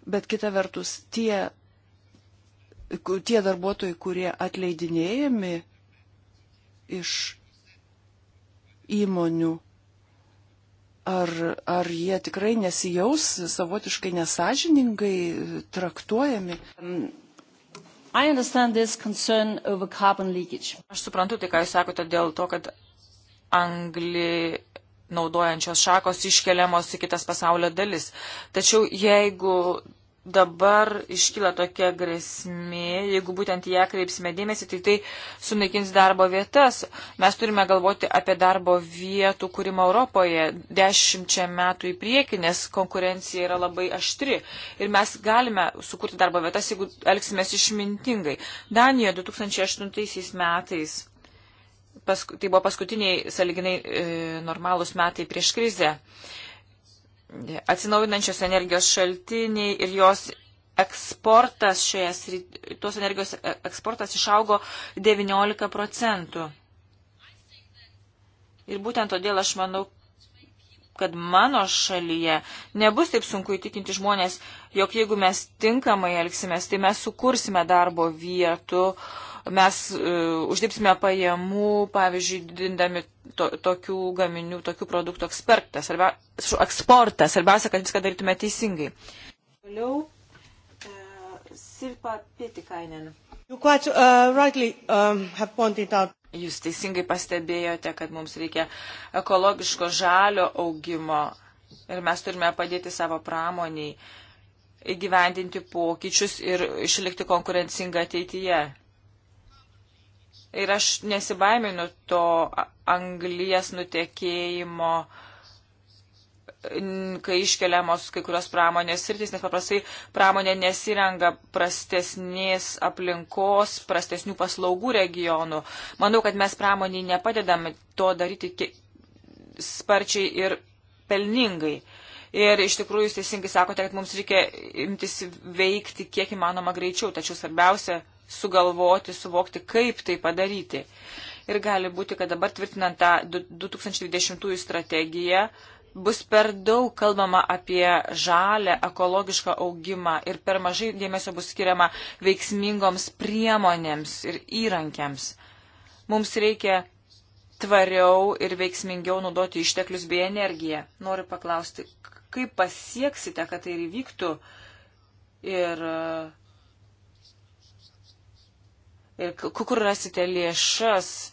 bet kita vertus, tie, tie darbuotojai, kurie atleidinėjami iš įmonių Ar, ar jie tikrai nesijaus savotiškai nesažiningai traktuojami? Aš suprantu tai, ką jūs sakote dėl to, kad angli naudojančios šakos iškeliamos į kitas pasaulio dalis. Tačiau jeigu dabar iškyla tokia grėsmė, jeigu būtent ją kreipsime dėmesį, tai tai sunaikins darbo vietas. Mes turime galvoti apie darbo vietų kūrimą Europoje dešimčia metų į priekį, nes konkurencija yra labai aštri. Ir mes galime sukurti darbo vietas, jeigu elgsimės išmintingai. Danijoje 2008 metais. Pask, tai buvo paskutiniai saliginai e, normalūs metai prieš krizę. E, atsinaujinančios energijos šaltiniai ir jos eksportas šioje srityje, tos energijos e- eksportas išaugo 19 procentų. Ir būtent todėl aš manau, kad mano šalyje nebus taip sunku įtikinti žmonės, jog jeigu mes tinkamai elgsimės, tai mes sukursime darbo vietų uh, mes uh, uždirbsime pajamų, pavyzdžiui, didindami to, tokių gaminių, tokių produktų ekspertą, svarbia, eksportą. Svarbiausia, kad viską darytume teisingai. Toliau uh, Sirpa Pietikainen. Quite, uh, rightly, um, Jūs teisingai pastebėjote, kad mums reikia ekologiško žalio augimo ir mes turime padėti savo pramoniai įgyvendinti pokyčius ir išlikti konkurencingą ateityje. Ir aš nesibaiminu to anglijas nutekėjimo, kai iškeliamos kai kurios pramonės sritys, nes paprastai pramonė nesirenga prastesnės aplinkos, prastesnių paslaugų regionų. Manau, kad mes pramoniai nepadedame to daryti sparčiai ir pelningai. Ir iš tikrųjų jūs teisingai sakote, kad mums reikia imtis veikti kiek įmanoma greičiau, tačiau svarbiausia sugalvoti, suvokti, kaip tai padaryti. Ir gali būti, kad dabar tvirtinant tą 2020 strategiją bus per daug kalbama apie žalę ekologišką augimą ir per mažai dėmesio bus skiriama veiksmingoms priemonėms ir įrankiams. Mums reikia tvariau ir veiksmingiau naudoti išteklius bei energiją. Noriu paklausti, kaip pasieksite, kad tai įvyktų ir uh, kur rasite lėšas.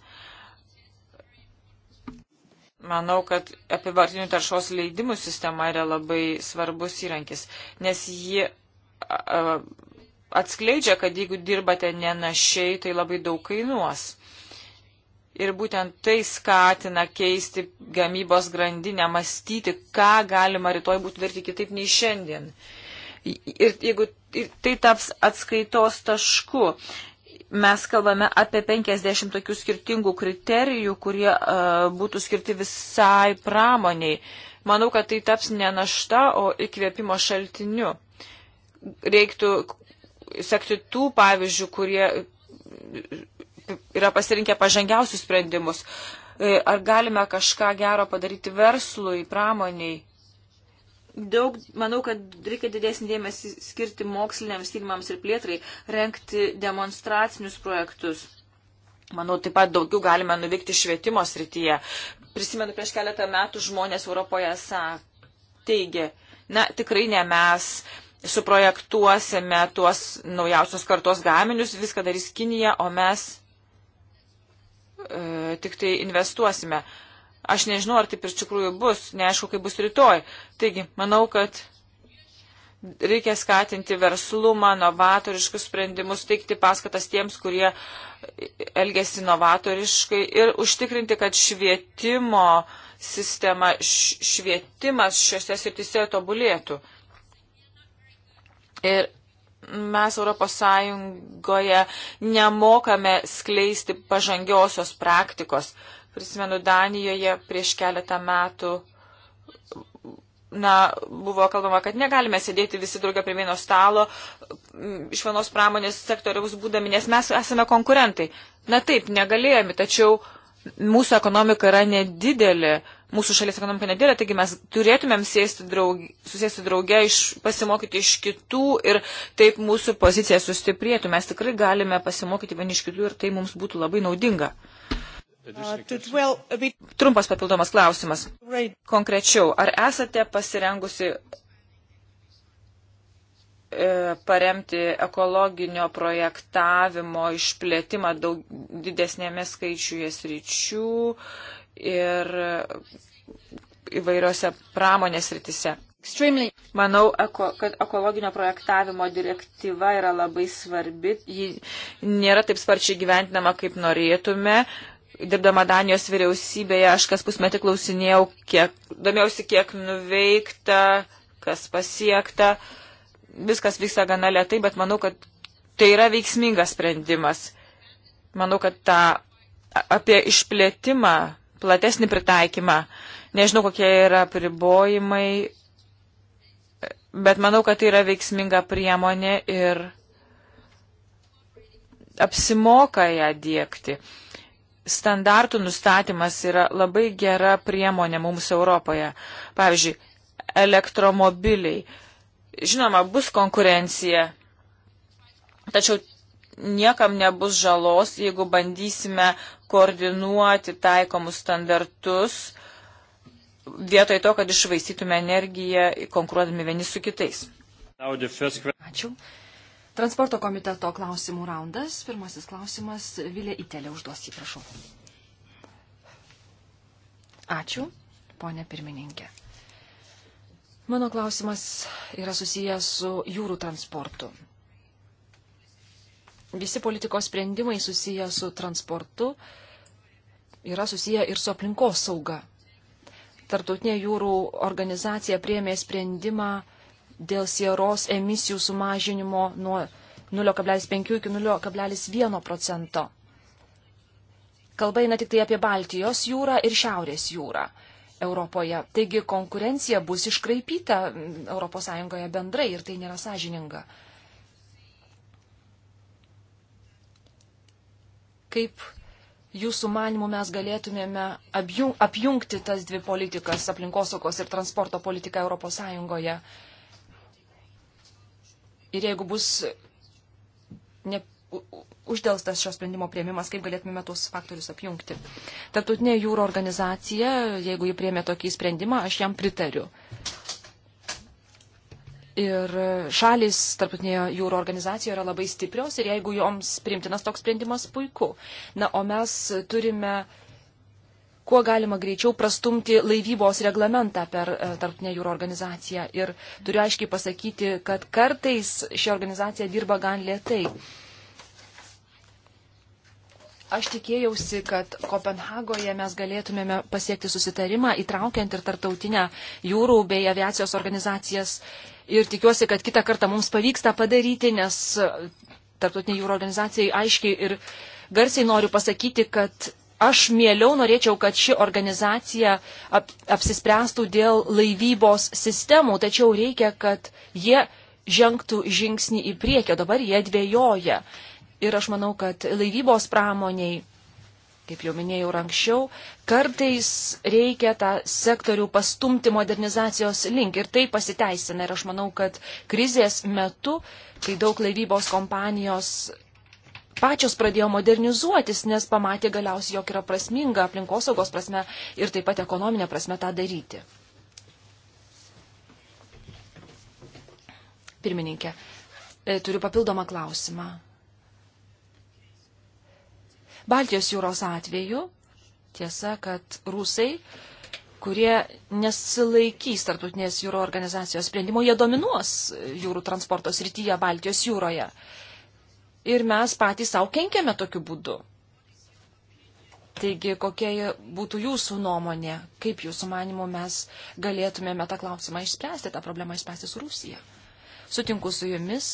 Manau, kad apivartinių taršos leidimų sistema yra labai svarbus įrankis, nes ji atskleidžia, kad jeigu dirbate nenašiai, tai labai daug kainuos. Ir būtent tai skatina keisti gamybos grandinę, mąstyti, ką galima rytoj būtų daryti kitaip nei šiandien. Ir jeigu ir tai taps atskaitos tašku, mes kalbame apie 50 tokių skirtingų kriterijų, kurie uh, būtų skirti visai pramoniai. Manau, kad tai taps ne našta, o įkvėpimo šaltiniu. Reiktų sekti tų pavyzdžių, kurie yra pasirinkę pažangiausius sprendimus. E, ar galime kažką gero padaryti verslui, pramoniai? daug, manau, kad reikia didesnį dėmesį skirti moksliniams tyrimams ir plėtrai, renkti demonstracinius projektus. Manau, taip pat daugiau galime nuveikti švietimo srityje. Prisimenu, prieš keletą metų žmonės Europoje teigė, na, tikrai ne mes suprojektuosime tuos naujausios kartos gaminius, viską darys Kinija, o mes e, tik tai investuosime. E, Aš nežinau, ar taip ir iš tikrųjų bus, neaišku, kaip bus rytoj. Taigi, manau, kad reikia skatinti verslumą, novatoriškus sprendimus, teikti paskatas tiems, kurie elgesi novatoriškai ir užtikrinti, kad švietimo sistema, švietimas šiuose srityse tobulėtų. Ir mes Europos Sąjungoje nemokame skleisti pažangiosios praktikos. Prisimenu, Danijoje prieš keletą metų na, buvo kalbama, kad negalime sėdėti visi draugė prie vieno stalo iš vienos pramonės sektoriaus būdami, nes mes esame konkurentai. Na taip, negalėjome, tačiau mūsų ekonomika yra nedidelė, mūsų šalies ekonomika nedidelė, taigi mes turėtumėm sėsti draugė, susėsti draugė, iš, pasimokyti iš kitų ir taip mūsų pozicija sustiprėtų. Mes tikrai galime pasimokyti vieni iš kitų ir tai mums būtų labai naudinga. Uh, Trumpas papildomas klausimas. Konkrečiau, ar esate pasirengusi e, paremti ekologinio projektavimo išplėtimą daug didesnėme skaičiuje sričių ir įvairiose pramonės sritise. Manau, eko, kad ekologinio projektavimo direktyva yra labai svarbi. Ji nėra taip sparčiai gyventinama, kaip norėtume dirbdama Danijos vyriausybėje, aš kas pusmetį klausinėjau, kiek, domėjausi, kiek nuveikta, kas pasiekta. Viskas vyksta gana lietai, bet manau, kad tai yra veiksmingas sprendimas. Manau, kad tą apie išplėtimą, platesnį pritaikymą, nežinau, kokie yra pribojimai, bet manau, kad tai yra veiksminga priemonė ir apsimoka ją dėkti standartų nustatymas yra labai gera priemonė mums Europoje. Pavyzdžiui, elektromobiliai. Žinoma, bus konkurencija, tačiau niekam nebus žalos, jeigu bandysime koordinuoti taikomus standartus vietoj to, kad išvaistytume energiją konkuruodami vieni su kitais. Ačiū. Transporto komiteto klausimų raundas. Pirmasis klausimas Vilė Itelė užduos jį, prašau. Ačiū, ponė pirmininkė. Mano klausimas yra susijęs su jūrų transportu. Visi politikos sprendimai susiję su transportu yra susiję ir su aplinkos sauga. Tartautinė jūrų organizacija priemė sprendimą dėl sieros emisijų sumažinimo nuo 0,5 iki 0,1 procento. Kalba eina tik tai apie Baltijos jūrą ir Šiaurės jūrą Europoje. Taigi konkurencija bus iškraipyta mm, ES bendrai ir tai nėra sąžininga. Kaip jūsų manimų mes galėtumėme apjungti tas dvi politikas - aplinkosaugos ir transporto politiką ES? Ir jeigu bus ne, uždėlstas šio sprendimo prieimimas, kaip galėtume tuos faktorius apjungti. Tarptautinė jūro organizacija, jeigu jį prieimė tokį sprendimą, aš jam pritariu. Ir šalis tarptautinėje jūro organizacijoje yra labai stiprios ir jeigu joms priimtinas toks sprendimas, puiku. Na, o mes turime uh, kuo galima greičiau prastumti laivybos reglamentą per e, Tarptautinę jūro organizaciją. Ir turiu aiškiai pasakyti, kad kartais ši organizacija dirba gan lietai. Aš tikėjausi, kad Kopenhagoje mes galėtumėme pasiekti susitarimą, įtraukiant ir tartautinę jūrų bei aviacijos organizacijas. Ir tikiuosi, kad kitą kartą mums pavyks tą padaryti, nes e, tartautinė jūrų organizacijai aiškiai ir garsiai noriu pasakyti, kad aš mieliau norėčiau, kad ši organizacija ap, apsispręstų dėl laivybos sistemų, tačiau reikia, kad jie žengtų žingsnį į priekį, o dabar jie dvėjoja. Ir aš manau, kad laivybos pramoniai, kaip jau minėjau anksčiau, kartais reikia tą sektorių pastumti modernizacijos link ir tai pasiteisina. Ir aš manau, kad krizės metu, kai daug laivybos kompanijos pačios pradėjo modernizuotis, nes pamatė galiausiai, jog yra prasminga aplinkosaugos prasme ir taip pat ekonominė prasme tą daryti. Pirmininkė, e, turiu papildomą klausimą. Baltijos jūros atveju tiesa, kad rusai, kurie nesilaikys tartutinės jūro organizacijos sprendimo, jie dominuos jūrų transporto srityje Baltijos jūroje. Uh, ir mes patys savo kenkiame tokiu būdu. Taigi, kokia būtų jūsų nuomonė, kaip jūsų manimo mes galėtumėme tą klausimą išspręsti, tą problemą išspręsti su Rusija? Sutinku su jumis,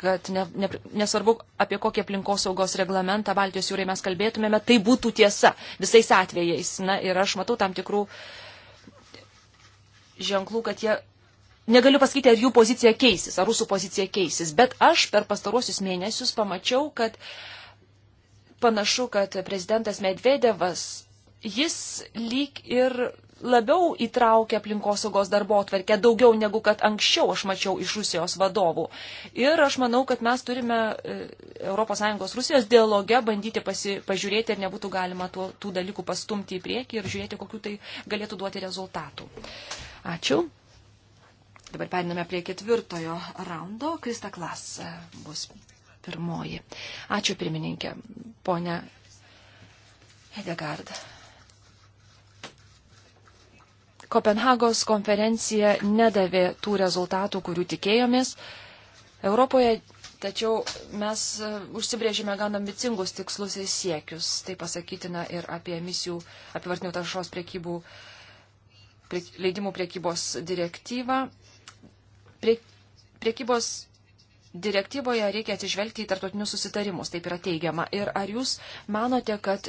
kad ne, ne, nesvarbu, apie kokį aplinkosaugos reglamentą Baltijos jūrai mes kalbėtumėme, tai būtų tiesa visais atvejais. Na ir aš matau tam tikrų ženklų, kad jie negaliu pasakyti, ar jų pozicija keisis, ar rusų pozicija keisis, bet aš per pastaruosius mėnesius pamačiau, kad panašu, kad prezidentas Medvedevas, jis lyg ir labiau įtraukia aplinkosaugos darbo atverkę daugiau negu kad anksčiau aš mačiau iš Rusijos vadovų. Ir aš manau, kad mes turime ES Rusijos dialoge bandyti pasi, pažiūrėti, ar nebūtų galima tuo, tų dalykų pastumti į priekį ir žiūrėti, kokiu tai galėtų duoti rezultatų. Ačiū. Dabar periname prie ketvirtojo raundo. Krista Klas e, bus pirmoji. Ačiū pirmininkė, ponia Hedegard. Kopenhagos konferencija nedavė tų rezultatų, kurių tikėjomės. Europoje Tačiau mes e, užsibrėžėme gan ambicingus tikslus ir siekius. Tai pasakytina ir apie emisijų, apie vartinių taršos priekybų, prie, leidimų priekybos direktyvą prie, priekybos direktyvoje reikia atsižvelgti į tartutinius susitarimus, taip yra teigiama. Ir ar jūs manote, kad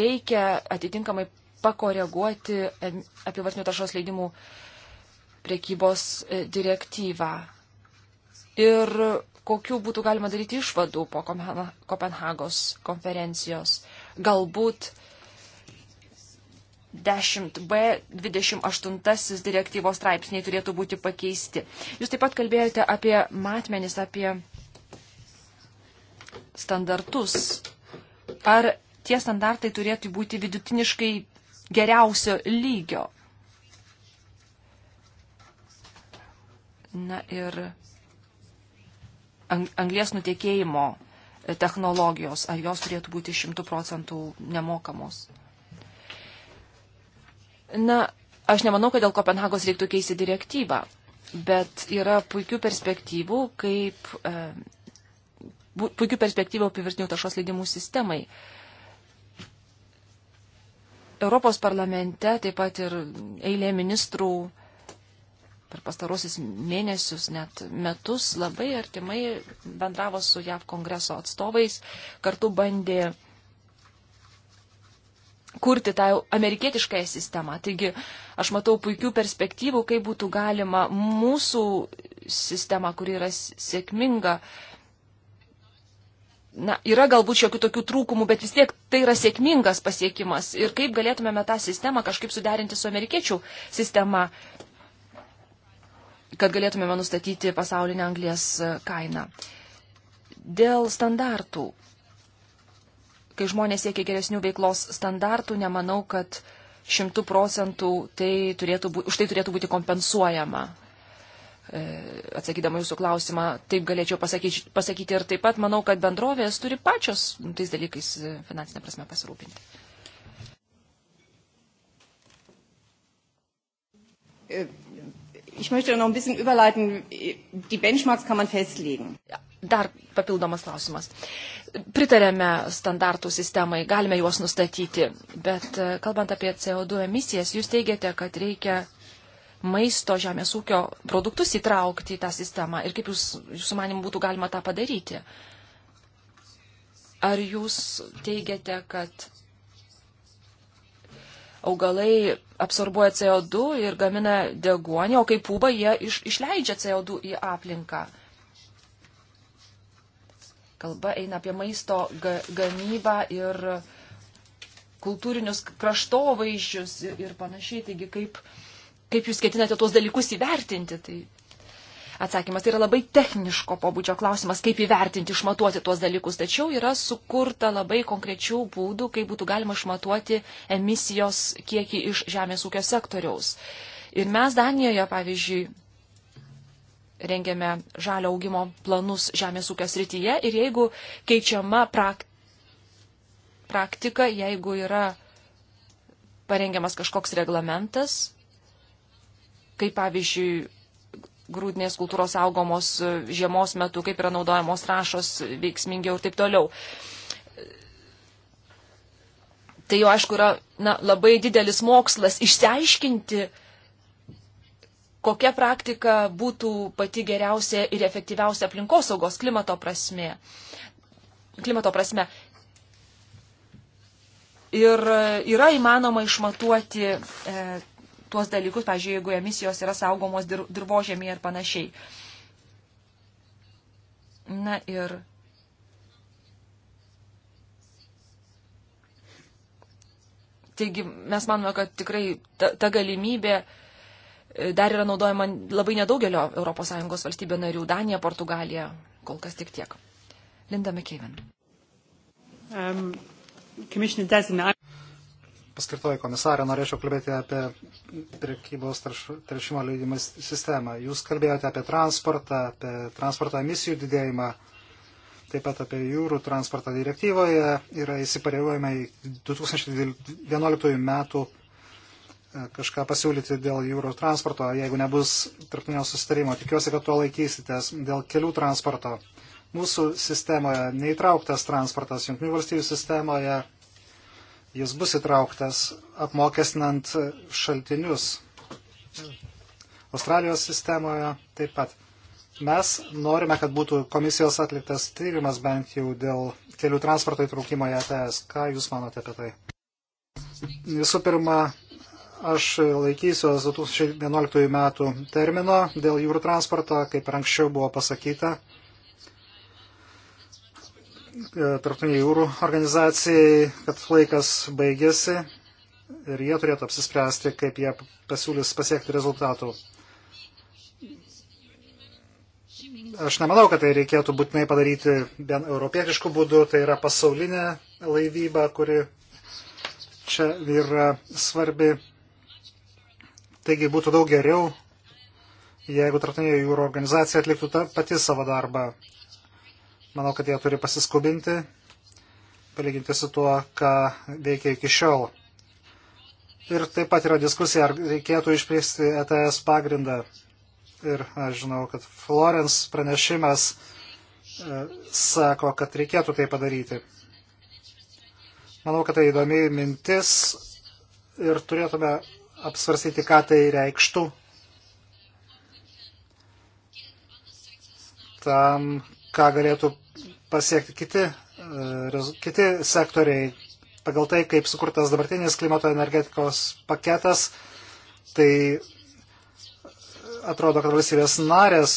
reikia atitinkamai pakoreguoti apivartinių taršos leidimų priekybos e, direktyvą? Ir kokiu būtų galima daryti išvadų po Kopenhagos konferencijos? Galbūt uh, 10b 28 direktyvos straipsniai turėtų būti pakeisti. Jūs taip pat kalbėjote apie matmenis, apie standartus. Ar tie standartai turėtų būti vidutiniškai geriausio lygio? Na ir anglės nutekėjimo technologijos, ar jos turėtų būti šimtų procentų nemokamos? Na, aš nemanau, kad dėl Kopenhagos reiktų keisti direktyvą, bet yra puikių perspektyvų, kaip. E, puikių perspektyvų apivirtinių taršos leidimų sistemai. Europos parlamente taip pat ir eilė ministrų per pastarosius mėnesius, net metus labai artimai bendravo su JAV kongreso atstovais, kartu bandė uh, kurti tą amerikietiškąją sistemą. Taigi aš matau puikių perspektyvų, kaip būtų galima mūsų sistemą, kuri yra sėkminga. Na, yra galbūt šiokių tokių trūkumų, bet vis tiek tai yra sėkmingas pasiekimas. Ir kaip galėtumėme tą sistemą kažkaip suderinti su amerikiečių sistema, kad galėtumėme nustatyti pasaulinę anglės e, kainą. Dėl standartų Kai žmonės siekia geresnių veiklos standartų, nemanau, kad šimtų procentų tai turėtų, būti, už tai turėtų būti kompensuojama. E, atsakydama jūsų klausimą, taip galėčiau pasakyti, pasakyti ir taip pat manau, kad bendrovės turi pačios tais dalykais e, finansinė prasme pasirūpinti. E Ich möchte noch ein bisschen überleiten. Die Benchmarks kann man festlegen. Dar papildomas klausimas. Pritarėme standartų sistemai, galime juos nustatyti, bet e, kalbant apie CO2 emisijas, jūs teigiate, kad reikia maisto žemės ūkio produktus įtraukti į tą sistemą ir kaip jūs, jūsų manim būtų galima tą padaryti. Ar jūs teigiate, kad augalai absorbuoja CO2 ir gamina deguonį, o kaip pūba jie iš, išleidžia CO2 į aplinką. Kalba eina apie maisto ga, gamybą ir kultūrinius kraštovaizdžius ir, ir panašiai. Taigi, kaip, kaip jūs ketinate tuos dalykus įvertinti, tai atsakymas. Tai yra labai techniško pobūdžio klausimas, kaip įvertinti, išmatuoti tuos dalykus. Tačiau yra sukurta labai konkrečių būdų, kaip būtų galima išmatuoti emisijos kiekį iš žemės ūkio sektoriaus. Ir mes Danijoje, pavyzdžiui, rengiame žalio augimo planus žemės ūkio srityje ir jeigu keičiama prak praktika, jeigu yra parengiamas kažkoks reglamentas, kaip pavyzdžiui grūdinės kultūros saugomos e, žiemos metu, kaip yra naudojamos trašos veiksmingiau ir taip toliau. Tai jau aišku yra na, labai didelis mokslas išsiaiškinti, kokia praktika būtų pati geriausia ir efektyviausia aplinkosaugos klimato prasme. Klimato prasme. Ir e, yra įmanoma išmatuoti e, tuos dalykus, pavyzdžiui, jeigu emisijos yra saugomos dir dirbožėmėje ir panašiai. Na ir Taigi mes manome, kad tikrai ta, ta galimybė e, dar yra naudojama labai nedaugelio ES valstybė narių - Danija, Portugalija, kol kas tik tiek. Linda McKeven. Um, paskirtoji komisarė, norėčiau kalbėti apie prekybos taršimo leidimas sistemą. Jūs kalbėjote apie transportą, apie transporto emisijų didėjimą, taip pat apie jūrų transportą direktyvoje yra įsipareigojimai 2011 metų e, kažką pasiūlyti dėl jūrų transporto, jeigu nebus tarptautinio susitarimo. Tikiuosi, kad tuo laikysitės dėl kelių transporto. Mūsų sistemoje neįtrauktas transportas, jungtinių valstybių sistemoje jis bus įtrauktas apmokestinant šaltinius. Australijos sistemoje taip pat. Mes norime, kad būtų komisijos atliktas tyrimas bent jau dėl kelių transporto įtraukimo į ATS. E Ką Jūs manote apie tai? Visų pirma, aš laikysiuos 2011 metų termino dėl jūrų transporto, kaip ir anksčiau buvo pasakyta. E, tarptautiniai jūrų organizacijai, kad laikas baigėsi ir jie turėtų apsispręsti, kaip jie pasiūlys pasiekti rezultatų. Aš nemanau, kad tai reikėtų būtinai padaryti vien europietiškų būdų, tai yra pasaulinė laivyba, kuri čia yra svarbi. Taigi būtų daug geriau, jeigu tarptautinė jūrų organizacija atliktų ta pati savo darbą Manau, kad jie turi pasiskubinti, palyginti su tuo, ką veikia iki šiol. Ir taip pat yra diskusija, ar reikėtų išplėsti ETS pagrindą. Ir aš žinau, kad Florence pranešimas e, sako, kad reikėtų tai padaryti. Manau, kad tai įdomi mintis ir turėtume apsvarstyti, ką tai reikštų tam, ką galėtų pasiekti kiti, e, kiti sektoriai. Pagal tai, kaip sukurtas dabartinis klimato energetikos paketas, tai atrodo, kad valstybės narės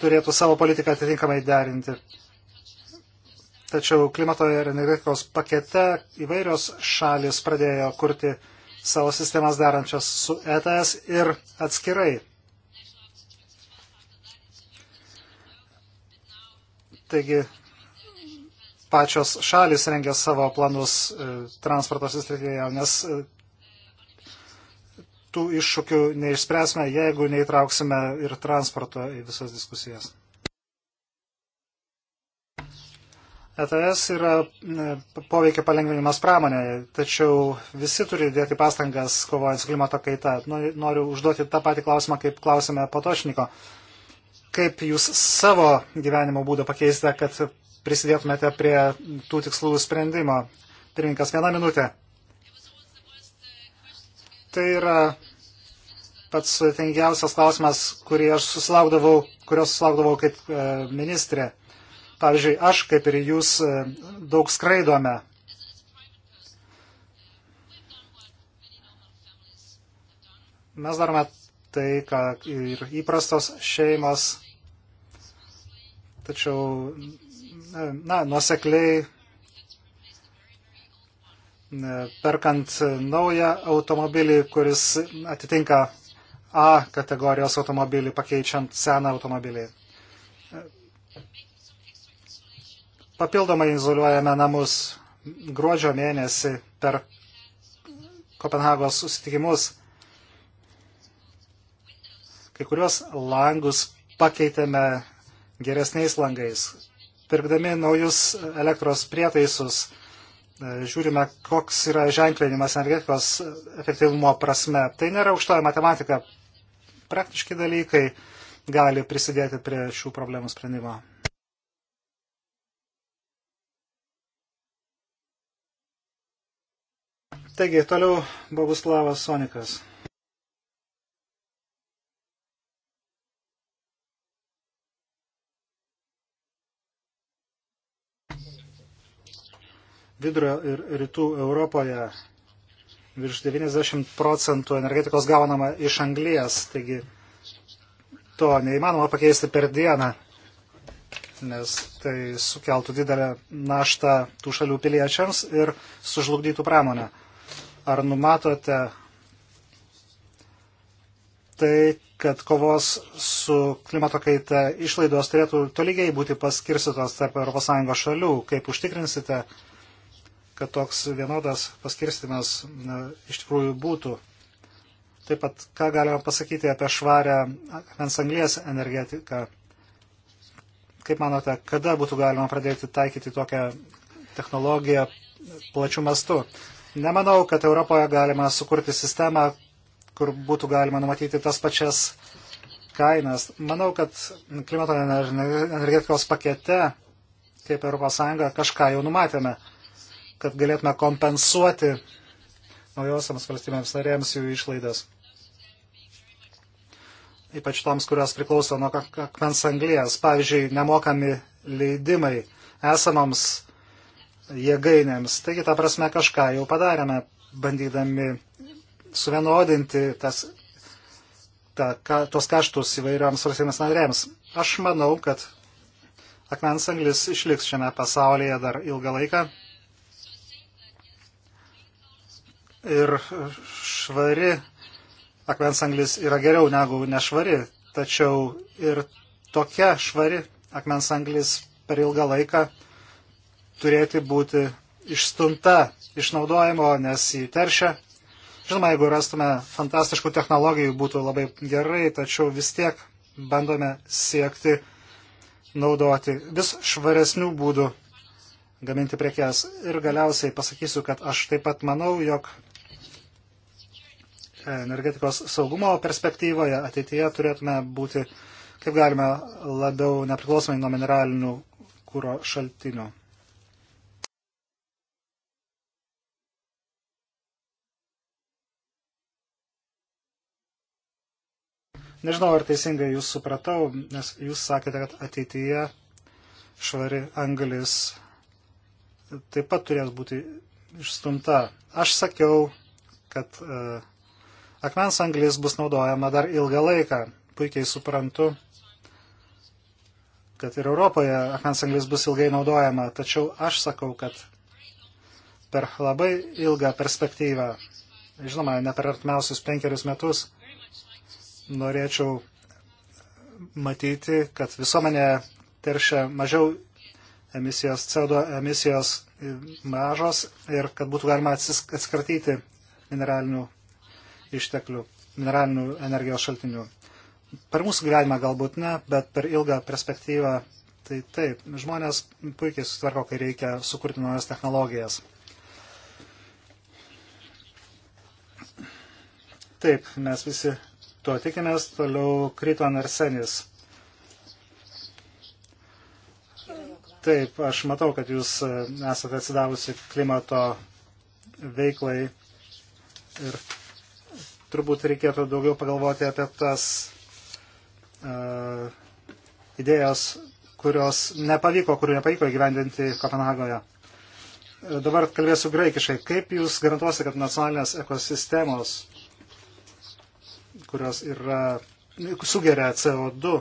turėtų savo politiką atitinkamai derinti. Tačiau klimato ir energetikos pakete įvairios šalis pradėjo kurti savo sistemas darančias su ETS ir atskirai. Taigi pačios šalis rengia savo planus e, transporto sistrityje, nes e, tų iššūkių neišspręsime, jeigu neįtrauksime ir transporto į visas diskusijas. ETS yra e, poveikio palengvinimas pramonėje, tačiau visi turi dėti pastangas kovojant su klimato kaita. Noriu užduoti tą patį klausimą, kaip klausime Patošniko. Po kaip jūs savo gyvenimo būdą pakeisite, kad prisidėtumėte prie tų tikslų sprendimo. Pirminkas, vieną minutę. Tai yra pats tengiausias klausimas, kurį aš susilaukdavau, kurios susilaukdavau kaip e, ministrė. Pavyzdžiui, aš, kaip ir jūs, e, daug skraidome. Mes darome tai, ką ir įprastos šeimos. Tačiau, na, nuosekliai e, perkant naują automobilį, kuris atitinka A kategorijos automobilį, pakeičiant seną automobilį. Papildomai izoliuojame namus gruodžio mėnesį per Kopenhagos susitikimus Kai kurios langus pakeitėme geresniais langais. Pirkdami naujus elektros prietaisus, e, žiūrime, koks yra ženklinimas energetikos efektyvumo prasme. Tai nėra aukštoji matematika. Praktiški dalykai gali prisidėti prie šių problemų sprendimo. Taigi, toliau Boguslavas Sonikas. vidurio ir rytų Europoje virš 90 procentų energetikos gaunama iš anglijas, taigi to neįmanoma pakeisti per dieną, nes tai sukeltų didelę naštą tų šalių piliečiams ir sužlugdytų pramonę. Ar numatote tai, kad kovos su klimato kaita išlaidos turėtų tolygiai būti paskirstytos tarp ES šalių, kaip užtikrinsite, kad toks vienodas paskirstimas na, iš tikrųjų būtų. Taip pat, ką galima pasakyti apie švarę akmens anglės energetiką? Kaip manote, kada būtų galima pradėti taikyti tokią technologiją plačių mastų? Nemanau, kad Europoje galima sukurti sistemą, kur būtų galima numatyti tas pačias kainas. Manau, kad klimato energetikos pakete, kaip ES, kažką jau numatėme kad galėtume kompensuoti naujosiams valstybėms narėms jų išlaidas. Ypač toms, kurios priklauso nuo akmens anglijas. Pavyzdžiui, nemokami leidimai esamoms jėgainėms. Taigi, ta prasme, kažką jau padarėme, bandydami suvienodinti tas, ta, ka, tos kaštus įvairioms valstybėms narėms. Aš manau, kad akmens anglis išliks šiame pasaulyje dar ilgą laiką. ir švari akmens anglis yra geriau negu nešvari, tačiau ir tokia švari akmens anglis per ilgą laiką turėti būti išstumta išnaudojimo, nes jį teršia. Žinoma, jeigu rastume fantastiškų technologijų, būtų labai gerai, tačiau vis tiek bandome siekti naudoti vis švaresnių būdų gaminti prekes. Ir galiausiai pasakysiu, kad aš taip pat manau, jog energetikos saugumo perspektyvoje ateityje turėtume būti kaip galime labiau nepriklausomai nuo mineralinių kūro šaltinių. Nežinau, ar teisingai jūs supratau, nes jūs sakėte, kad ateityje švari anglis taip pat turės būti išstumta. Aš sakiau, kad uh, Akmens anglis bus naudojama dar ilgą laiką. Puikiai suprantu, kad ir Europoje akmens anglis bus ilgai naudojama, tačiau aš sakau, kad per labai ilgą perspektyvą, žinoma, ne per artimiausius penkerius metus, norėčiau matyti, kad visuomenė teršia mažiau emisijos, CO2 emisijos mažos ir kad būtų galima atsiskartyti mineralinių išteklių, mineralinių energijos šaltinių. Per mūsų gyvenimą galbūt ne, bet per ilgą perspektyvą tai taip, žmonės puikiai sutvarko, kai reikia sukurti naujas technologijas. Taip, mes visi to tikimės, toliau Kryton Arsenis. Taip, aš matau, kad jūs e, esate atsidavusi klimato veiklai ir turbūt reikėtų daugiau pagalvoti apie tas uh, idėjas, kurios nepavyko, kurių nepavyko įgyvendinti Kopenhagoje. E, dabar kalbėsiu graikiškai. Kaip jūs garantuosite, kad nacionalinės ekosistemos, kurios yra, sugeria CO2,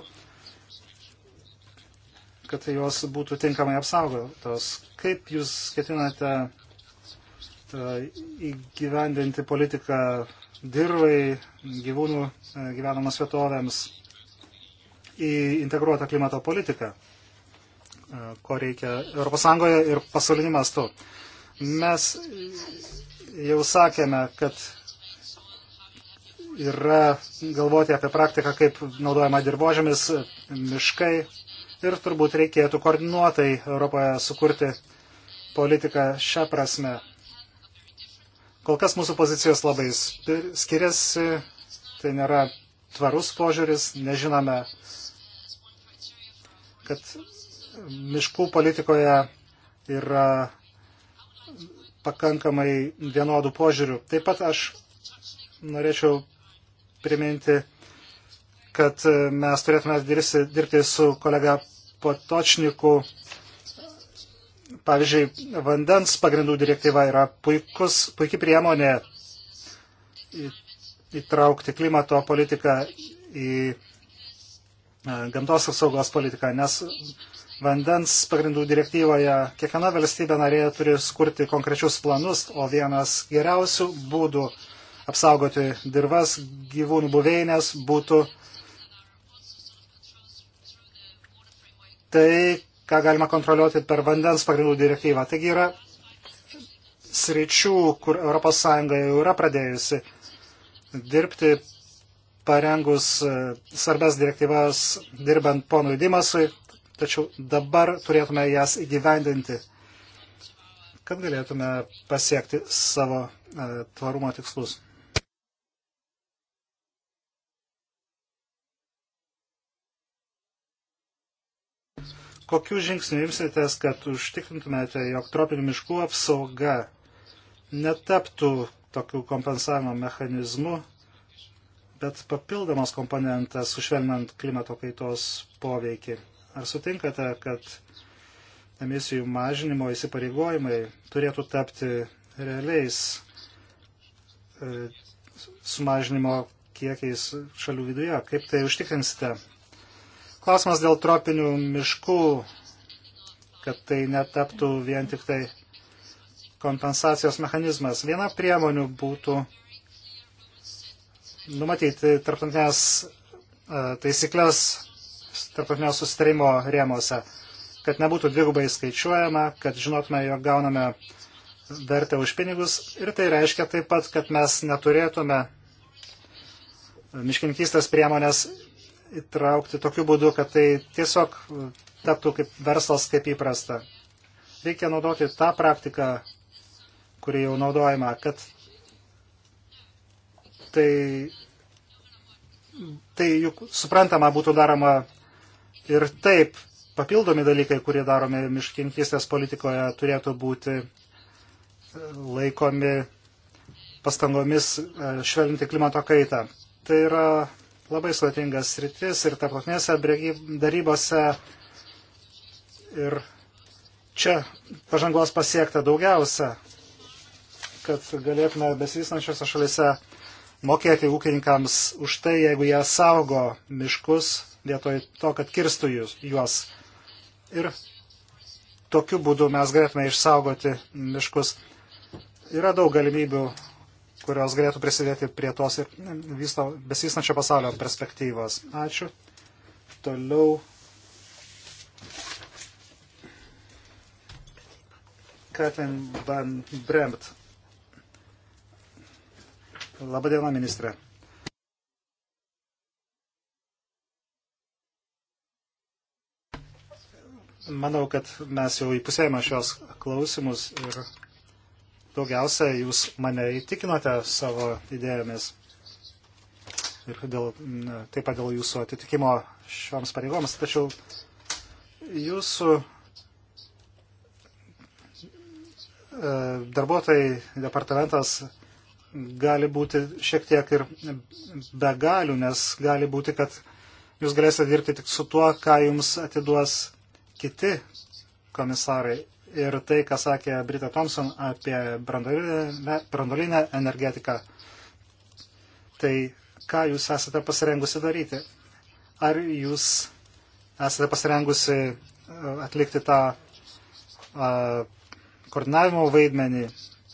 kad jos būtų tinkamai apsaugotos? Kaip jūs ketinate e, įgyvendinti politiką dirbai, gyvūnų e, gyvenamas vietovėms į integruotą klimato politiką, e, ko reikia ES ir pasauliniu mastu. Mes jau sakėme, kad yra galvoti apie praktiką, kaip naudojama dirbožėmis, miškai ir turbūt reikėtų koordinuotai Europoje sukurti politiką šią prasme. Kol kas mūsų pozicijos labai skiriasi, tai nėra tvarus požiūris, nežinome, kad miškų politikoje yra pakankamai vienodų požiūrių. Taip pat aš norėčiau priminti, kad mes turėtume dirbti, dirbti su kolega Potočniku Pavyzdžiui, vandens pagrindų direktyva yra puikus, puikia priemonė įtraukti klimato politiką į e, gamtos apsaugos politiką, nes vandens pagrindų direktyvoje kiekviena valstybė narė turi skurti konkrečius planus, o vienas geriausių būdų apsaugoti dirvas gyvūnų buveinės būtų tai, ką galima kontroliuoti per vandens pagrindų direktyvą. Taigi yra sričių, kur ES jau yra pradėjusi dirbti parengus e, svarbes direktyvas dirbant ponui Dimasui, tačiau dabar turėtume jas įgyvendinti, kad galėtume pasiekti savo e, tvarumo tikslus. Kokių žingsnių imsitės, kad užtikrintumėte, jog tropinių miškų apsauga netaptų tokių kompensavimo mechanizmų, bet papildomas komponentas sušvelnant klimato kaitos poveikį? Ar sutinkate, kad emisijų mažinimo įsipareigojimai turėtų tapti realiais e, sumažinimo kiekiais šalių viduje? Kaip tai užtikrinsite? Klausimas dėl tropinių miškų, kad tai netaptų vien tik tai kompensacijos mechanizmas. Viena priemonių būtų numatyti tarptautinės e, taisyklės tarptautinio susitarimo rėmose, kad nebūtų dvigubai skaičiuojama, kad žinotume, jog gauname vertę už pinigus ir tai reiškia taip pat, kad mes neturėtume miškininkystės priemonės įtraukti tokiu būdu, kad tai tiesiog taptų kaip verslas kaip įprasta. Reikia naudoti tą praktiką, kuri jau naudojama, kad tai, tai juk suprantama būtų daroma ir taip papildomi dalykai, kurie daromi miškininkystės politikoje, turėtų būti e, laikomi pastangomis e, švelninti klimato kaitą. Tai yra labai sudėtingas sritis ir tarptautinėse darybose ir čia pažangos pasiekta daugiausia, kad galėtume besivystančiose šalise mokėti ūkininkams už tai, jeigu jie saugo miškus vietoj to, kad kirstų juos. Ir tokiu būdu mes galėtume išsaugoti miškus. Yra daug galimybių kurios galėtų prisidėti prie tos besivystančio pasaulio perspektyvos. Ačiū. Toliau. Katlin Van Bremt. Labadiena, ministrė. Manau, kad mes jau įpusėjame šios klausimus ir daugiausia jūs mane įtikinote savo idėjomis ir dėl, taip pat dėl jūsų atitikimo šioms pareigoms. Tačiau jūsų e, darbuotojai departamentas gali būti šiek tiek ir be galių, nes gali būti, kad jūs galėsite dirbti tik su tuo, ką jums atiduos kiti komisarai ir tai, ką sakė Brita Thompson apie brandolinę energetiką. Tai ką jūs esate pasirengusi daryti? Ar jūs esate pasirengusi uh, atlikti tą a, uh, koordinavimo vaidmenį,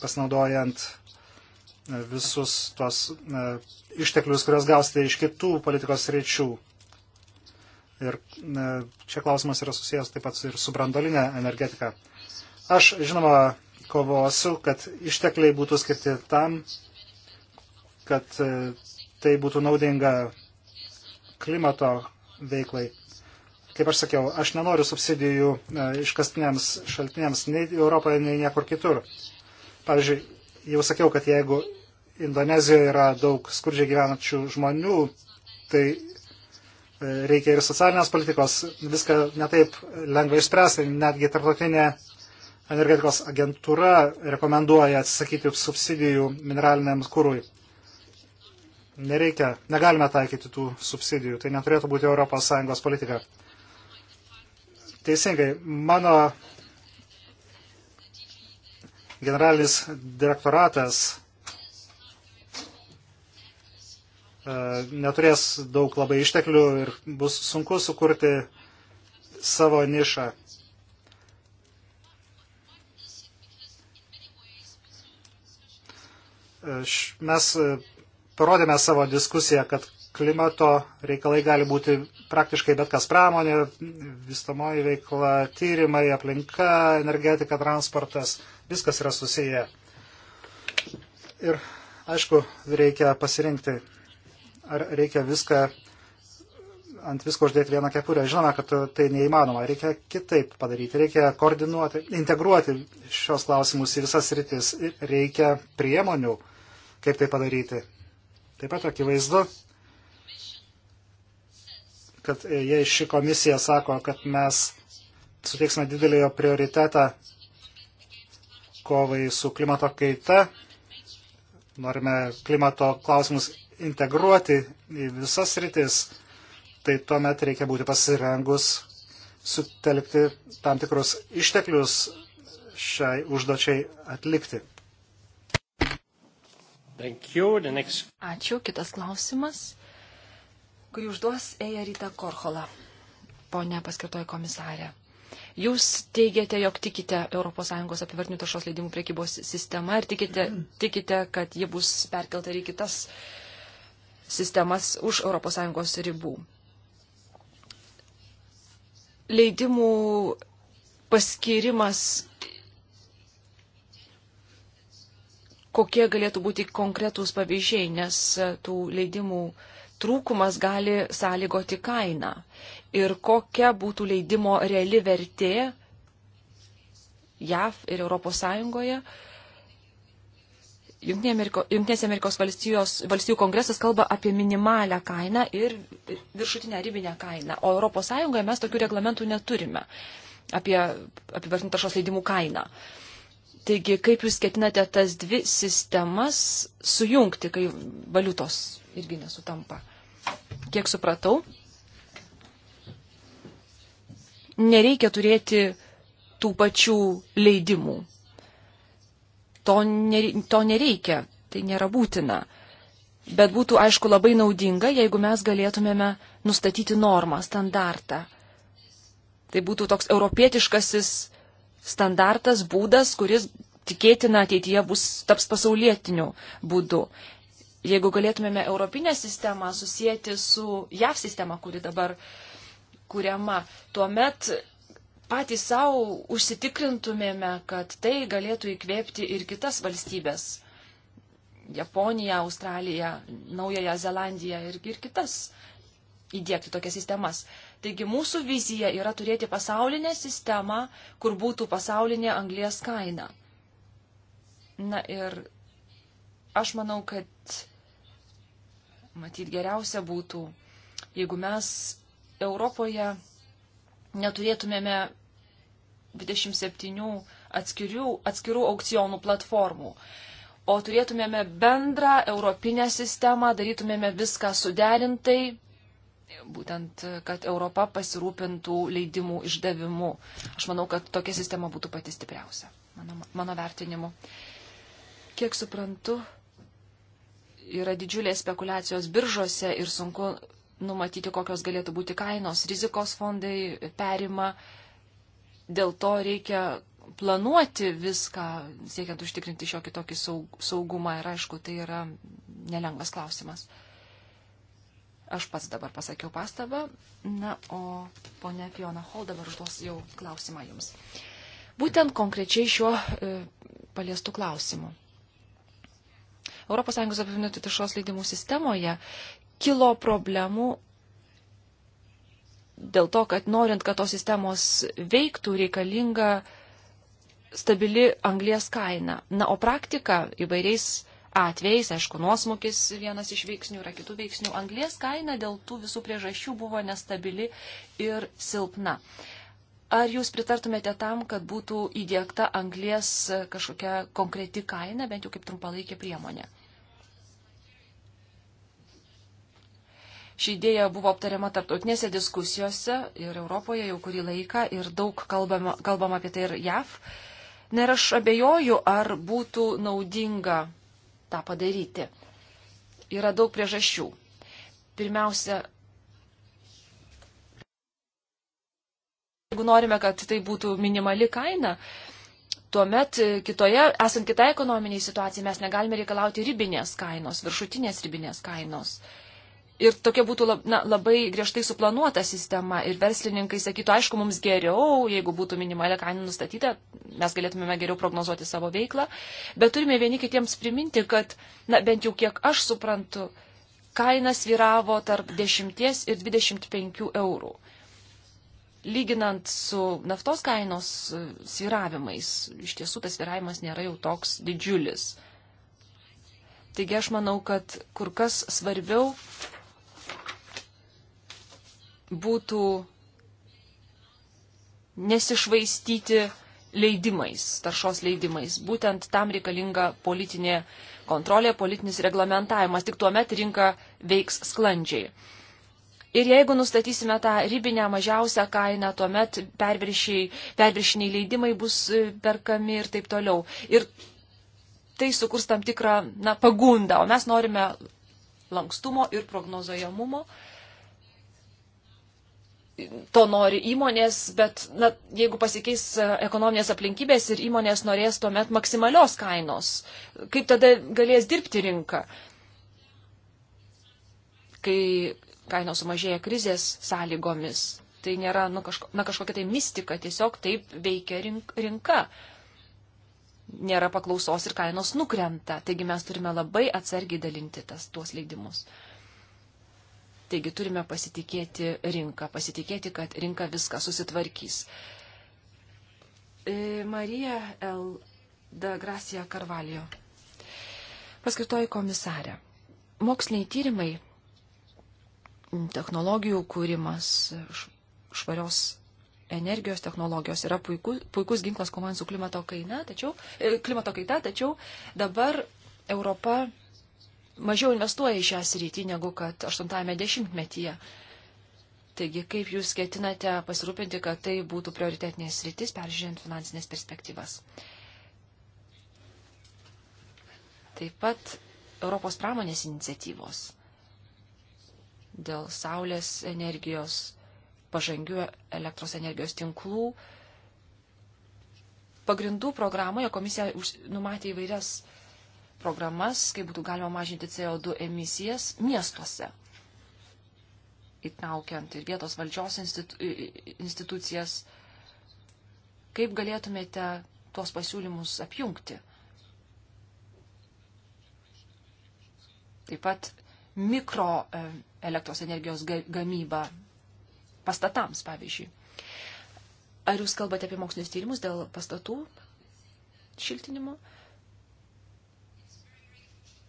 pasinaudojant uh, visus tos a, išteklius, kuriuos gausite iš kitų politikos ryčių? Ir a, čia klausimas yra susijęs taip pat ir su brandolinė energetika. Aš, žinoma, kovosiu, kad ištekliai būtų skirti tam, kad e, tai būtų naudinga klimato veiklai. Kaip aš sakiau, aš nenoriu subsidijų e, iškastiniams šaltiniams nei Europoje, nei niekur kitur. Pavyzdžiui, jau sakiau, kad jeigu Indonezijoje yra daug skurdžiai gyvenančių žmonių, tai e, reikia ir socialinės politikos, viską netaip lengva išspręsti, netgi tarptautinė energetikos agentūra rekomenduoja atsisakyti subsidijų mineraliniam kūrui. Nereikia, negalime taikyti tų subsidijų, tai neturėtų būti ES politika. Teisingai, mano generalinis direktoratas e, neturės daug labai išteklių ir bus sunku sukurti savo nišą mes e, parodėme savo diskusiją, kad klimato reikalai gali būti praktiškai bet kas pramonė, vystamoji veikla, tyrimai, aplinka, energetika, transportas, viskas yra susiję. Ir aišku, reikia pasirinkti, ar reikia viską ant visko uždėti vieną kepurę. Žinoma, kad tai neįmanoma. Reikia kitaip padaryti. Reikia koordinuoti, integruoti šios klausimus į visas rytis. Reikia priemonių, kaip tai padaryti. Taip pat akivaizdu, kad jei ši komisija sako, kad mes suteiksime didelį prioritetą kovai su klimato kaita, norime klimato klausimus integruoti į visas rytis, tai tuomet reikia būti pasirengus sutelkti tam tikrus išteklius šiai užduočiai atlikti. Next... Ačiū. Kitas klausimas, kurį užduos Eja Rita Korhola, ponė paskirtoji komisarė. Jūs teigiate, jog tikite ES apivartinių taršos leidimų priekybos sistema ir tikite, tikite, kad ji bus perkelta ir į kitas sistemas už ES ribų. Leidimų paskirimas kokie galėtų būti konkretūs pavyzdžiai, nes e, tų leidimų trūkumas gali sąlygoti kainą. Ir kokia būtų leidimo reali vertė JAV ir ES. Junktinės Amerikos valstijos, valstijų kongresas kalba apie minimalę kainą ir viršutinę ribinę kainą, o ES mes tokių reglamentų neturime apie apivartinų taršos leidimų kainą. Uh, Taigi, kaip jūs ketinate tas dvi sistemas sujungti, kai valiutos irgi nesutampa? Kiek supratau, nereikia turėti tų pačių leidimų. To, nereikia, to nereikia, tai nėra būtina. Bet būtų, aišku, labai naudinga, jeigu mes galėtumėme nustatyti normą, standartą. Tai būtų toks europietiškasis standartas, būdas, kuris tikėtina ateityje bus, taps pasaulietiniu būdu. Jeigu galėtumėme europinę sistemą susijęti su JAV sistema, kuri dabar kuriama, tuomet patys savo užsitikrintumėme, kad tai galėtų įkvėpti ir kitas valstybės - Japoniją, Australiją, Naująją Zelandiją ir, ir kitas - įdėkti tokias sistemas. Taigi mūsų vizija yra turėti pasaulinę sistemą, kur būtų pasaulinė anglės kaina. Na ir aš manau, kad matyt geriausia būtų, jeigu mes Europoje neturėtumėme 27 atskirių, atskirų aukcionų platformų, o turėtumėme bendrą europinę sistemą, darytumėme viską suderintai, būtent, kad Europa pasirūpintų leidimų išdavimu. Aš manau, kad tokia sistema būtų pati stipriausia, mano, mano vertinimu. Kiek suprantu, yra didžiulės spekulacijos biržose ir sunku numatyti, kokios galėtų būti kainos. Rizikos fondai perima, dėl to reikia planuoti viską, siekiant užtikrinti šiokį tokį saugumą ir aišku, tai yra nelengvas klausimas. Aš pats dabar pasakiau pastabą, na, o ponia Fiona Hall dabar užduos jau klausimą jums. Būtent konkrečiai šiuo e, paliestų klausimu. ES apivinitų taršos leidimų sistemoje kilo problemų dėl to, kad norint, kad tos sistemos veiktų, reikalinga stabili anglės kaina. Na, o praktika įvairiais atvejais, aišku, nuosmukis vienas iš veiksnių yra kitų veiksnių, anglės kaina dėl tų visų priežasčių buvo nestabili ir silpna. Ar jūs pritartumėte tam, kad būtų įdėkta anglės kažkokia konkreti kaina, bent jau kaip trumpalaikė priemonė? Ši idėja buvo aptariama tarptautinėse diskusijose ir Europoje jau kurį laiką ir daug kalbama, kalbama apie tai ir JAV. Na ir aš abejoju, ar būtų naudinga tą padaryti. Yra daug priežasčių. Pirmiausia, jeigu norime, kad tai būtų minimali kaina, tuomet kitoje, esant kitai ekonominiai situacijai, mes negalime reikalauti ribinės kainos, viršutinės ribinės kainos. Uh, Ir tokia būtų na, labai griežtai suplanuota sistema. Ir verslininkai sakytų, aišku, mums geriau, jeigu būtų minimalė kaina nustatyta, mes galėtumėme geriau prognozuoti savo veiklą. Bet turime vieni kitiems priminti, kad, na, bent jau kiek aš suprantu, kaina sviravo tarp 10 ir 25 eurų. Lyginant su naftos kainos sviravimais, iš tiesų tas sviravimas nėra jau toks didžiulis. Taigi aš manau, kad kur kas svarbiau būtų nesišvaistyti leidimais, taršos leidimais. Būtent tam reikalinga politinė kontrolė, politinis reglamentavimas. Tik tuo met rinka veiks sklandžiai. Ir jeigu nustatysime tą ribinę mažiausią kainą, tuomet perviršiniai leidimai bus e, perkami ir taip toliau. Ir tai sukurs tam tikrą na, pagundą, o mes norime lankstumo ir prognozojamumo. Uh, to nori įmonės, bet na, jeigu pasikeis e, ekonominės aplinkybės ir įmonės norės tuomet maksimalios kainos, kaip tada galės dirbti rinka, kai kainos sumažėja krizės sąlygomis. Tai nėra nu, kažko, na, kažkokia tai mistika, tiesiog taip veikia rink, rinka. Nėra paklausos ir kainos nukrenta. Taigi mes turime labai atsargiai dalinti tas, tuos leidimus. Taigi turime pasitikėti rinką, pasitikėti, kad rinka viską susitvarkys. E, Marija L. da Gracia Carvalho. Paskirtoji komisarė. Moksliniai tyrimai, technologijų kūrimas, švarios energijos technologijos yra puikus, puikus ginklas kovojant su klimato, kaina, tačiau, e, klimato kaita, tačiau dabar Europa mažiau investuoja į šią sritį negu kad 80-ame dešimtmetyje. Taigi, kaip jūs ketinate pasirūpinti, kad tai būtų prioritetinės sritis, peržiūrint finansinės perspektyvas? Taip pat Europos pramonės iniciatyvos dėl saulės energijos, pažangių elektros energijos tinklų. Pagrindų programoje komisija numatė įvairias programas, kaip būtų galima mažinti CO2 emisijas miestuose, įtraukiant ir vietos valdžios institu, institucijas. Kaip galėtumėte tuos pasiūlymus apjungti? Taip pat mikro e, elektros energijos gamyba pastatams, pavyzdžiui. Ar jūs kalbate apie mokslinius tyrimus dėl pastatų šiltinimo? Uh,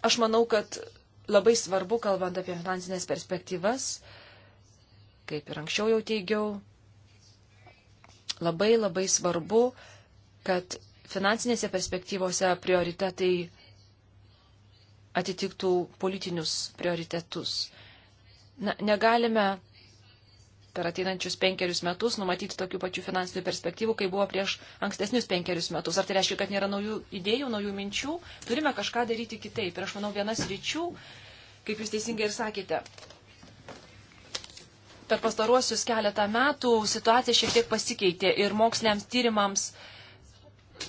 Aš manau, kad labai svarbu, kalbant apie finansinės perspektyvas, kaip ir anksčiau jau teigiau, labai labai svarbu, kad finansinėse perspektyvose prioritetai atitiktų politinius prioritetus. Na, negalime per ateinančius penkerius metus numatyti tokių pačių finansinių perspektyvų, kai buvo prieš ankstesnius penkerius metus. Ar tai reiškia, kad nėra naujų idėjų, naujų minčių? Turime kažką daryti kitaip. Ir aš manau, vienas ryčių, kaip jūs teisingai ir sakėte, per pastaruosius keletą metų situacija šiek tiek pasikeitė ir moksliniams tyrimams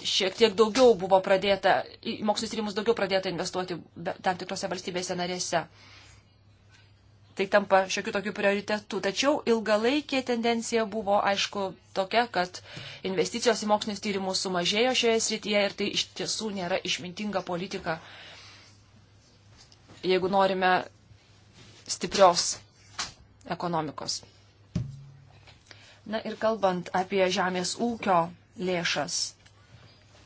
šiek tiek daugiau buvo pradėta, į mokslinius tyrimus daugiau pradėta investuoti tam tikrose valstybėse narėse tai tampa šiokių tokių prioritetų. Tačiau ilgalaikė tendencija buvo, aišku, tokia, kad investicijos į mokslinius tyrimus sumažėjo šioje srityje ir tai iš tiesų nėra išmintinga politika, jeigu norime stiprios ekonomikos. Na ir kalbant apie žemės ūkio lėšas.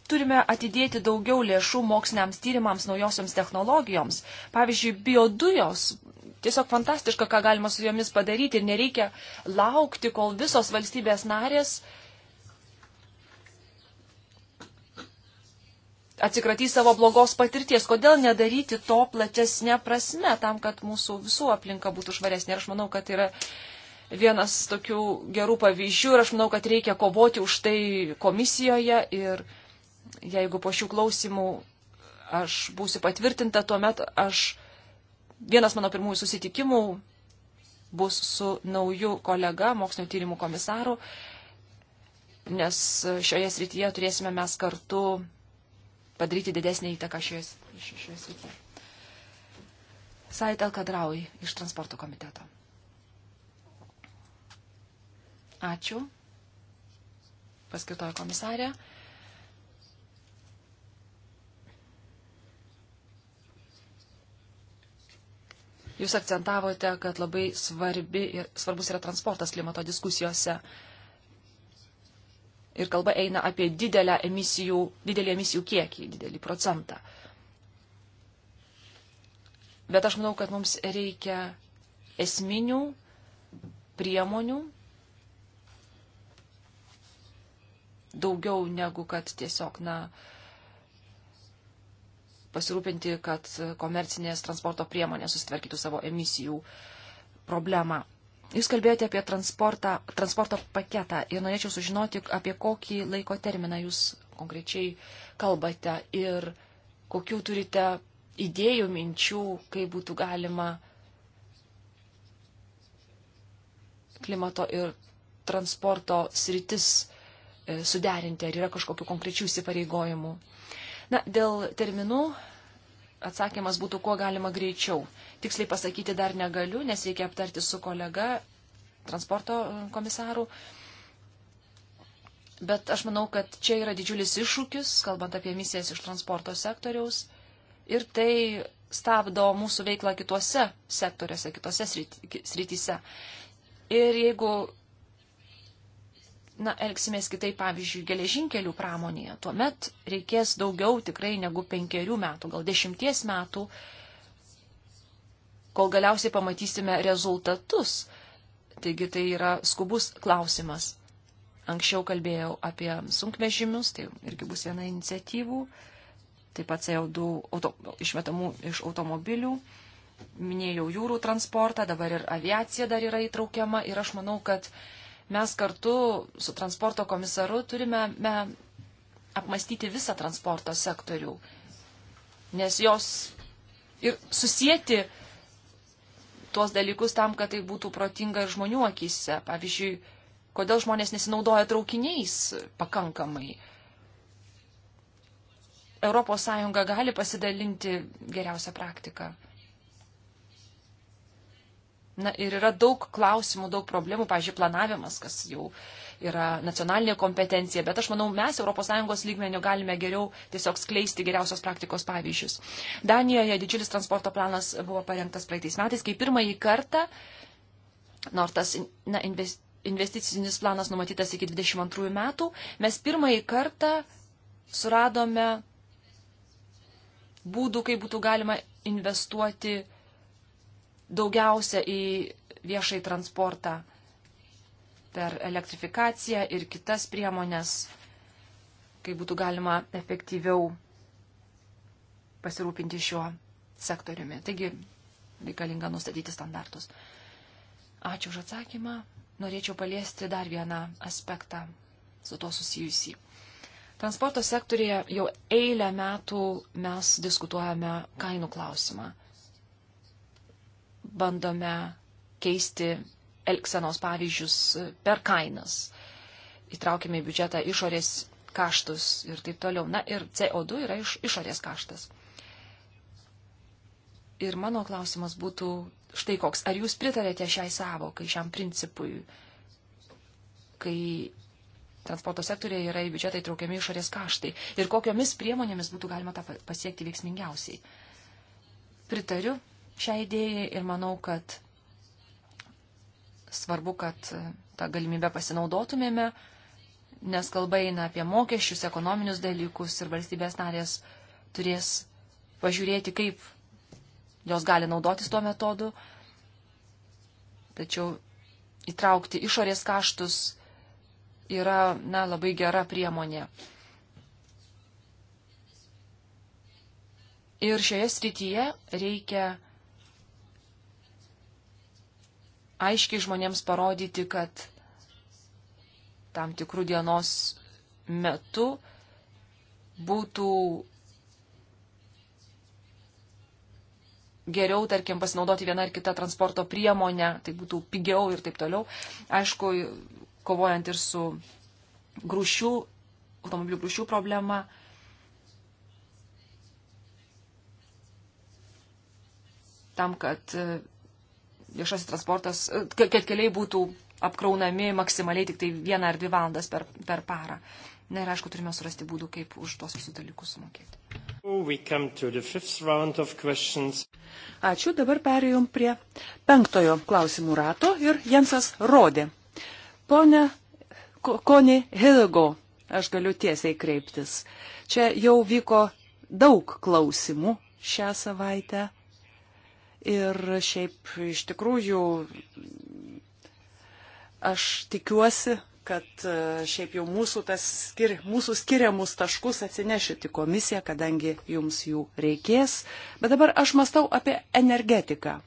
Turime atidėti daugiau lėšų moksliniams tyrimams, naujosiams technologijoms. Pavyzdžiui, biodujos tiesiog fantastiška, ką galima su jomis padaryti ir nereikia laukti, kol visos valstybės narės atsikratys savo blogos patirties. Kodėl nedaryti to platesnė prasme, tam, kad mūsų visų aplinka būtų švaresnė. Ir aš manau, kad yra vienas tokių gerų pavyzdžių ir aš manau, kad reikia kovoti už tai komisijoje ir jeigu po šių klausimų aš būsiu patvirtinta, tuomet aš vienas mano pirmųjų susitikimų bus su nauju kolega, mokslinio tyrimų komisaru, nes šioje srityje turėsime mes kartu padaryti didesnį įtaką šioje, šioje srityje. Sait Alkadraui iš transporto komiteto. Ačiū. Paskirtoja komisarė. Jūs akcentavote, kad labai svarbi ir svarbus yra transportas klimato diskusijose. Ir kalba eina apie didelę emisijų, didelį emisijų kiekį, didelį procentą. Bet aš manau, kad mums reikia esminių priemonių daugiau negu kad tiesiog, na, uh, pasirūpinti, kad komercinės transporto priemonės susitvarkytų savo emisijų problemą. Jūs kalbėjote apie transporto paketą ir norėčiau sužinoti, apie kokį laiko terminą jūs konkrečiai kalbate ir kokių turite idėjų, minčių, kaip būtų galima klimato ir transporto sritis e, suderinti, ar yra kažkokių konkrečių įsipareigojimų Na, dėl terminų atsakymas būtų kuo galima greičiau. Tiksliai pasakyti dar negaliu, nes reikia aptarti su kolega, transporto komisaru. Bet aš manau, kad čia yra didžiulis iššūkis, kalbant apie misijas iš transporto sektoriaus. Ir tai stabdo mūsų veiklą kitose sektoriuose, kitose srityse. Ir jeigu na, elgsimės kitaip, pavyzdžiui, geležinkelių pramonėje, tuomet reikės daugiau tikrai negu penkerių metų, gal dešimties metų, kol galiausiai pamatysime rezultatus. Taigi tai yra skubus klausimas. Anksčiau kalbėjau apie sunkvežimius, tai irgi bus viena iniciatyvų, taip pat CO2 auto, išmetamų iš automobilių. Minėjau jūrų transportą, dabar ir aviacija dar yra įtraukiama ir aš manau, kad uh, mes kartu su transporto komisaru turime me, apmastyti visą transporto sektorių, nes jos ir susijęti tuos dalykus tam, kad tai būtų protinga ir žmonių akise. Pavyzdžiui, kodėl žmonės nesinaudoja traukiniais pakankamai. ES gali pasidalinti geriausią praktiką. Na ir yra daug klausimų, daug problemų, pažiūrėjau, planavimas, kas jau yra nacionalinė kompetencija, bet aš manau, mes ES lygmenių galime geriau tiesiog skleisti geriausios praktikos pavyzdžius. Danijoje didžiulis transporto planas buvo parengtas praeitais metais, kai pirmąjį kartą, nors tas na, investicinis planas numatytas iki 22 metų, mes pirmąjį kartą suradome būdų, kaip būtų galima investuoti daugiausia į viešai transportą per elektrifikaciją ir kitas priemonės, kai būtų galima efektyviau pasirūpinti šiuo sektoriumi. Taigi reikalinga nustatyti standartus. Ačiū už atsakymą. Norėčiau paliesti dar vieną aspektą su to susijusį. Transporto sektorėje jau eilę metų mes diskutuojame kainų klausimą bandome keisti elgsenos pavyzdžius per kainas. Įtraukime į biudžetą išorės kaštus ir taip toliau. Na ir CO2 yra iš, išorės kaštas. Ir mano klausimas būtų štai koks. Ar jūs pritarėte šiai savokai, šiam principui, kai transporto sektorėje yra į biudžetą įtraukiami išorės kaštai? Ir kokiomis priemonėmis būtų galima tą pasiekti veiksmingiausiai? Pritariu šią idėją ir manau, kad svarbu, kad tą galimybę pasinaudotumėme, nes kalba eina apie mokesčius, ekonominius dalykus ir valstybės narės turės pažiūrėti, kaip jos gali naudotis tuo metodu. Tačiau įtraukti išorės kaštus yra na, labai gera priemonė. Ir šioje srityje reikia aiškiai žmonėms parodyti, kad tam tikrų dienos metu būtų geriau, tarkim, pasinaudoti vieną ar kitą transporto priemonę, tai būtų pigiau ir taip toliau. Aišku, kovojant ir su grūšių, automobilių grūšių problema. Tam, kad viešasis transportas, kad keliai būtų apkraunami maksimaliai tik tai vieną ar dvi valandas per, per parą. Na ir aišku, turime surasti būdų, kaip už tos visus dalykus sumokėti. Ačiū, dabar perėjom prie penktojo klausimų rato ir Jensas rodė. Pone Koni Hilgo, aš galiu tiesiai kreiptis. Čia jau vyko daug klausimų šią savaitę Ir šiaip iš tikrųjų aš tikiuosi, kad e, šiaip jau mūsų, tas, skir, mūsų skiriamus taškus atsinešit į komisiją, kadangi jums jų reikės. Bet dabar aš mastau apie energetiką.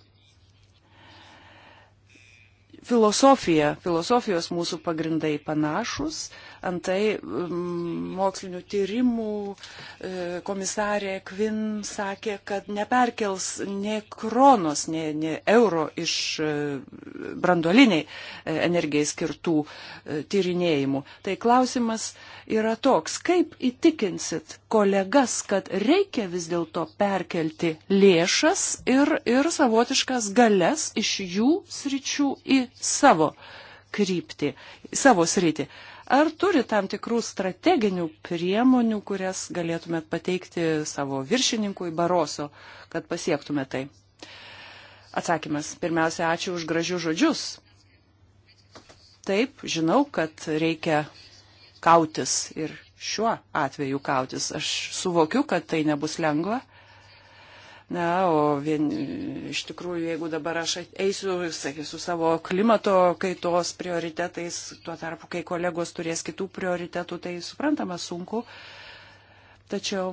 Filosofija, filosofijos mūsų pagrindai panašus, Antai mokslinių tyrimų e, komisarė Kvin sakė, kad neperkels ne kronos, ne, ne euro iš e, branduoliniai e, energijai skirtų tyrinėjimų. Tai klausimas yra toks, kaip įtikinsit kolegas, kad reikia vis dėlto perkelti lėšas ir, ir savotiškas galės iš jų sričių į savo kryptį, savo sritį. Ar turi tam tikrų strateginių priemonių, kurias galėtumėt pateikti savo viršininkui Baroso, kad pasiektume tai? Atsakymas. Pirmiausia, ačiū už gražius žodžius. Taip, žinau, kad reikia kautis ir šiuo atveju kautis. Aš suvokiu, kad tai nebus lengva Na, o vien, iš tikrųjų, jeigu dabar aš eisiu, sakysiu, savo klimato kaitos prioritetais, tuo tarpu, kai kolegos turės kitų prioritetų, tai suprantama sunku. Tačiau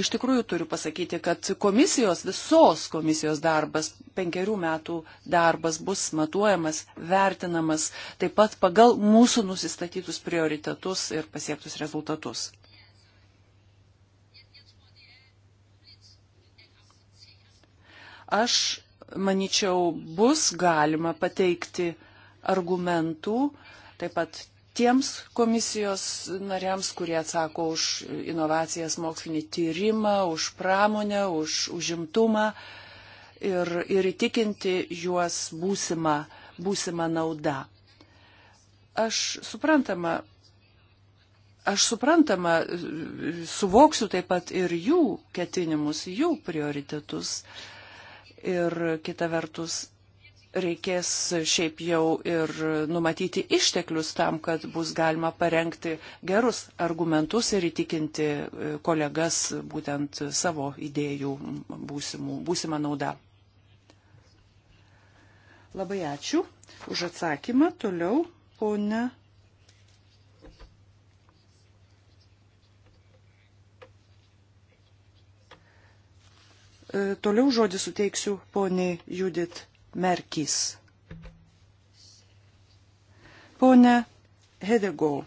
iš tikrųjų turiu pasakyti, kad komisijos, visos komisijos darbas, penkerių metų darbas bus matuojamas, vertinamas taip pat pagal mūsų nusistatytus prioritetus ir pasiektus rezultatus. aš manyčiau, bus galima pateikti argumentų, taip pat tiems komisijos nariams, kurie atsako už inovacijas mokslinį tyrimą, už pramonę, už užimtumą ir, ir įtikinti juos būsimą, būsimą naudą. Aš suprantama, aš suprantama, suvoksiu taip pat ir jų ketinimus, jų prioritetus. Uh, ir kita vertus reikės šiaip jau ir numatyti išteklius tam, kad bus galima parengti gerus argumentus ir įtikinti e, kolegas būtent savo idėjų būsimų, būsimą naudą. Labai ačiū už atsakymą. Toliau, ponia E, toliau žodį suteiksiu poniai Judit Merkys. Pone Hedegau,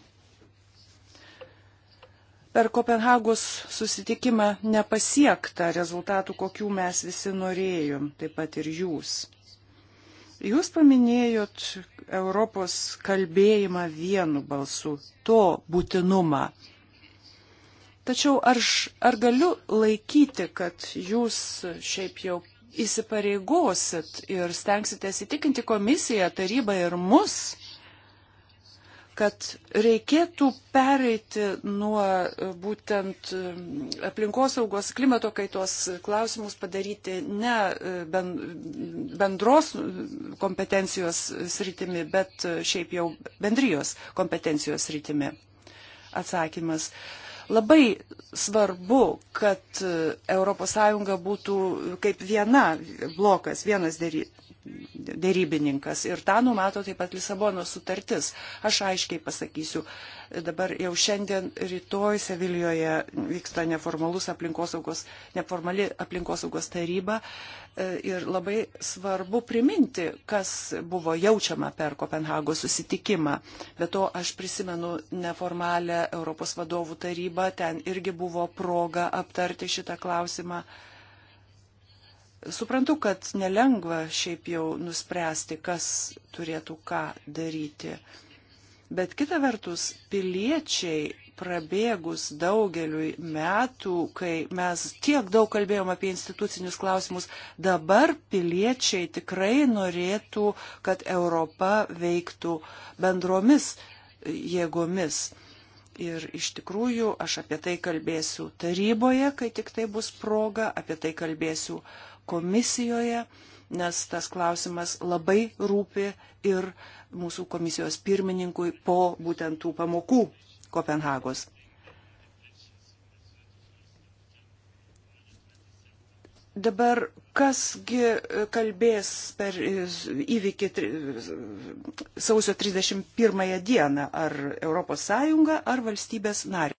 per Kopenhagos susitikimą nepasiekta rezultatų, kokių mes visi norėjom, taip pat ir jūs. Jūs paminėjot Europos kalbėjimą vienu balsu, to būtinumą Tačiau ar, ar galiu laikyti, kad jūs šiaip jau įsipareigosit ir stengsite įtikinti komisiją, tarybą ir mus, kad reikėtų pereiti nuo e, būtent e, aplinkosaugos klimato kaitos klausimus padaryti ne e, bendros kompetencijos sritimi, bet šiaip jau bendrijos kompetencijos sritimi. Atsakymas. Uh, Labai svarbu, kad ES būtų kaip viena blokas, vienas dėrybininkas. Ir tą numato taip pat Lisabonos sutartis. Aš aiškiai pasakysiu, dabar jau šiandien rytoj Sevilijoje vyksta neformalus aplinkosaugos, neformali aplinkosaugos taryba. E, ir labai svarbu priminti, kas buvo jaučiama per Kopenhagos susitikimą. Be to aš prisimenu neformalę Europos vadovų tarybą, ten irgi buvo proga aptarti šitą klausimą. Suprantu, kad nelengva šiaip jau nuspręsti, kas turėtų ką daryti. Bet kita vertus, piliečiai prabėgus daugeliui metų, kai mes tiek daug kalbėjom apie institucinius klausimus, dabar piliečiai tikrai norėtų, kad Europa veiktų bendromis jėgomis. Ir iš tikrųjų aš apie tai kalbėsiu taryboje, kai tik tai bus proga, apie tai kalbėsiu komisijoje, nes tas klausimas labai rūpi ir mūsų komisijos pirmininkui po būtent tų pamokų Kopenhagos. Dabar kasgi kalbės per įvykį sausio 31 dieną, ar ES, ar valstybės narė?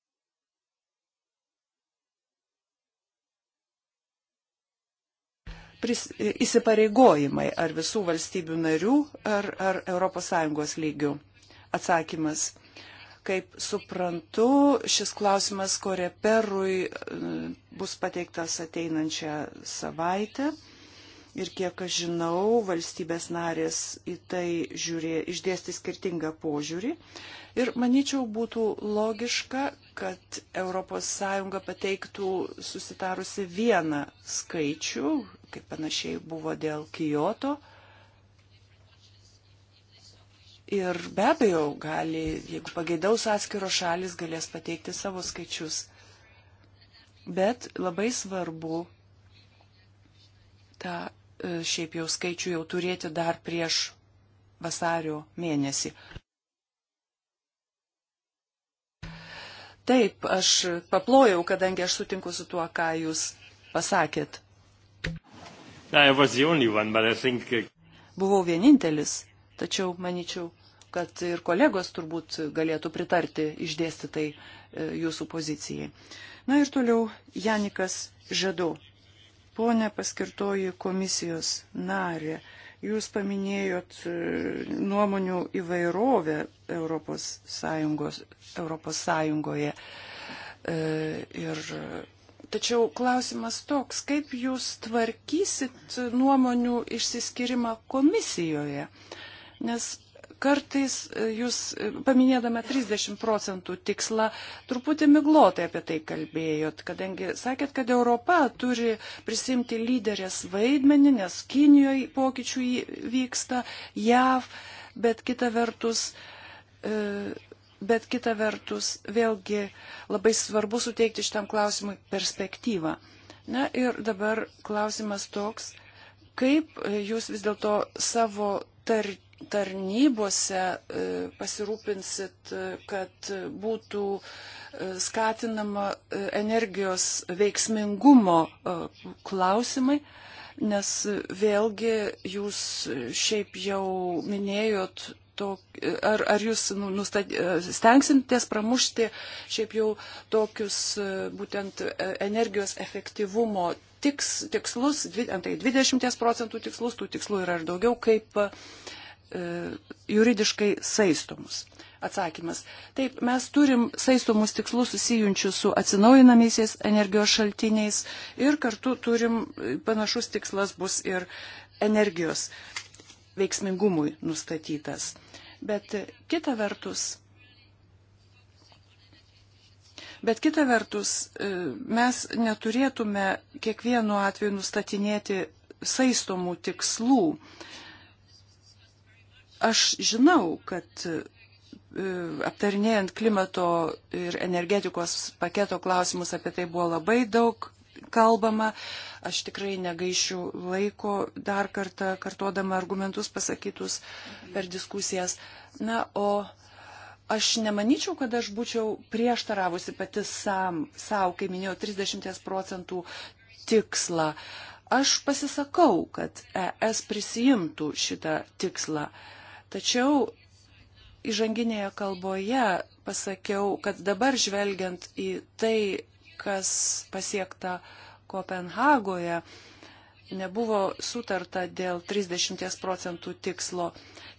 pris, įsipareigojimai ar visų valstybių narių ar, ar ES lygių? Atsakymas. Kaip suprantu, šis klausimas Koreperui e, bus pateiktas ateinančią savaitę. Ir kiek aš žinau, valstybės narės į tai žiūrė, išdėsti skirtingą požiūrį. Ir manyčiau būtų logiška, kad ES pateiktų susitarusi vieną skaičių, kaip panašiai buvo dėl Kijoto. Ir be abejo, gali, jeigu pageidaus atskiros šalis, galės pateikti savo skaičius. Bet labai svarbu tą e, šiaip jau skaičių jau turėti dar prieš vasario mėnesį. Taip, aš paplojau, kadangi aš sutinku su tuo, ką jūs pasakėt. One, think... Uh, Buvau vienintelis, tačiau manyčiau, kad ir kolegos turbūt galėtų pritarti išdėstytai e, jūsų pozicijai. Na ir toliau Janikas Žadu. Pone paskirtoji komisijos narė, jūs paminėjot e, nuomonių įvairovę Europos, Sąjungos, Europos Sąjungoje. E, ir Tačiau klausimas toks, kaip jūs tvarkysit nuomonių išsiskirimą komisijoje? Nes kartais e, jūs, e, paminėdama 30 procentų tikslą, truputį miglotai apie tai kalbėjot, kadangi sakėt, kad Europa turi prisimti lyderės vaidmenį, nes Kinijoje pokyčių vyksta, JAV, bet kita vertus. E, bet kita vertus vėlgi labai svarbu suteikti šitam klausimui perspektyvą. Na ir dabar klausimas toks, kaip e, jūs vis dėlto savo tar, tarnybose e, pasirūpinsit, e, kad būtų skatinama energijos veiksmingumo klausimai, nes vėlgi jūs šiaip jau minėjot to, ar, ar jūs nu, nustat, e, stengsintės pramušti šiaip jau tokius e, būtent e, energijos efektyvumo tiks, tikslus, antai 20 procentų tikslus, tų tikslų yra ir daugiau, kaip e, juridiškai saistomus. Atsakymas. Taip, mes turim saistomus tikslus susijusius su atsinaujinamaisiais energijos šaltiniais ir kartu turim panašus tikslas bus ir energijos veiksmingumui nustatytas. Bet kita vertus, Bet kita vertus, e, mes neturėtume kiekvienu atveju nustatinėti saistomų tikslų. Aš žinau, kad e, aptarinėjant klimato ir energetikos paketo klausimus apie tai buvo labai daug kalbama. Aš tikrai negaišiu laiko dar kartą kartuodama argumentus pasakytus per diskusijas. Na, o aš nemanyčiau, kad aš būčiau prieštaravusi pati sam, savo, kai minėjau, 30 procentų tikslą. Aš pasisakau, kad ES prisijimtų šitą tikslą. Tačiau įžanginėje kalboje pasakiau, kad dabar žvelgiant į tai, kas pasiekta Kopenhagoje, nebuvo sutarta dėl 30 procentų tikslo.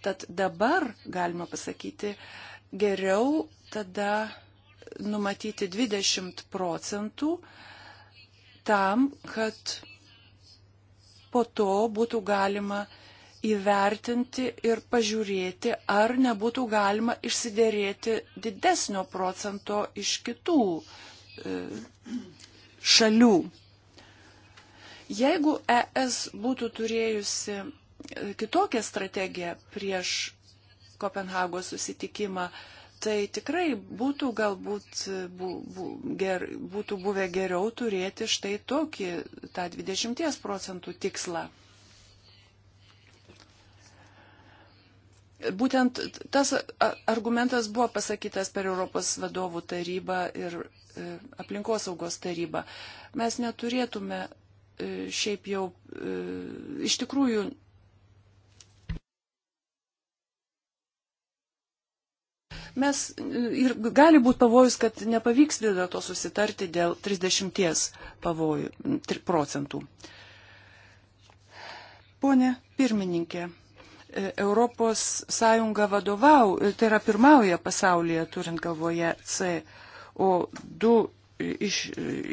Tad dabar, galima pasakyti, geriau tada numatyti 20 procentų tam, kad po to būtų galima įvertinti ir pažiūrėti, ar nebūtų galima išsiderėti didesnio procento iš kitų E, šalių. Jeigu ES būtų turėjusi e, kitokią strategiją prieš Kopenhagos susitikimą, tai tikrai būtų galbūt e, bu, bu, ger, būtų buvę geriau turėti štai tokį tą 20 procentų tikslą. būtent tas argumentas buvo pasakytas per Europos vadovų tarybą ir e, aplinkosaugos tarybą. Mes neturėtume e, šiaip jau e, iš tikrųjų. Mes ir gali būti pavojus, kad nepavyks dėl to susitarti dėl 30 pavojų, procentų. Pone pirmininkė, E, Europos Sąjunga vadovau, e, tai yra pirmauja pasaulyje, turint galvoje CO2 iš,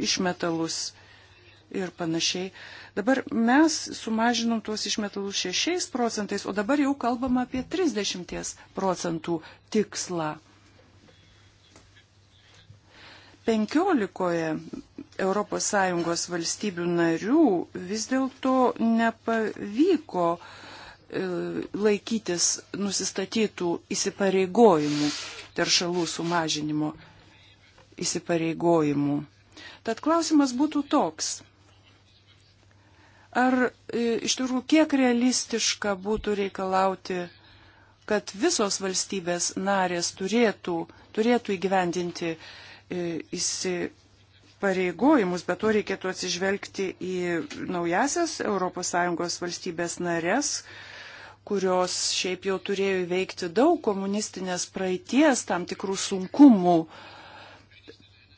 išmetalus ir panašiai. Dabar mes sumažinom tuos išmetalus 6 procentais, o dabar jau kalbam apie 30 procentų tikslą. 15 ES valstybių narių vis dėlto nepavyko uh, E, laikytis nusistatytų įsipareigojimų, teršalų sumažinimo įsipareigojimų. Tad klausimas būtų toks. Ar e, iš tikrųjų kiek realistiška būtų reikalauti, kad visos valstybės narės turėtų, turėtų įgyvendinti e, įsipareigojimus, bet to reikėtų atsižvelgti į naujasias ES valstybės narės, kurios šiaip jau turėjo įveikti daug komunistinės praeities tam tikrų sunkumų.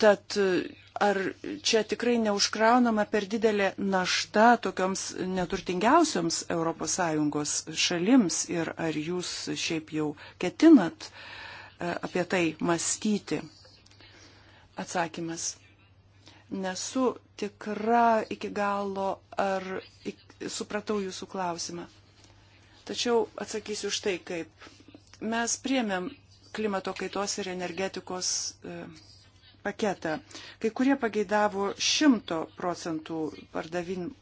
Tad ar čia tikrai neužkraunama per didelė našta tokioms neturtingiausioms ES šalims ir ar jūs šiaip jau ketinat e, apie tai mąstyti? Atsakymas. Nesu tikra iki galo, ar supratau jūsų klausimą. Tačiau atsakysiu už tai, kaip mes priemėm klimato kaitos ir energetikos e, paketą. Kai kurie pageidavo 100 procentų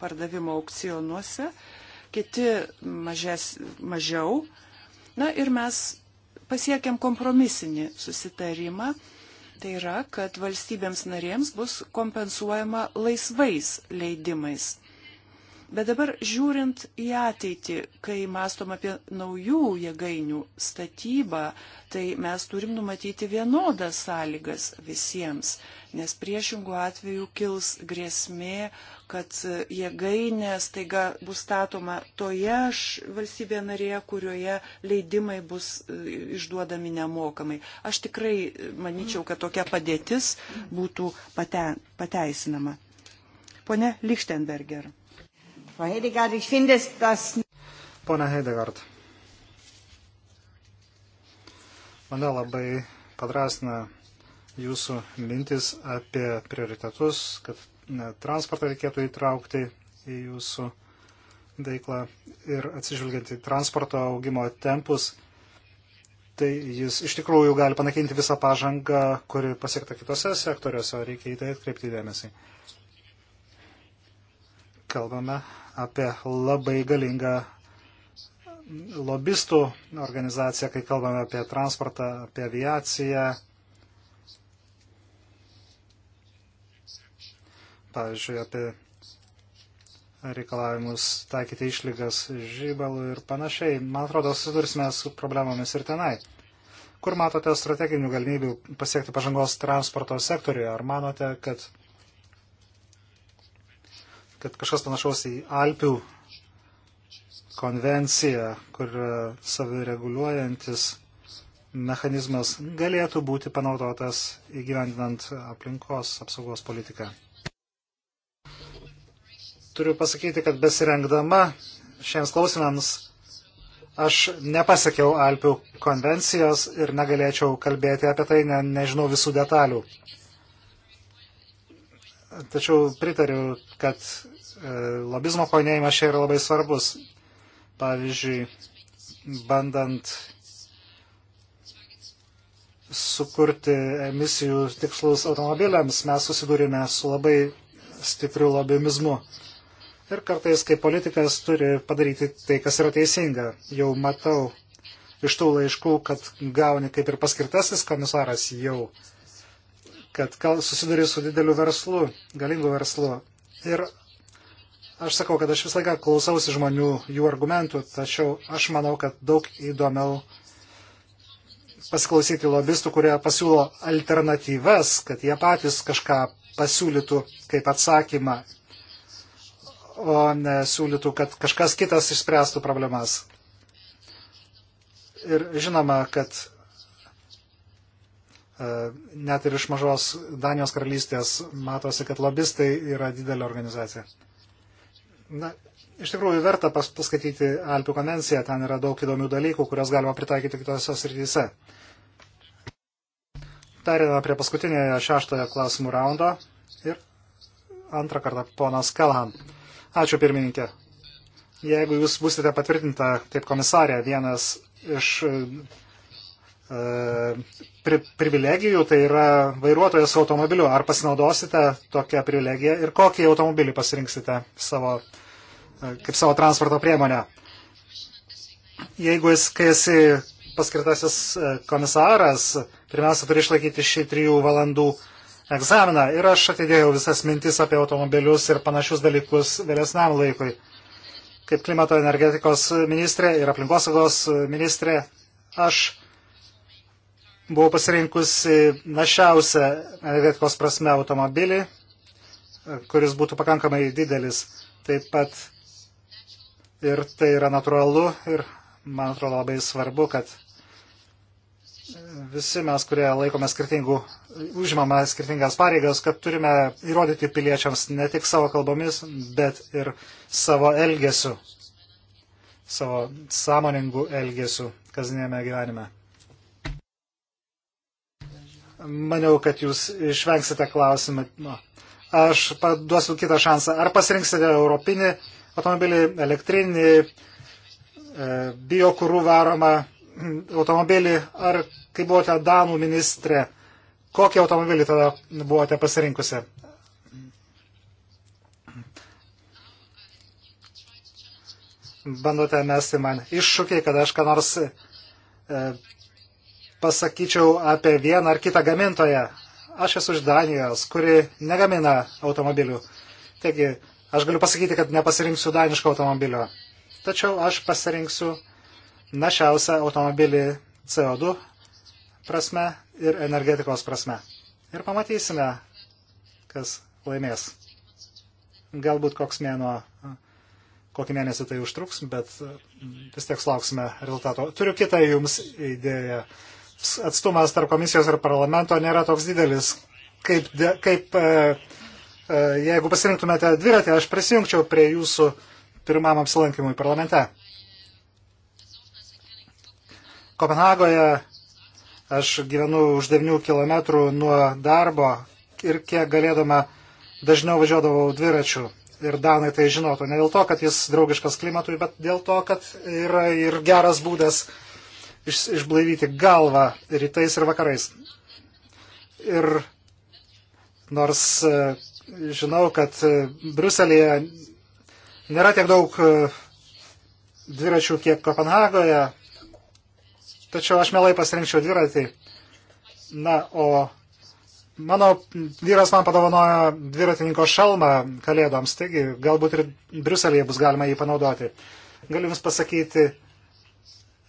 pardavimo aukcionuose, kiti mažes, mažiau. Na ir mes pasiekėm kompromisinį susitarimą. Tai yra, kad valstybėms narėms bus kompensuojama laisvais leidimais. Bet dabar žiūrint į ateitį, kai mastom apie naujų jėgainių statybą, tai mes turim numatyti vienodas sąlygas visiems, nes priešingų atveju kils grėsmė, kad jėgainė staiga bus statoma toje valstybėje narėje, kurioje leidimai bus e, išduodami nemokamai. Aš tikrai manyčiau, kad tokia padėtis būtų pate, pateisinama. Pone Lichtenberger. Frau Hedegard, ich finde es, dass... Pone Hedegard, mane labai padrasina jūsų mintis apie prioritetus, kad ne, transportą reikėtų įtraukti į jūsų veiklą ir atsižvelgiant į transporto augimo tempus, tai jis iš tikrųjų gali panakinti visą pažangą, kuri pasiekta kitose sektoriuose, reikia į tai atkreipti dėmesį kalbame apie labai galingą lobistų organizaciją, kai kalbame apie transportą, apie aviaciją. Pavyzdžiui, apie reikalavimus taikyti išlygas žybalų ir panašiai. Man atrodo, susidursime su problemomis ir tenai. Kur matote strateginių galimybių pasiekti pažangos transporto sektoriuje? Ar manote, kad kad kažkas panašaus į Alpių konvenciją, kur e, savireguliuojantis mechanizmas galėtų būti panaudotas įgyvendinant aplinkos apsaugos politiką. Turiu pasakyti, kad besirengdama šiems klausimams aš nepasakiau Alpių konvencijos ir negalėčiau kalbėti apie tai, ne, nežinau visų detalių. Tačiau pritariu, kad E, lobizmo painėjimas čia yra labai svarbus. Pavyzdžiui, bandant sukurti emisijų tikslus automobiliams, mes susidūrime su labai stipriu lobimizmu. Ir kartais, kai politikas turi padaryti tai, kas yra teisinga, jau matau iš tų laiškų, kad gauni kaip ir paskirtasis komisaras jau, kad susiduri su dideliu verslu, galingu verslu. Ir Aš sakau, kad aš visą laiką klausausi žmonių, jų argumentų, tačiau aš manau, kad daug įdomiau pasiklausyti lobistų, kurie pasiūlo alternatyvas, kad jie patys kažką pasiūlytų kaip atsakymą, o ne siūlytų, kad kažkas kitas išspręstų problemas. Ir žinoma, kad e, net ir iš mažos Danijos karalystės matosi, kad lobistai yra didelė organizacija. Na, iš tikrųjų verta pas, paskaityti Alpių konvenciją, ten yra daug įdomių dalykų, kurias galima pritaikyti kitose srityse. Perėdame prie paskutinėje šeštojo klausimų raundo ir antrą kartą ponas Kalhan. Ačiū pirmininkė. Jeigu jūs būsite patvirtinta kaip komisarė, vienas iš e, pri privilegijų, tai yra vairuotojas automobiliu. Ar pasinaudosite tokią privilegiją ir kokį automobilį pasirinksite savo, e, kaip savo transporto priemonę? Jeigu jis, kai esi paskirtasis e, komisaras, pirmiausia, turi išlaikyti šį trijų valandų egzaminą. Ir aš atidėjau visas mintis apie automobilius ir panašius dalykus vėlesniam laikui. Kaip klimato energetikos ministrė ir aplinkosaugos ministrė, aš buvo pasirinkusi našiausią energetikos prasme automobilį, kuris būtų pakankamai didelis. Taip pat ir tai yra natūralu ir man atrodo labai svarbu, kad visi mes, kurie laikome skirtingų, užimame skirtingas pareigas, kad turime įrodyti piliečiams ne tik savo kalbomis, bet ir savo elgesiu, savo sąmoningų elgesiu kasdienėme gyvenime maniau, kad jūs išvengsite klausimą. Nu, aš duosiu kitą šansą. Ar pasirinksite europinį automobilį, elektrinį, e, biokūrų varomą automobilį, ar kai buvote Danų ministrė, kokį automobilį tada buvote pasirinkusi? Bandote mesti man iššūkį, kad aš ką nors e, pasakyčiau apie vieną ar kitą gamintoją. Aš esu iš Danijos, kuri negamina automobilių. Taigi, aš galiu pasakyti, kad nepasirinksiu daniško automobilio. Tačiau aš pasirinksiu našiausią automobilį CO2 prasme ir energetikos prasme. Ir pamatysime, kas laimės. Galbūt koks mėnuo, kokį mėnesį tai užtruks, bet vis tiek lauksime rezultato. Turiu kitą jums idėją atstumas tarp komisijos ir parlamento nėra toks didelis, kaip, de, kaip e, e, jeigu pasirinktumėte dviratį, aš prisijungčiau prie jūsų pirmam apsilankimui parlamente. Kopenhagoje aš gyvenu už 9 km nuo darbo ir kiek galėdama dažniau važiuodavau dviračių. Ir Danai tai žinotų. Ne dėl to, kad jis draugiškas klimatui, bet dėl to, kad yra ir geras būdas uh, iš, išblaivyti galvą rytais ir vakarais. Ir nors e, žinau, kad e, Bruselėje nėra tiek daug e, dviračių kiek Kopenhagoje, tačiau aš mielai pasirinkčiau dviratį. Na, o mano vyras man padovanojo dviratininko šalmą kalėdoms, taigi galbūt ir Bruselėje bus galima jį panaudoti. Galiu Jums pasakyti,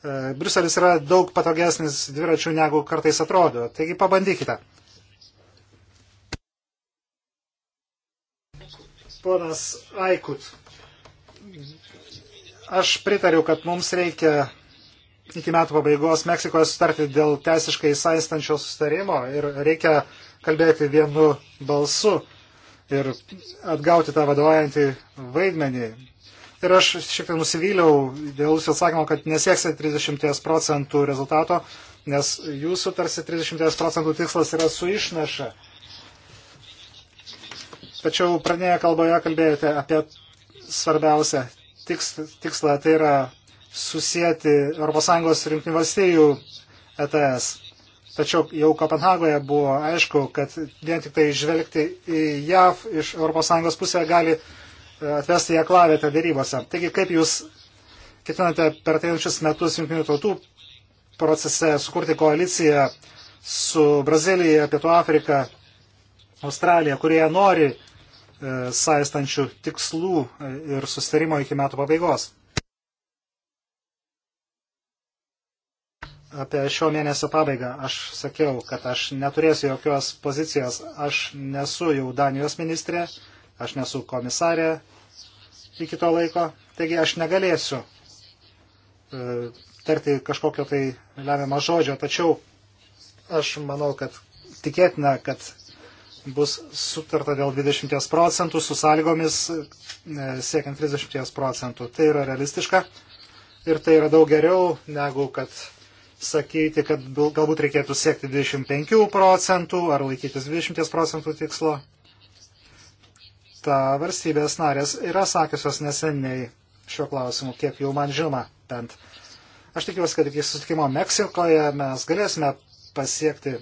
E, Bruselis yra daug patogesnis dviračių negu kartais atrodo. Taigi pabandykite. Ponas Aikut, aš pritariu, kad mums reikia iki metų pabaigos Meksikoje sutarti dėl teisiškai saistančio sustarimo ir reikia kalbėti vienu balsu ir atgauti tą vadovaujantį vaidmenį. Ir aš šiek tiek nusivyliau dėl jūsų atsakymo, kad nesieksite 30 procentų rezultato, nes jūsų tarsi 30 procentų tikslas yra su išnaša. Tačiau pranėję kalboje kalbėjote apie svarbiausią tikslą, tai yra susijęti ES ir JAV ETS. Tačiau jau Kopenhagoje buvo aišku, kad vien tik tai žvelgti į JAV iš ES pusę gali atvesti į aklavietę dėrybose. Taigi, kaip jūs ketinate per ateinančius metus jungtinių tautų procese sukurti koaliciją su Brazilija, Pietų Afrika, Australija, kurie nori e, saistančių tikslų e, ir sustarimo iki metų pabaigos. apie šio mėnesio pabaigą aš sakiau, kad aš neturėsiu jokios pozicijos, aš nesu jau Danijos ministrė, Aš nesu komisarė iki to laiko, taigi aš negalėsiu e, tarti kažkokio tai lemiamą žodžio, tačiau aš manau, kad tikėtina, kad bus sutarta dėl 20 procentų su sąlygomis e, siekiant 30 procentų. Tai yra realistiška ir tai yra daug geriau negu kad sakyti, kad galbūt reikėtų siekti 25 procentų ar laikytis 20 procentų tikslo tą valstybės narės yra sakiusios neseniai šiuo klausimu, kiek jau man žinoma bent. Aš tikiuosi, kad iki susitikimo Meksikoje mes galėsime pasiekti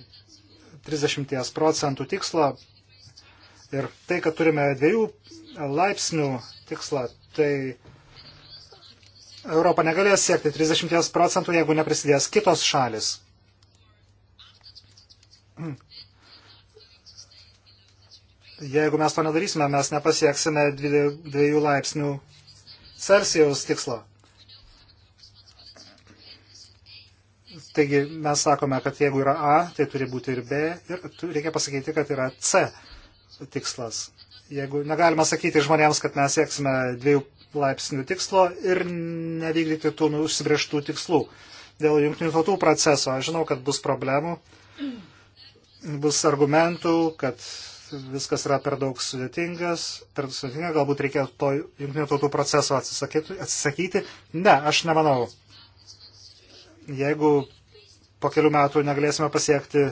30 procentų tikslo ir tai, kad turime dviejų laipsnių tikslą, tai Europa negalės siekti 30 procentų, jeigu neprisidės kitos šalis. Jeigu mes to nedarysime, mes nepasieksime dviejų laipsnių Celsijaus tikslo. Taigi mes sakome, kad jeigu yra A, tai turi būti ir B ir reikia pasakyti, kad yra C tikslas. Jeigu negalima sakyti žmonėms, kad mes sieksime dviejų laipsnių tikslo ir nevykdyti tų užsibrieštų tikslų. Dėl jungtinių tautų proceso aš žinau, kad bus problemų, bus argumentų, kad viskas yra per daug sudėtingas, per daug sudėtinga, galbūt reikia to jungtinių tautų proceso atsisakyti, atsisakyti. Ne, aš nemanau. Jeigu po kelių metų negalėsime pasiekti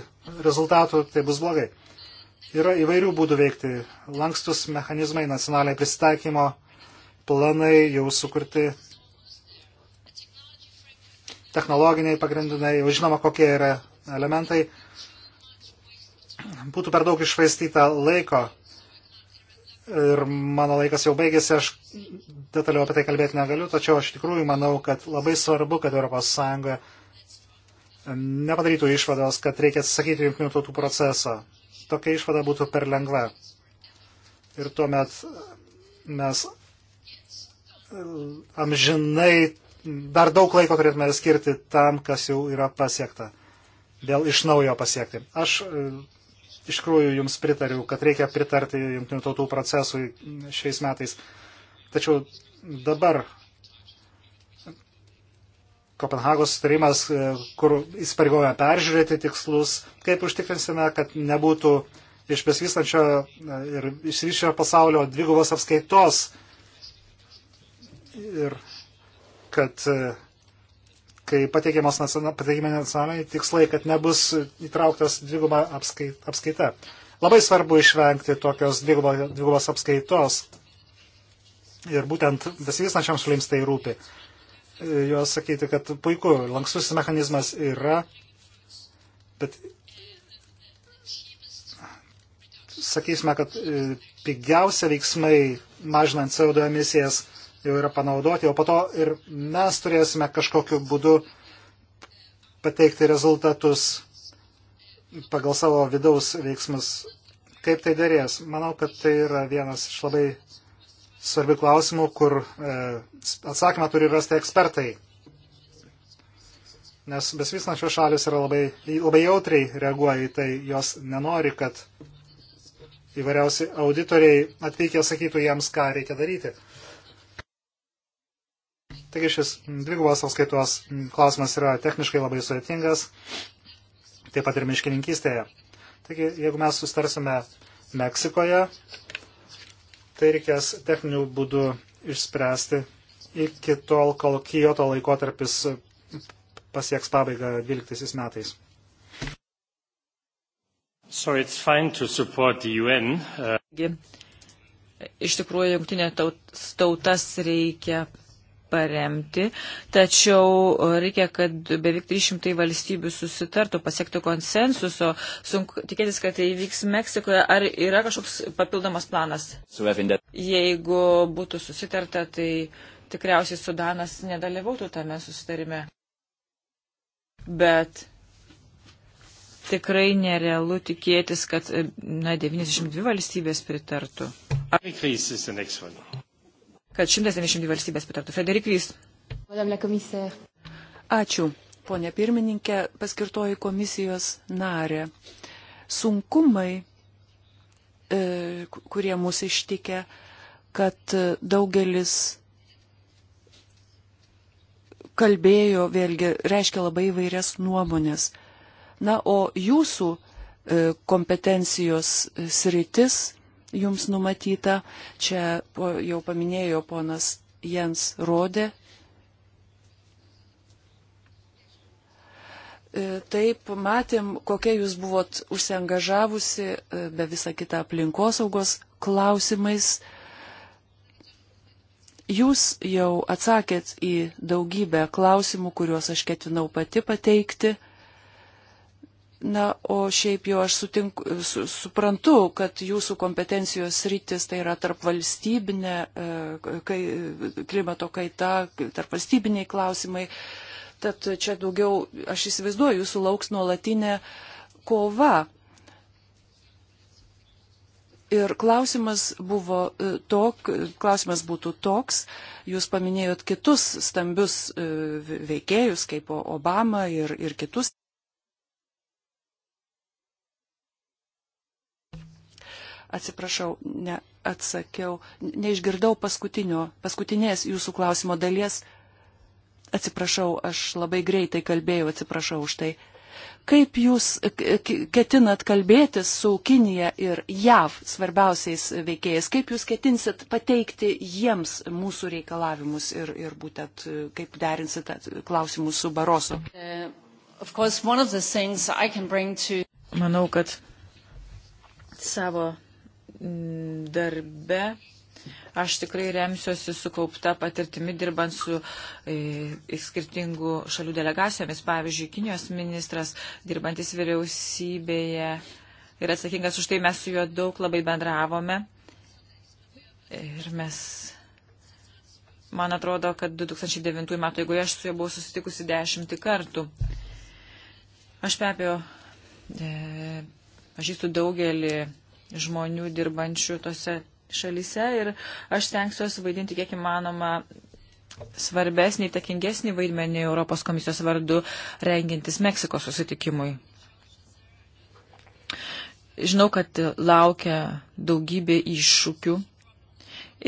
rezultatų, tai bus blogai. Yra įvairių būdų veikti. Lankstus mechanizmai, nacionaliai pristaikymo planai jau sukurti. Technologiniai pagrindinai, jau žinoma, kokie yra elementai būtų per daug išvaistyta laiko ir mano laikas jau baigėsi, aš detaliau apie tai kalbėti negaliu, tačiau aš tikrųjų manau, kad labai svarbu, kad ES nepadarytų išvados, kad reikia atsisakyti jungtinių tautų proceso. Tokia išvada būtų per lengva. Ir tuomet mes amžinai dar daug laiko turėtume skirti tam, kas jau yra pasiekta. Vėl iš naujo pasiekti. Aš iš tikrųjų jums pritariu, kad reikia pritarti jungtinių tautų procesui šiais metais. Tačiau dabar Kopenhagos sutarimas, e, kur įsipareigojame peržiūrėti tikslus, kaip užtikrinsime, kad nebūtų iš besvystančio e, ir išsivyščio pasaulio dvigubos apskaitos ir kad e, kai pateikiamas nacionaliniai tikslai, kad nebus įtrauktas dviguba apskaita. Labai svarbu išvengti tokios dvigubos apskaitos. Ir būtent besivystančiams šalims tai rūpi. Jos sakyti, kad puiku, lankstusis mechanizmas yra, bet sakysime, kad e, pigiausia veiksmai mažinant CO2 emisijas jau yra panaudoti, o po to ir mes turėsime kažkokiu būdu pateikti rezultatus pagal savo vidaus veiksmus. Kaip tai dėrės? Manau, kad tai yra vienas iš labai svarbių klausimų, kur e, atsakymą turi rasti ekspertai. Nes besvysnačios šalis yra labai, labai jautriai reaguoja į tai, jos nenori, kad įvairiausi auditoriai atvykę sakytų jiems, ką reikia daryti. Taigi šis dvigubos apskaitos klausimas yra techniškai labai sudėtingas, taip pat ir miškininkystėje. Taigi, jeigu mes sustarsime Meksikoje, tai reikės techninių būdų išspręsti iki tol, kol Kyoto laikotarpis pasieks pabaigą 12 metais. So it's fine to support the UN. Uh... Iš tikrųjų, jungtinė tautas reikia paremti, tačiau reikia, kad beveik 300 valstybių susitartų, pasiektų konsensuso. Sunku tikėtis, kad tai įvyks Meksikoje. Ar yra kažkoks papildomas planas? Jeigu būtų susitarta, tai tikriausiai Sudanas nedalyvautų tame susitarime. Bet tikrai nerealu tikėtis, kad na, 92 valstybės pritartų. Ar kad 192 valstybės patartų. Frederik Vys. Ačiū, ponė pirmininkė, paskirtoji komisijos narė. Sunkumai, e, kurie mus ištikė, kad daugelis kalbėjo, vėlgi, reiškia labai įvairias nuomonės. Na, o jūsų e, kompetencijos sritis jums numatyta. Čia po, jau paminėjo ponas Jens Rodė. E, taip, matėm, kokia jūs buvot užsiengažavusi e, be visą kitą aplinkosaugos klausimais. Jūs jau atsakėt į daugybę klausimų, kuriuos aš ketinau pati pateikti. Na, o šiaip jau aš sutinku, su, suprantu, kad jūsų kompetencijos rytis tai yra tarp valstybinė, e, kai, klimato kaita, tarp valstybiniai klausimai. Tad čia daugiau, aš įsivaizduoju, jūsų lauks nuolatinė kova. Ir klausimas, buvo e, tok, klausimas būtų toks, jūs paminėjot kitus stambius e, veikėjus kaip Obama ir, ir kitus. Atsiprašau, neatsakiau, neišgirdau paskutinės jūsų klausimo dalies. Atsiprašau, aš labai greitai kalbėjau, atsiprašau už tai. Kaip jūs ketinat kalbėtis su Kinija ir JAV svarbiausiais veikėjais? Kaip jūs ketinsit pateikti jiems mūsų reikalavimus ir, ir būtent kaip derinsit klausimus su Barosu? Uh, Manau, kad savo darbe aš tikrai remsiuosi sukaupta patirtimi dirbant su e, skirtingų šalių delegacijomis. Pavyzdžiui, Kinijos ministras, dirbantis vyriausybėje, yra atsakingas už tai, mes su juo daug labai bendravome. Ir mes, man atrodo, kad 2009 metų, jeigu aš su juo buvau susitikusi dešimtį kartų, aš be abejo e, pažįstu daugelį žmonių dirbančių tose šalyse ir aš stengsiuosi vaidinti kiek įmanoma svarbesnį, takingesnį vaidmenį Europos komisijos vardu rengintis Meksikos susitikimui. Žinau, kad laukia daugybė iššūkių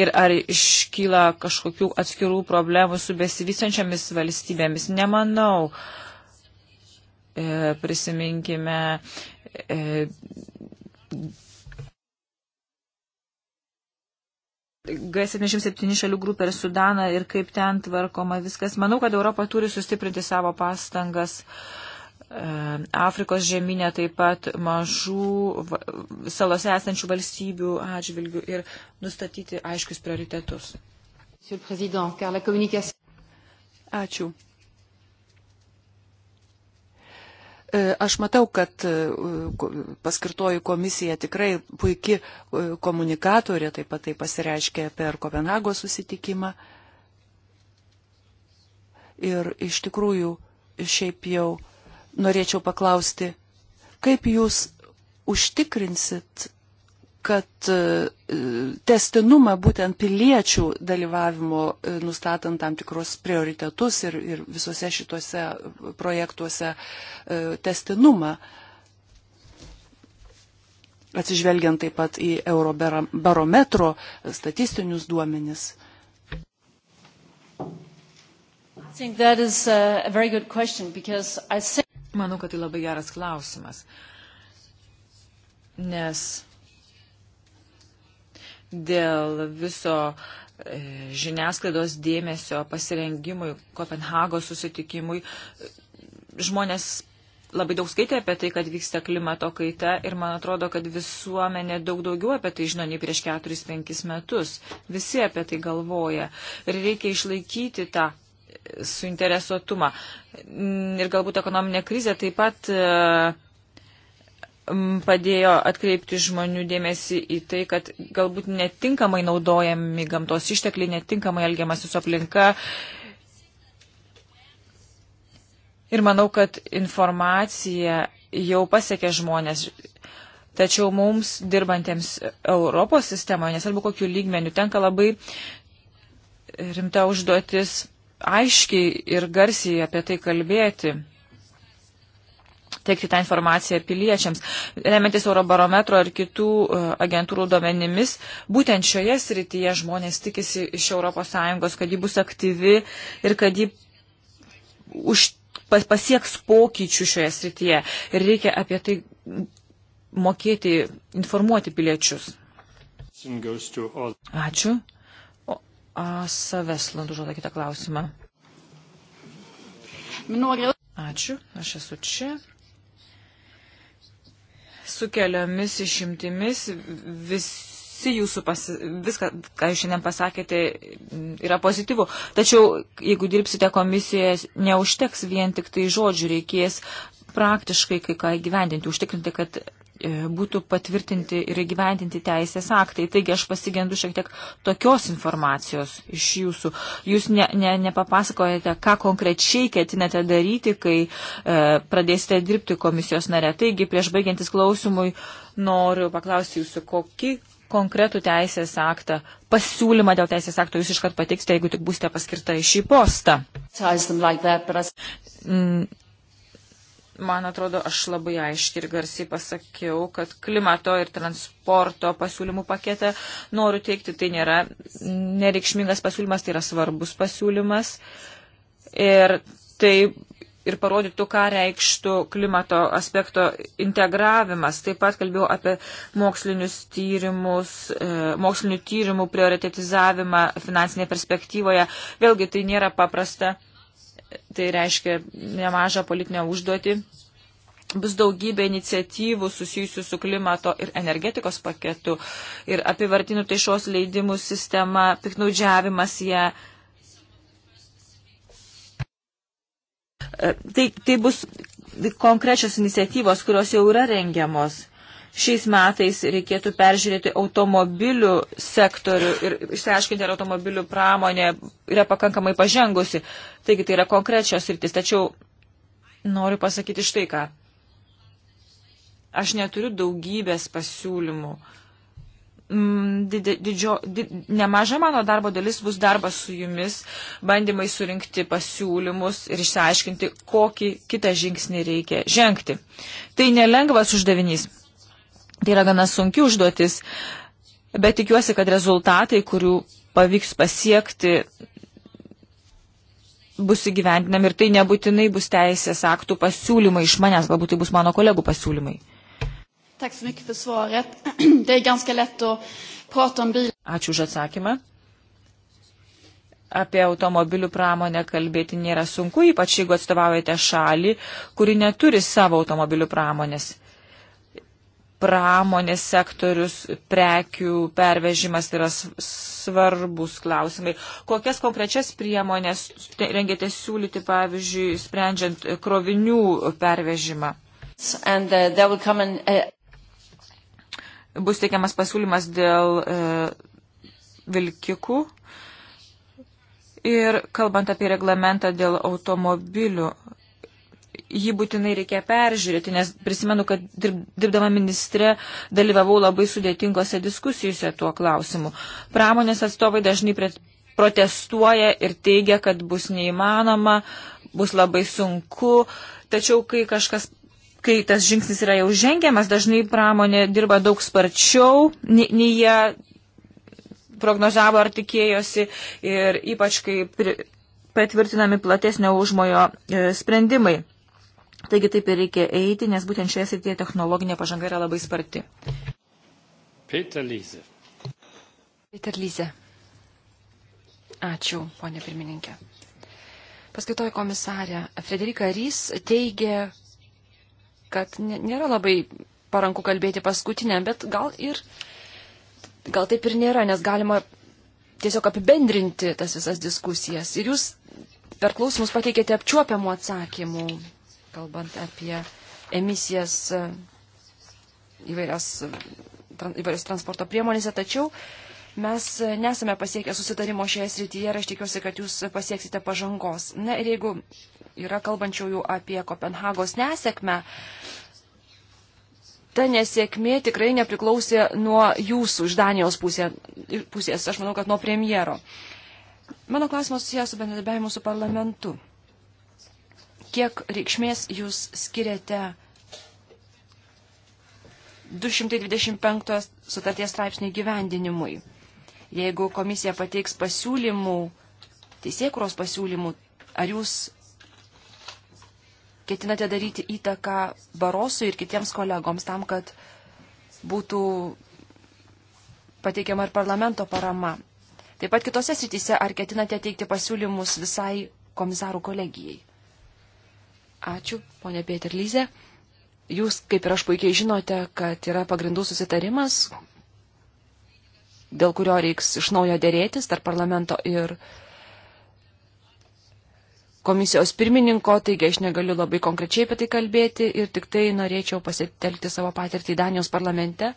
ir ar iškyla kažkokių atskirų problemų su besivysančiamis valstybėmis, nemanau. E, prisiminkime e, G77 šalių grupė ir Sudaną ir kaip ten tvarkoma viskas. Manau, kad Europa turi sustiprinti savo pastangas. E, Afrikos žemynė taip pat mažų salose esančių valstybių atžvilgių ir nustatyti aiškius prioritetus. Ačiū. E, aš matau, kad e, paskirtoji komisija tikrai puikiai e, komunikatorė, taip pat tai pasireiškė per Kopenhagos susitikimą. Ir iš tikrųjų šiaip jau norėčiau paklausti, kaip jūs užtikrinsit kad e, testinumą būtent piliečių dalyvavimo e, nustatant tam tikrus prioritetus ir, ir visose šituose projektuose e, testinumą. Atsižvelgiant taip pat į Eurobarometro statistinius duomenis. Manau, kad tai labai geras klausimas, nes dėl viso e, žiniasklaidos dėmesio pasirengimui, Kopenhagos susitikimui. Žmonės labai daug skaitė apie tai, kad vyksta klimato kaita ir man atrodo, kad visuomenė daug daugiau apie tai žino nei prieš 4-5 metus. Visi apie tai galvoja ir reikia išlaikyti tą suinteresuotumą. Ir galbūt ekonominė krizė taip pat e, padėjo atkreipti žmonių dėmesį į tai, kad galbūt netinkamai naudojami gamtos ištekliai, netinkamai elgiamasi su aplinka. Ir manau, kad informacija jau pasiekė žmonės. Tačiau mums, dirbantiems Europos sistemoje, nesvarbu kokiu lygmeniu, tenka labai rimta užduotis aiškiai ir garsiai apie tai kalbėti teikti tą informaciją piliečiams. Remiantis Eurobarometro ir kitų e, agentūrų duomenimis, būtent šioje srityje žmonės tikisi iš ES, kad ji bus aktyvi ir kad ji už, pasieks pokyčių šioje srityje. Ir reikia apie tai mokėti informuoti piliečius. Ačiū. O, a, Savesland užduoda kitą klausimą. Ačiū, aš esu čia su keliomis išimtimis visi jūsų pas, viską, ką jūs šiandien pasakėte, yra pozityvu. Tačiau, jeigu dirbsite komisijoje, neužteks vien tik tai žodžių, reikės praktiškai kai ką įgyvendinti, užtikrinti, kad E, būtų patvirtinti ir įgyventinti teisės aktai. Taigi aš pasigendu šiek tiek tokios informacijos iš jūsų. Jūs ne, ne, nepapasakojate, ką konkrečiai ketinate daryti, kai e, pradėsite dirbti komisijos nare. Taigi prieš baigiantis klausimui noriu paklausti jūsų, kokį konkretų teisės aktą, pasiūlymą dėl teisės akto jūs iškart patiksite, jeigu tik būsite paskirta į šį postą man atrodo, aš labai aiškiai ir garsiai pasakiau, kad klimato ir transporto pasiūlymų paketą noriu teikti. Tai nėra nereikšmingas pasiūlymas, tai yra svarbus pasiūlymas. Ir tai ir parodytų, ką reikštų klimato aspekto integravimas. Taip pat kalbėjau apie mokslinius tyrimus, e, mokslinių tyrimų prioritetizavimą finansinėje perspektyvoje. Vėlgi tai nėra paprasta tai reiškia nemažą politinę užduotį. Bus daugybė iniciatyvų susijusių su klimato ir energetikos paketu ir apivartinių taišos leidimų sistema, piknaudžiavimas ją. E, tai, tai bus konkrečios iniciatyvos, kurios jau yra rengiamos šiais metais reikėtų peržiūrėti automobilių sektorių ir išsiaiškinti, ar automobilių pramonė yra pakankamai pažengusi. Taigi tai yra konkrečios rytis. Tačiau noriu pasakyti štai ką. Aš neturiu daugybės pasiūlymų. Mm, didžio, did, nemaža mano darbo dalis bus darbas su jumis, bandymai surinkti pasiūlymus ir išsiaiškinti, kokį kitą žingsnį reikia žengti. Tai nelengvas uždavinys. Tai yra gana sunki užduotis, bet tikiuosi, kad rezultatai, kurių pavyks pasiekti, bus įgyvendinami ir tai nebūtinai bus teisės aktų pasiūlymai iš manęs, galbūt tai bus mano kolegų pasiūlymai. Ačiū už atsakymą. Apie automobilių pramonę kalbėti nėra sunku, ypač jeigu atstovaujate šalį, kuri neturi savo automobilių pramonės pramonės sektorius, prekių pervežimas yra svarbus klausimai. Kokias konkrečias priemonės rengėte siūlyti, pavyzdžiui, sprendžiant krovinių pervežimą? And, uh, and, uh... Bus teikiamas pasiūlymas dėl uh, vilkikų. Ir kalbant apie reglamentą dėl automobilių, jį būtinai reikia peržiūrėti, nes prisimenu, kad dirbdama ministre dalyvavau labai sudėtingose diskusijose tuo klausimu. Pramonės atstovai dažnai protestuoja ir teigia, kad bus neįmanoma, bus labai sunku, tačiau kai kažkas kai tas žingsnis yra jau žengiamas, dažnai pramonė dirba daug sparčiau, nei, nei jie prognozavo ar tikėjosi ir ypač kai patvirtinami platesnio užmojo e, sprendimai. Taigi taip ir reikia eiti, nes būtent šioje srityje technologinė pažanga yra labai sparti. Peter Lyze. Peter Lyze. Ačiū, ponė pirmininkė. Paskaitoji komisarė, Frederika Rys teigė, kad nėra labai paranku kalbėti paskutinę, bet gal ir, gal taip ir nėra, nes galima tiesiog apibendrinti tas visas diskusijas. Ir jūs per klausimus pateikėte apčiuopiamų atsakymų, kalbant apie emisijas e, įvairias, e, įvairias transporto priemonėse, tačiau mes e, nesame pasiekę susitarimo šioje srityje ir aš tikiuosi, kad jūs pasieksite pažangos. Na ir jeigu yra kalbančiųjų apie Kopenhagos nesėkmę, ta nesėkmė tikrai nepriklausė nuo jūsų iš Danijos pusė, pusės, aš manau, kad nuo premjero. Mano klausimas susijęs su bendradarbiavimu su parlamentu kiek reikšmės jūs skiriate 225 sutarties straipsnių gyvendinimui. Jeigu komisija pateiks pasiūlymų, teisėkuros pasiūlymų, ar jūs ketinate daryti įtaką Barosui ir kitiems kolegoms tam, kad būtų pateikiama ir parlamento parama. Taip pat kitose srityse ar ketinate teikti pasiūlymus visai komisarų kolegijai? Ačiū, ponė Pieterlyzė. Jūs, kaip ir aš puikiai žinote, kad yra pagrindų susitarimas, dėl kurio reiks iš naujo dėrėtis tarp parlamento ir komisijos pirmininko, taigi aš negaliu labai konkrečiai apie tai kalbėti ir tik tai norėčiau pasitelkti savo patirtį Danijos parlamente.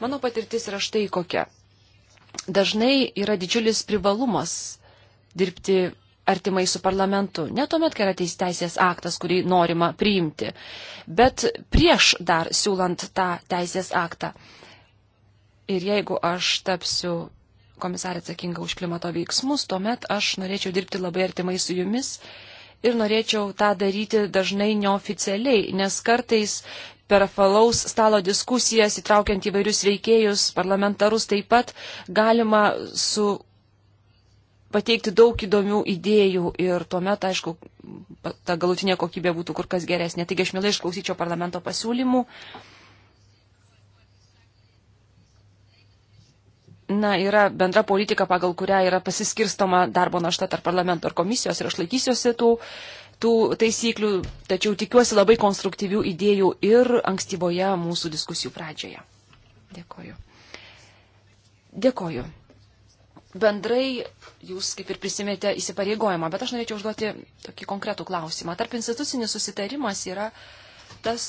Mano patirtis yra štai kokia. Dažnai yra didžiulis privalumas dirbti artimai su parlamentu. Ne tuomet, kai yra teisės aktas, kurį norima priimti, bet prieš dar siūlant tą teisės aktą. Ir jeigu aš tapsiu komisarė atsakinga už klimato veiksmus, tuomet aš norėčiau dirbti labai artimai su jumis ir norėčiau tą daryti dažnai neoficialiai, nes kartais per falaus stalo diskusijas, įtraukiant įvairius veikėjus, parlamentarus taip pat galima su pateikti daug įdomių idėjų ir tuomet, aišku, ta galutinė kokybė būtų kur kas geresnė. Taigi aš mielai išklausyčiau parlamento pasiūlymų. Na, yra bendra politika, pagal kurią yra pasiskirstoma darbo našta tarp parlamento ir komisijos ir aš laikysiuosi tų, tų taisyklių, tačiau tikiuosi labai konstruktyvių idėjų ir ankstyvoje mūsų diskusijų pradžioje. Dėkoju. Dėkoju bendrai jūs kaip ir prisimėte įsipareigojimą, bet aš norėčiau užduoti tokį konkretų klausimą. Tarp institucinis susitarimas yra tas,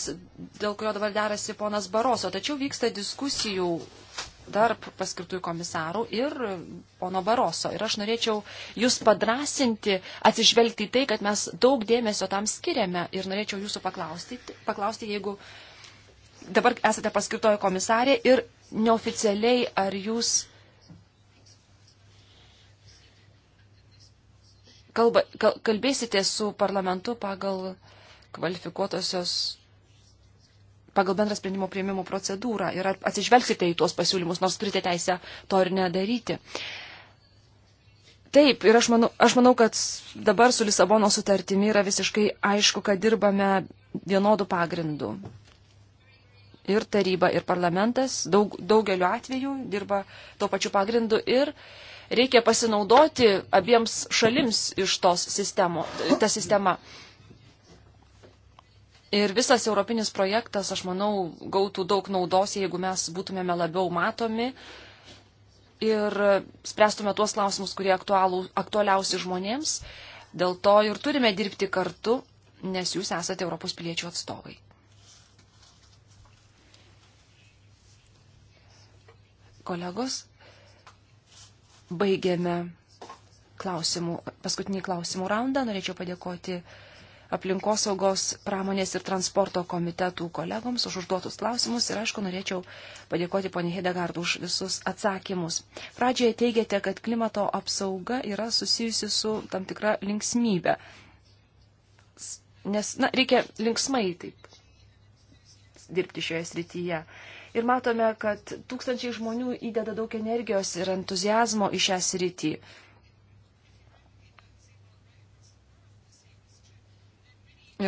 dėl kurio dabar derasi ponas Baroso, tačiau vyksta diskusijų tarp paskirtųjų komisarų ir pono Baroso. Ir aš norėčiau jūs padrasinti, atsižvelgti į tai, kad mes daug dėmesio tam skiriame ir norėčiau jūsų paklausti, paklausti jeigu dabar esate paskirtojo komisarė ir neoficialiai ar jūs kalba, kal, kalbėsite su parlamentu pagal kvalifikuotosios, pagal bendrą sprendimo prieimimo procedūrą ir atsižvelgsite į tuos pasiūlymus, nors turite teisę to ir nedaryti. Taip, ir aš manau, aš manau, kad dabar su Lisabono sutartimi yra visiškai aišku, kad dirbame vienodų pagrindų. Ir taryba, ir parlamentas daug, daugeliu atveju dirba tuo pačiu pagrindu ir uh, reikia pasinaudoti abiems šalims iš tos sistemo, ta sistema. Ir visas europinis projektas, aš manau, gautų daug naudos, jeigu mes būtumėme labiau matomi ir spręstume tuos klausimus, kurie aktualų, aktualiausi žmonėms. Dėl to ir turime dirbti kartu, nes jūs esate Europos piliečių atstovai. Kolegos, baigiame klausimų, paskutinį klausimų raundą. Norėčiau padėkoti aplinkosaugos, pramonės ir transporto komitetų kolegoms už užduotus klausimus ir, aišku, norėčiau padėkoti ponė Hedegard už visus atsakymus. Pradžioje teigiate, kad klimato apsauga yra susijusi su tam tikra linksmybė. Nes, na, reikia linksmai taip dirbti šioje srityje. Ir matome, kad tūkstančiai žmonių įdeda daug energijos ir entuzijazmo į šią sritį.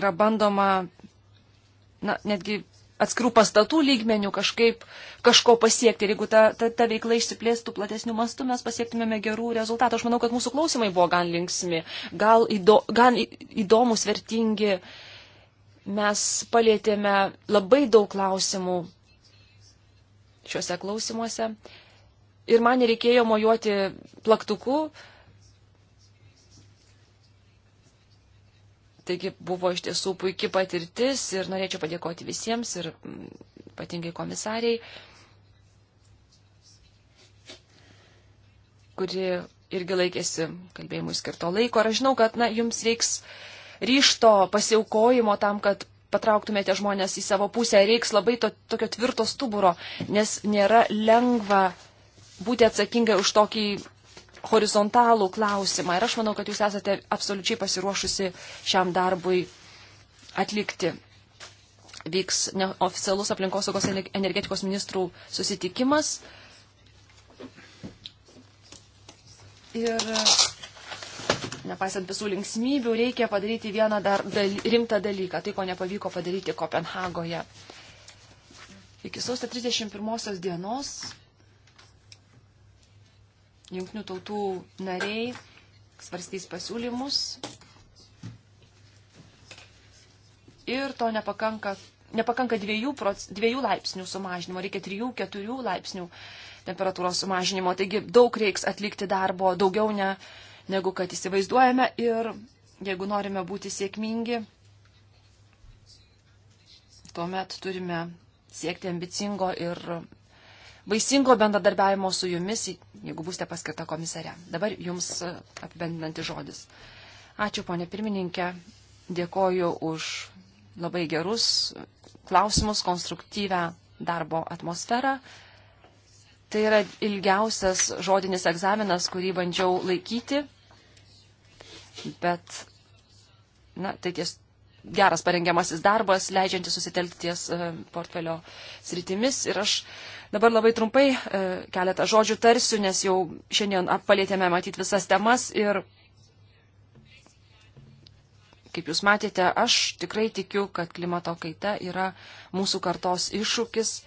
Yra bandoma, na, netgi atskirų pastatų lygmenių kažkaip kažko pasiekti. Ir jeigu ta, ta, ta veikla išsiplėstų platesnių mastų, mes pasiektumėme gerų rezultatų. Aš manau, kad mūsų klausimai buvo gan linksmi, gal įdo, gan įdomus, vertingi. Mes palėtėme labai daug klausimų šiuose klausimuose. Ir man nereikėjo mojuoti plaktuku. Taigi buvo iš tiesų puikia patirtis ir norėčiau padėkoti visiems ir mm, ypatingai komisariai, kuri irgi laikėsi kalbėjimui skirto laiko. Ir aš žinau, kad na, jums reiks ryšto pasiaukojimo tam, kad patrauktumėte žmonės į savo pusę, reiks labai to, tokio tvirto stuburo, nes nėra lengva būti atsakingai už tokį horizontalų klausimą. Ir aš manau, kad jūs esate absoliučiai pasiruošusi šiam darbui atlikti. Vyks neoficialus aplinkosaugos energetikos ministrų susitikimas. Ir nepaisant visų linksmybių, reikia padaryti vieną dar dal, rimtą dalyką, tai ko nepavyko padaryti Kopenhagoje. Iki sausio 31 dienos jungtinių tautų nariai svarstys pasiūlymus ir to nepakanka, nepakanka dviejų, proc, dviejų laipsnių sumažinimo, reikia trijų, keturių laipsnių temperatūros sumažinimo, taigi daug reiks atlikti darbo, daugiau ne, uh, negu kad įsivaizduojame ir jeigu norime būti sėkmingi, tuomet turime siekti ambicingo ir vaisingo bendradarbiavimo su jumis, jeigu būsite paskirta komisare. Dabar jums apibendinanti žodis. Ačiū, ponė pirmininkė. Dėkoju už labai gerus klausimus, konstruktyvę darbo atmosferą. Tai yra ilgiausias žodinis egzaminas, kurį bandžiau laikyti, bet, na, tai ties geras parengiamasis darbas, leidžiantis susitelkti ties e, portfelio sritimis. Ir aš dabar labai trumpai e, keletą žodžių tarsiu, nes jau šiandien palėtėme matyti visas temas ir kaip jūs matėte, aš tikrai tikiu, kad klimato kaita yra mūsų kartos iššūkis,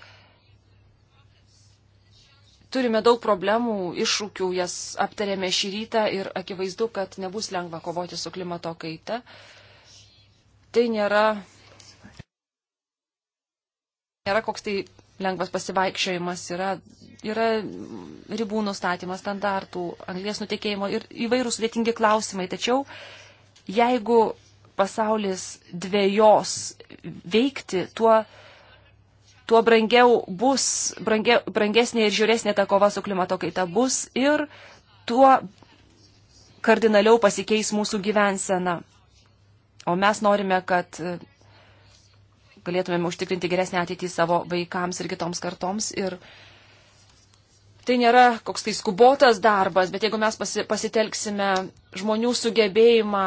turime daug problemų, iššūkių, jas aptarėme šį rytą ir akivaizdu, kad nebus lengva kovoti su klimato kaita. Tai nėra, nėra koks tai lengvas pasivaikščiojimas, yra, yra ribų nustatymas, standartų, anglės nutekėjimo ir įvairūs sudėtingi klausimai. Tačiau jeigu pasaulis dviejos veikti, tuo tuo brangiau bus, brangia, brangesnė ir žiūresnė ta kova su klimato kaita bus ir tuo kardinaliau pasikeis mūsų gyvensena. O mes norime, kad e, galėtumėm užtikrinti geresnę ateitį savo vaikams ir kitoms kartoms. Ir tai nėra koks tai skubotas darbas, bet jeigu mes pasi, pasitelksime žmonių sugebėjimą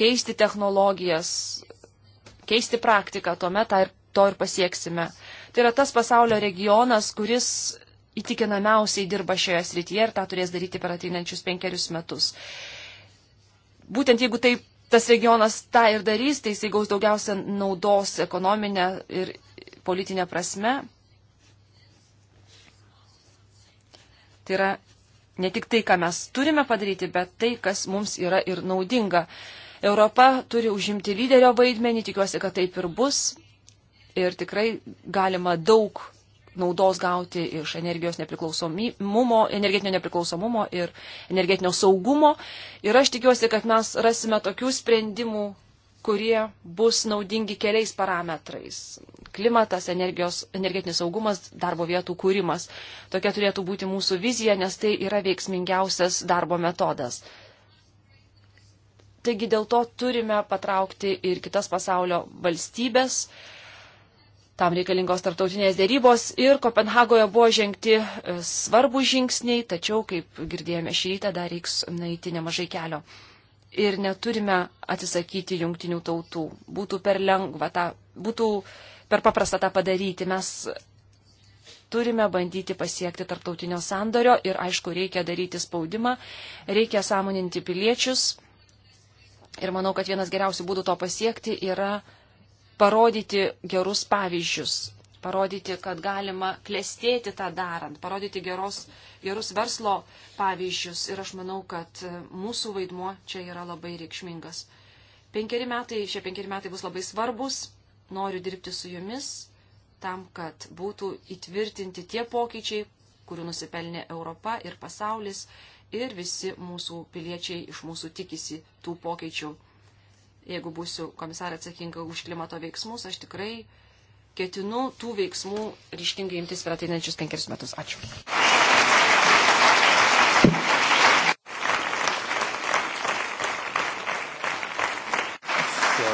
keisti technologijas, keisti praktiką, tuomet tą ir, to ir pasieksime. Tai yra tas pasaulio regionas, kuris įtikinamiausiai dirba šioje srityje ir tą turės daryti per ateinančius penkerius metus. Būtent jeigu taip tas regionas tą ir darys, tai jisai gaus daugiausia naudos ekonominę ir politinę prasme. Tai yra ne tik tai, ką mes turime padaryti, bet tai, kas mums yra ir naudinga. Uh, Europa turi užimti lyderio vaidmenį, tikiuosi, kad taip ir bus. Ir tikrai galima daug naudos gauti iš energijos nepriklausomumo, energetinio nepriklausomumo ir energetinio saugumo. Ir aš tikiuosi, kad mes rasime tokių sprendimų, kurie bus naudingi keliais parametrais. Klimatas, energijos, energetinis saugumas, darbo vietų kūrimas. Tokia turėtų būti mūsų vizija, nes tai yra veiksmingiausias darbo metodas. Taigi dėl to turime patraukti ir kitas pasaulio valstybės. Tam reikalingos tartautinės dėrybos ir Kopenhagoje buvo žengti e, svarbų žingsniai, tačiau, kaip girdėjome šį rytą, dar reiks naiti nemažai kelio. Ir neturime atsisakyti jungtinių tautų. Būtų per lengva, tą, būtų per paprasta tą padaryti. Mes turime bandyti pasiekti tarptautinio sandorio ir, aišku, reikia daryti spaudimą, reikia sąmoninti piliečius Ir manau, kad vienas geriausių būdų to pasiekti yra parodyti gerus pavyzdžius, parodyti, kad galima klestėti tą darant, parodyti geros, gerus verslo pavyzdžius. Ir aš manau, kad e, mūsų vaidmuo čia yra labai reikšmingas. Penkeri metai, šie penkeri metai bus labai svarbus. Noriu dirbti su jumis tam, kad būtų įtvirtinti tie pokyčiai, kurių nusipelnė Europa ir pasaulis, ir visi mūsų piliečiai iš mūsų tikisi tų pokyčių. Jeigu būsiu komisarė atsakinga už klimato veiksmus, aš tikrai ketinu tų veiksmų ryštingai imtis per ateinančius penkerius metus. Ačiū. So,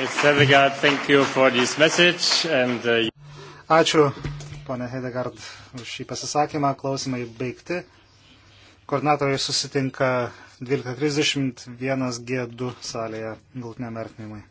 Mr. Vegaard, thank you for this message and uh, Ačiū ponė Hedegard, už šį pasisakymą. Klausimai baigti. Koordinatoriai susitinka 12.30 1G2 salėje galtiniam vertinimui.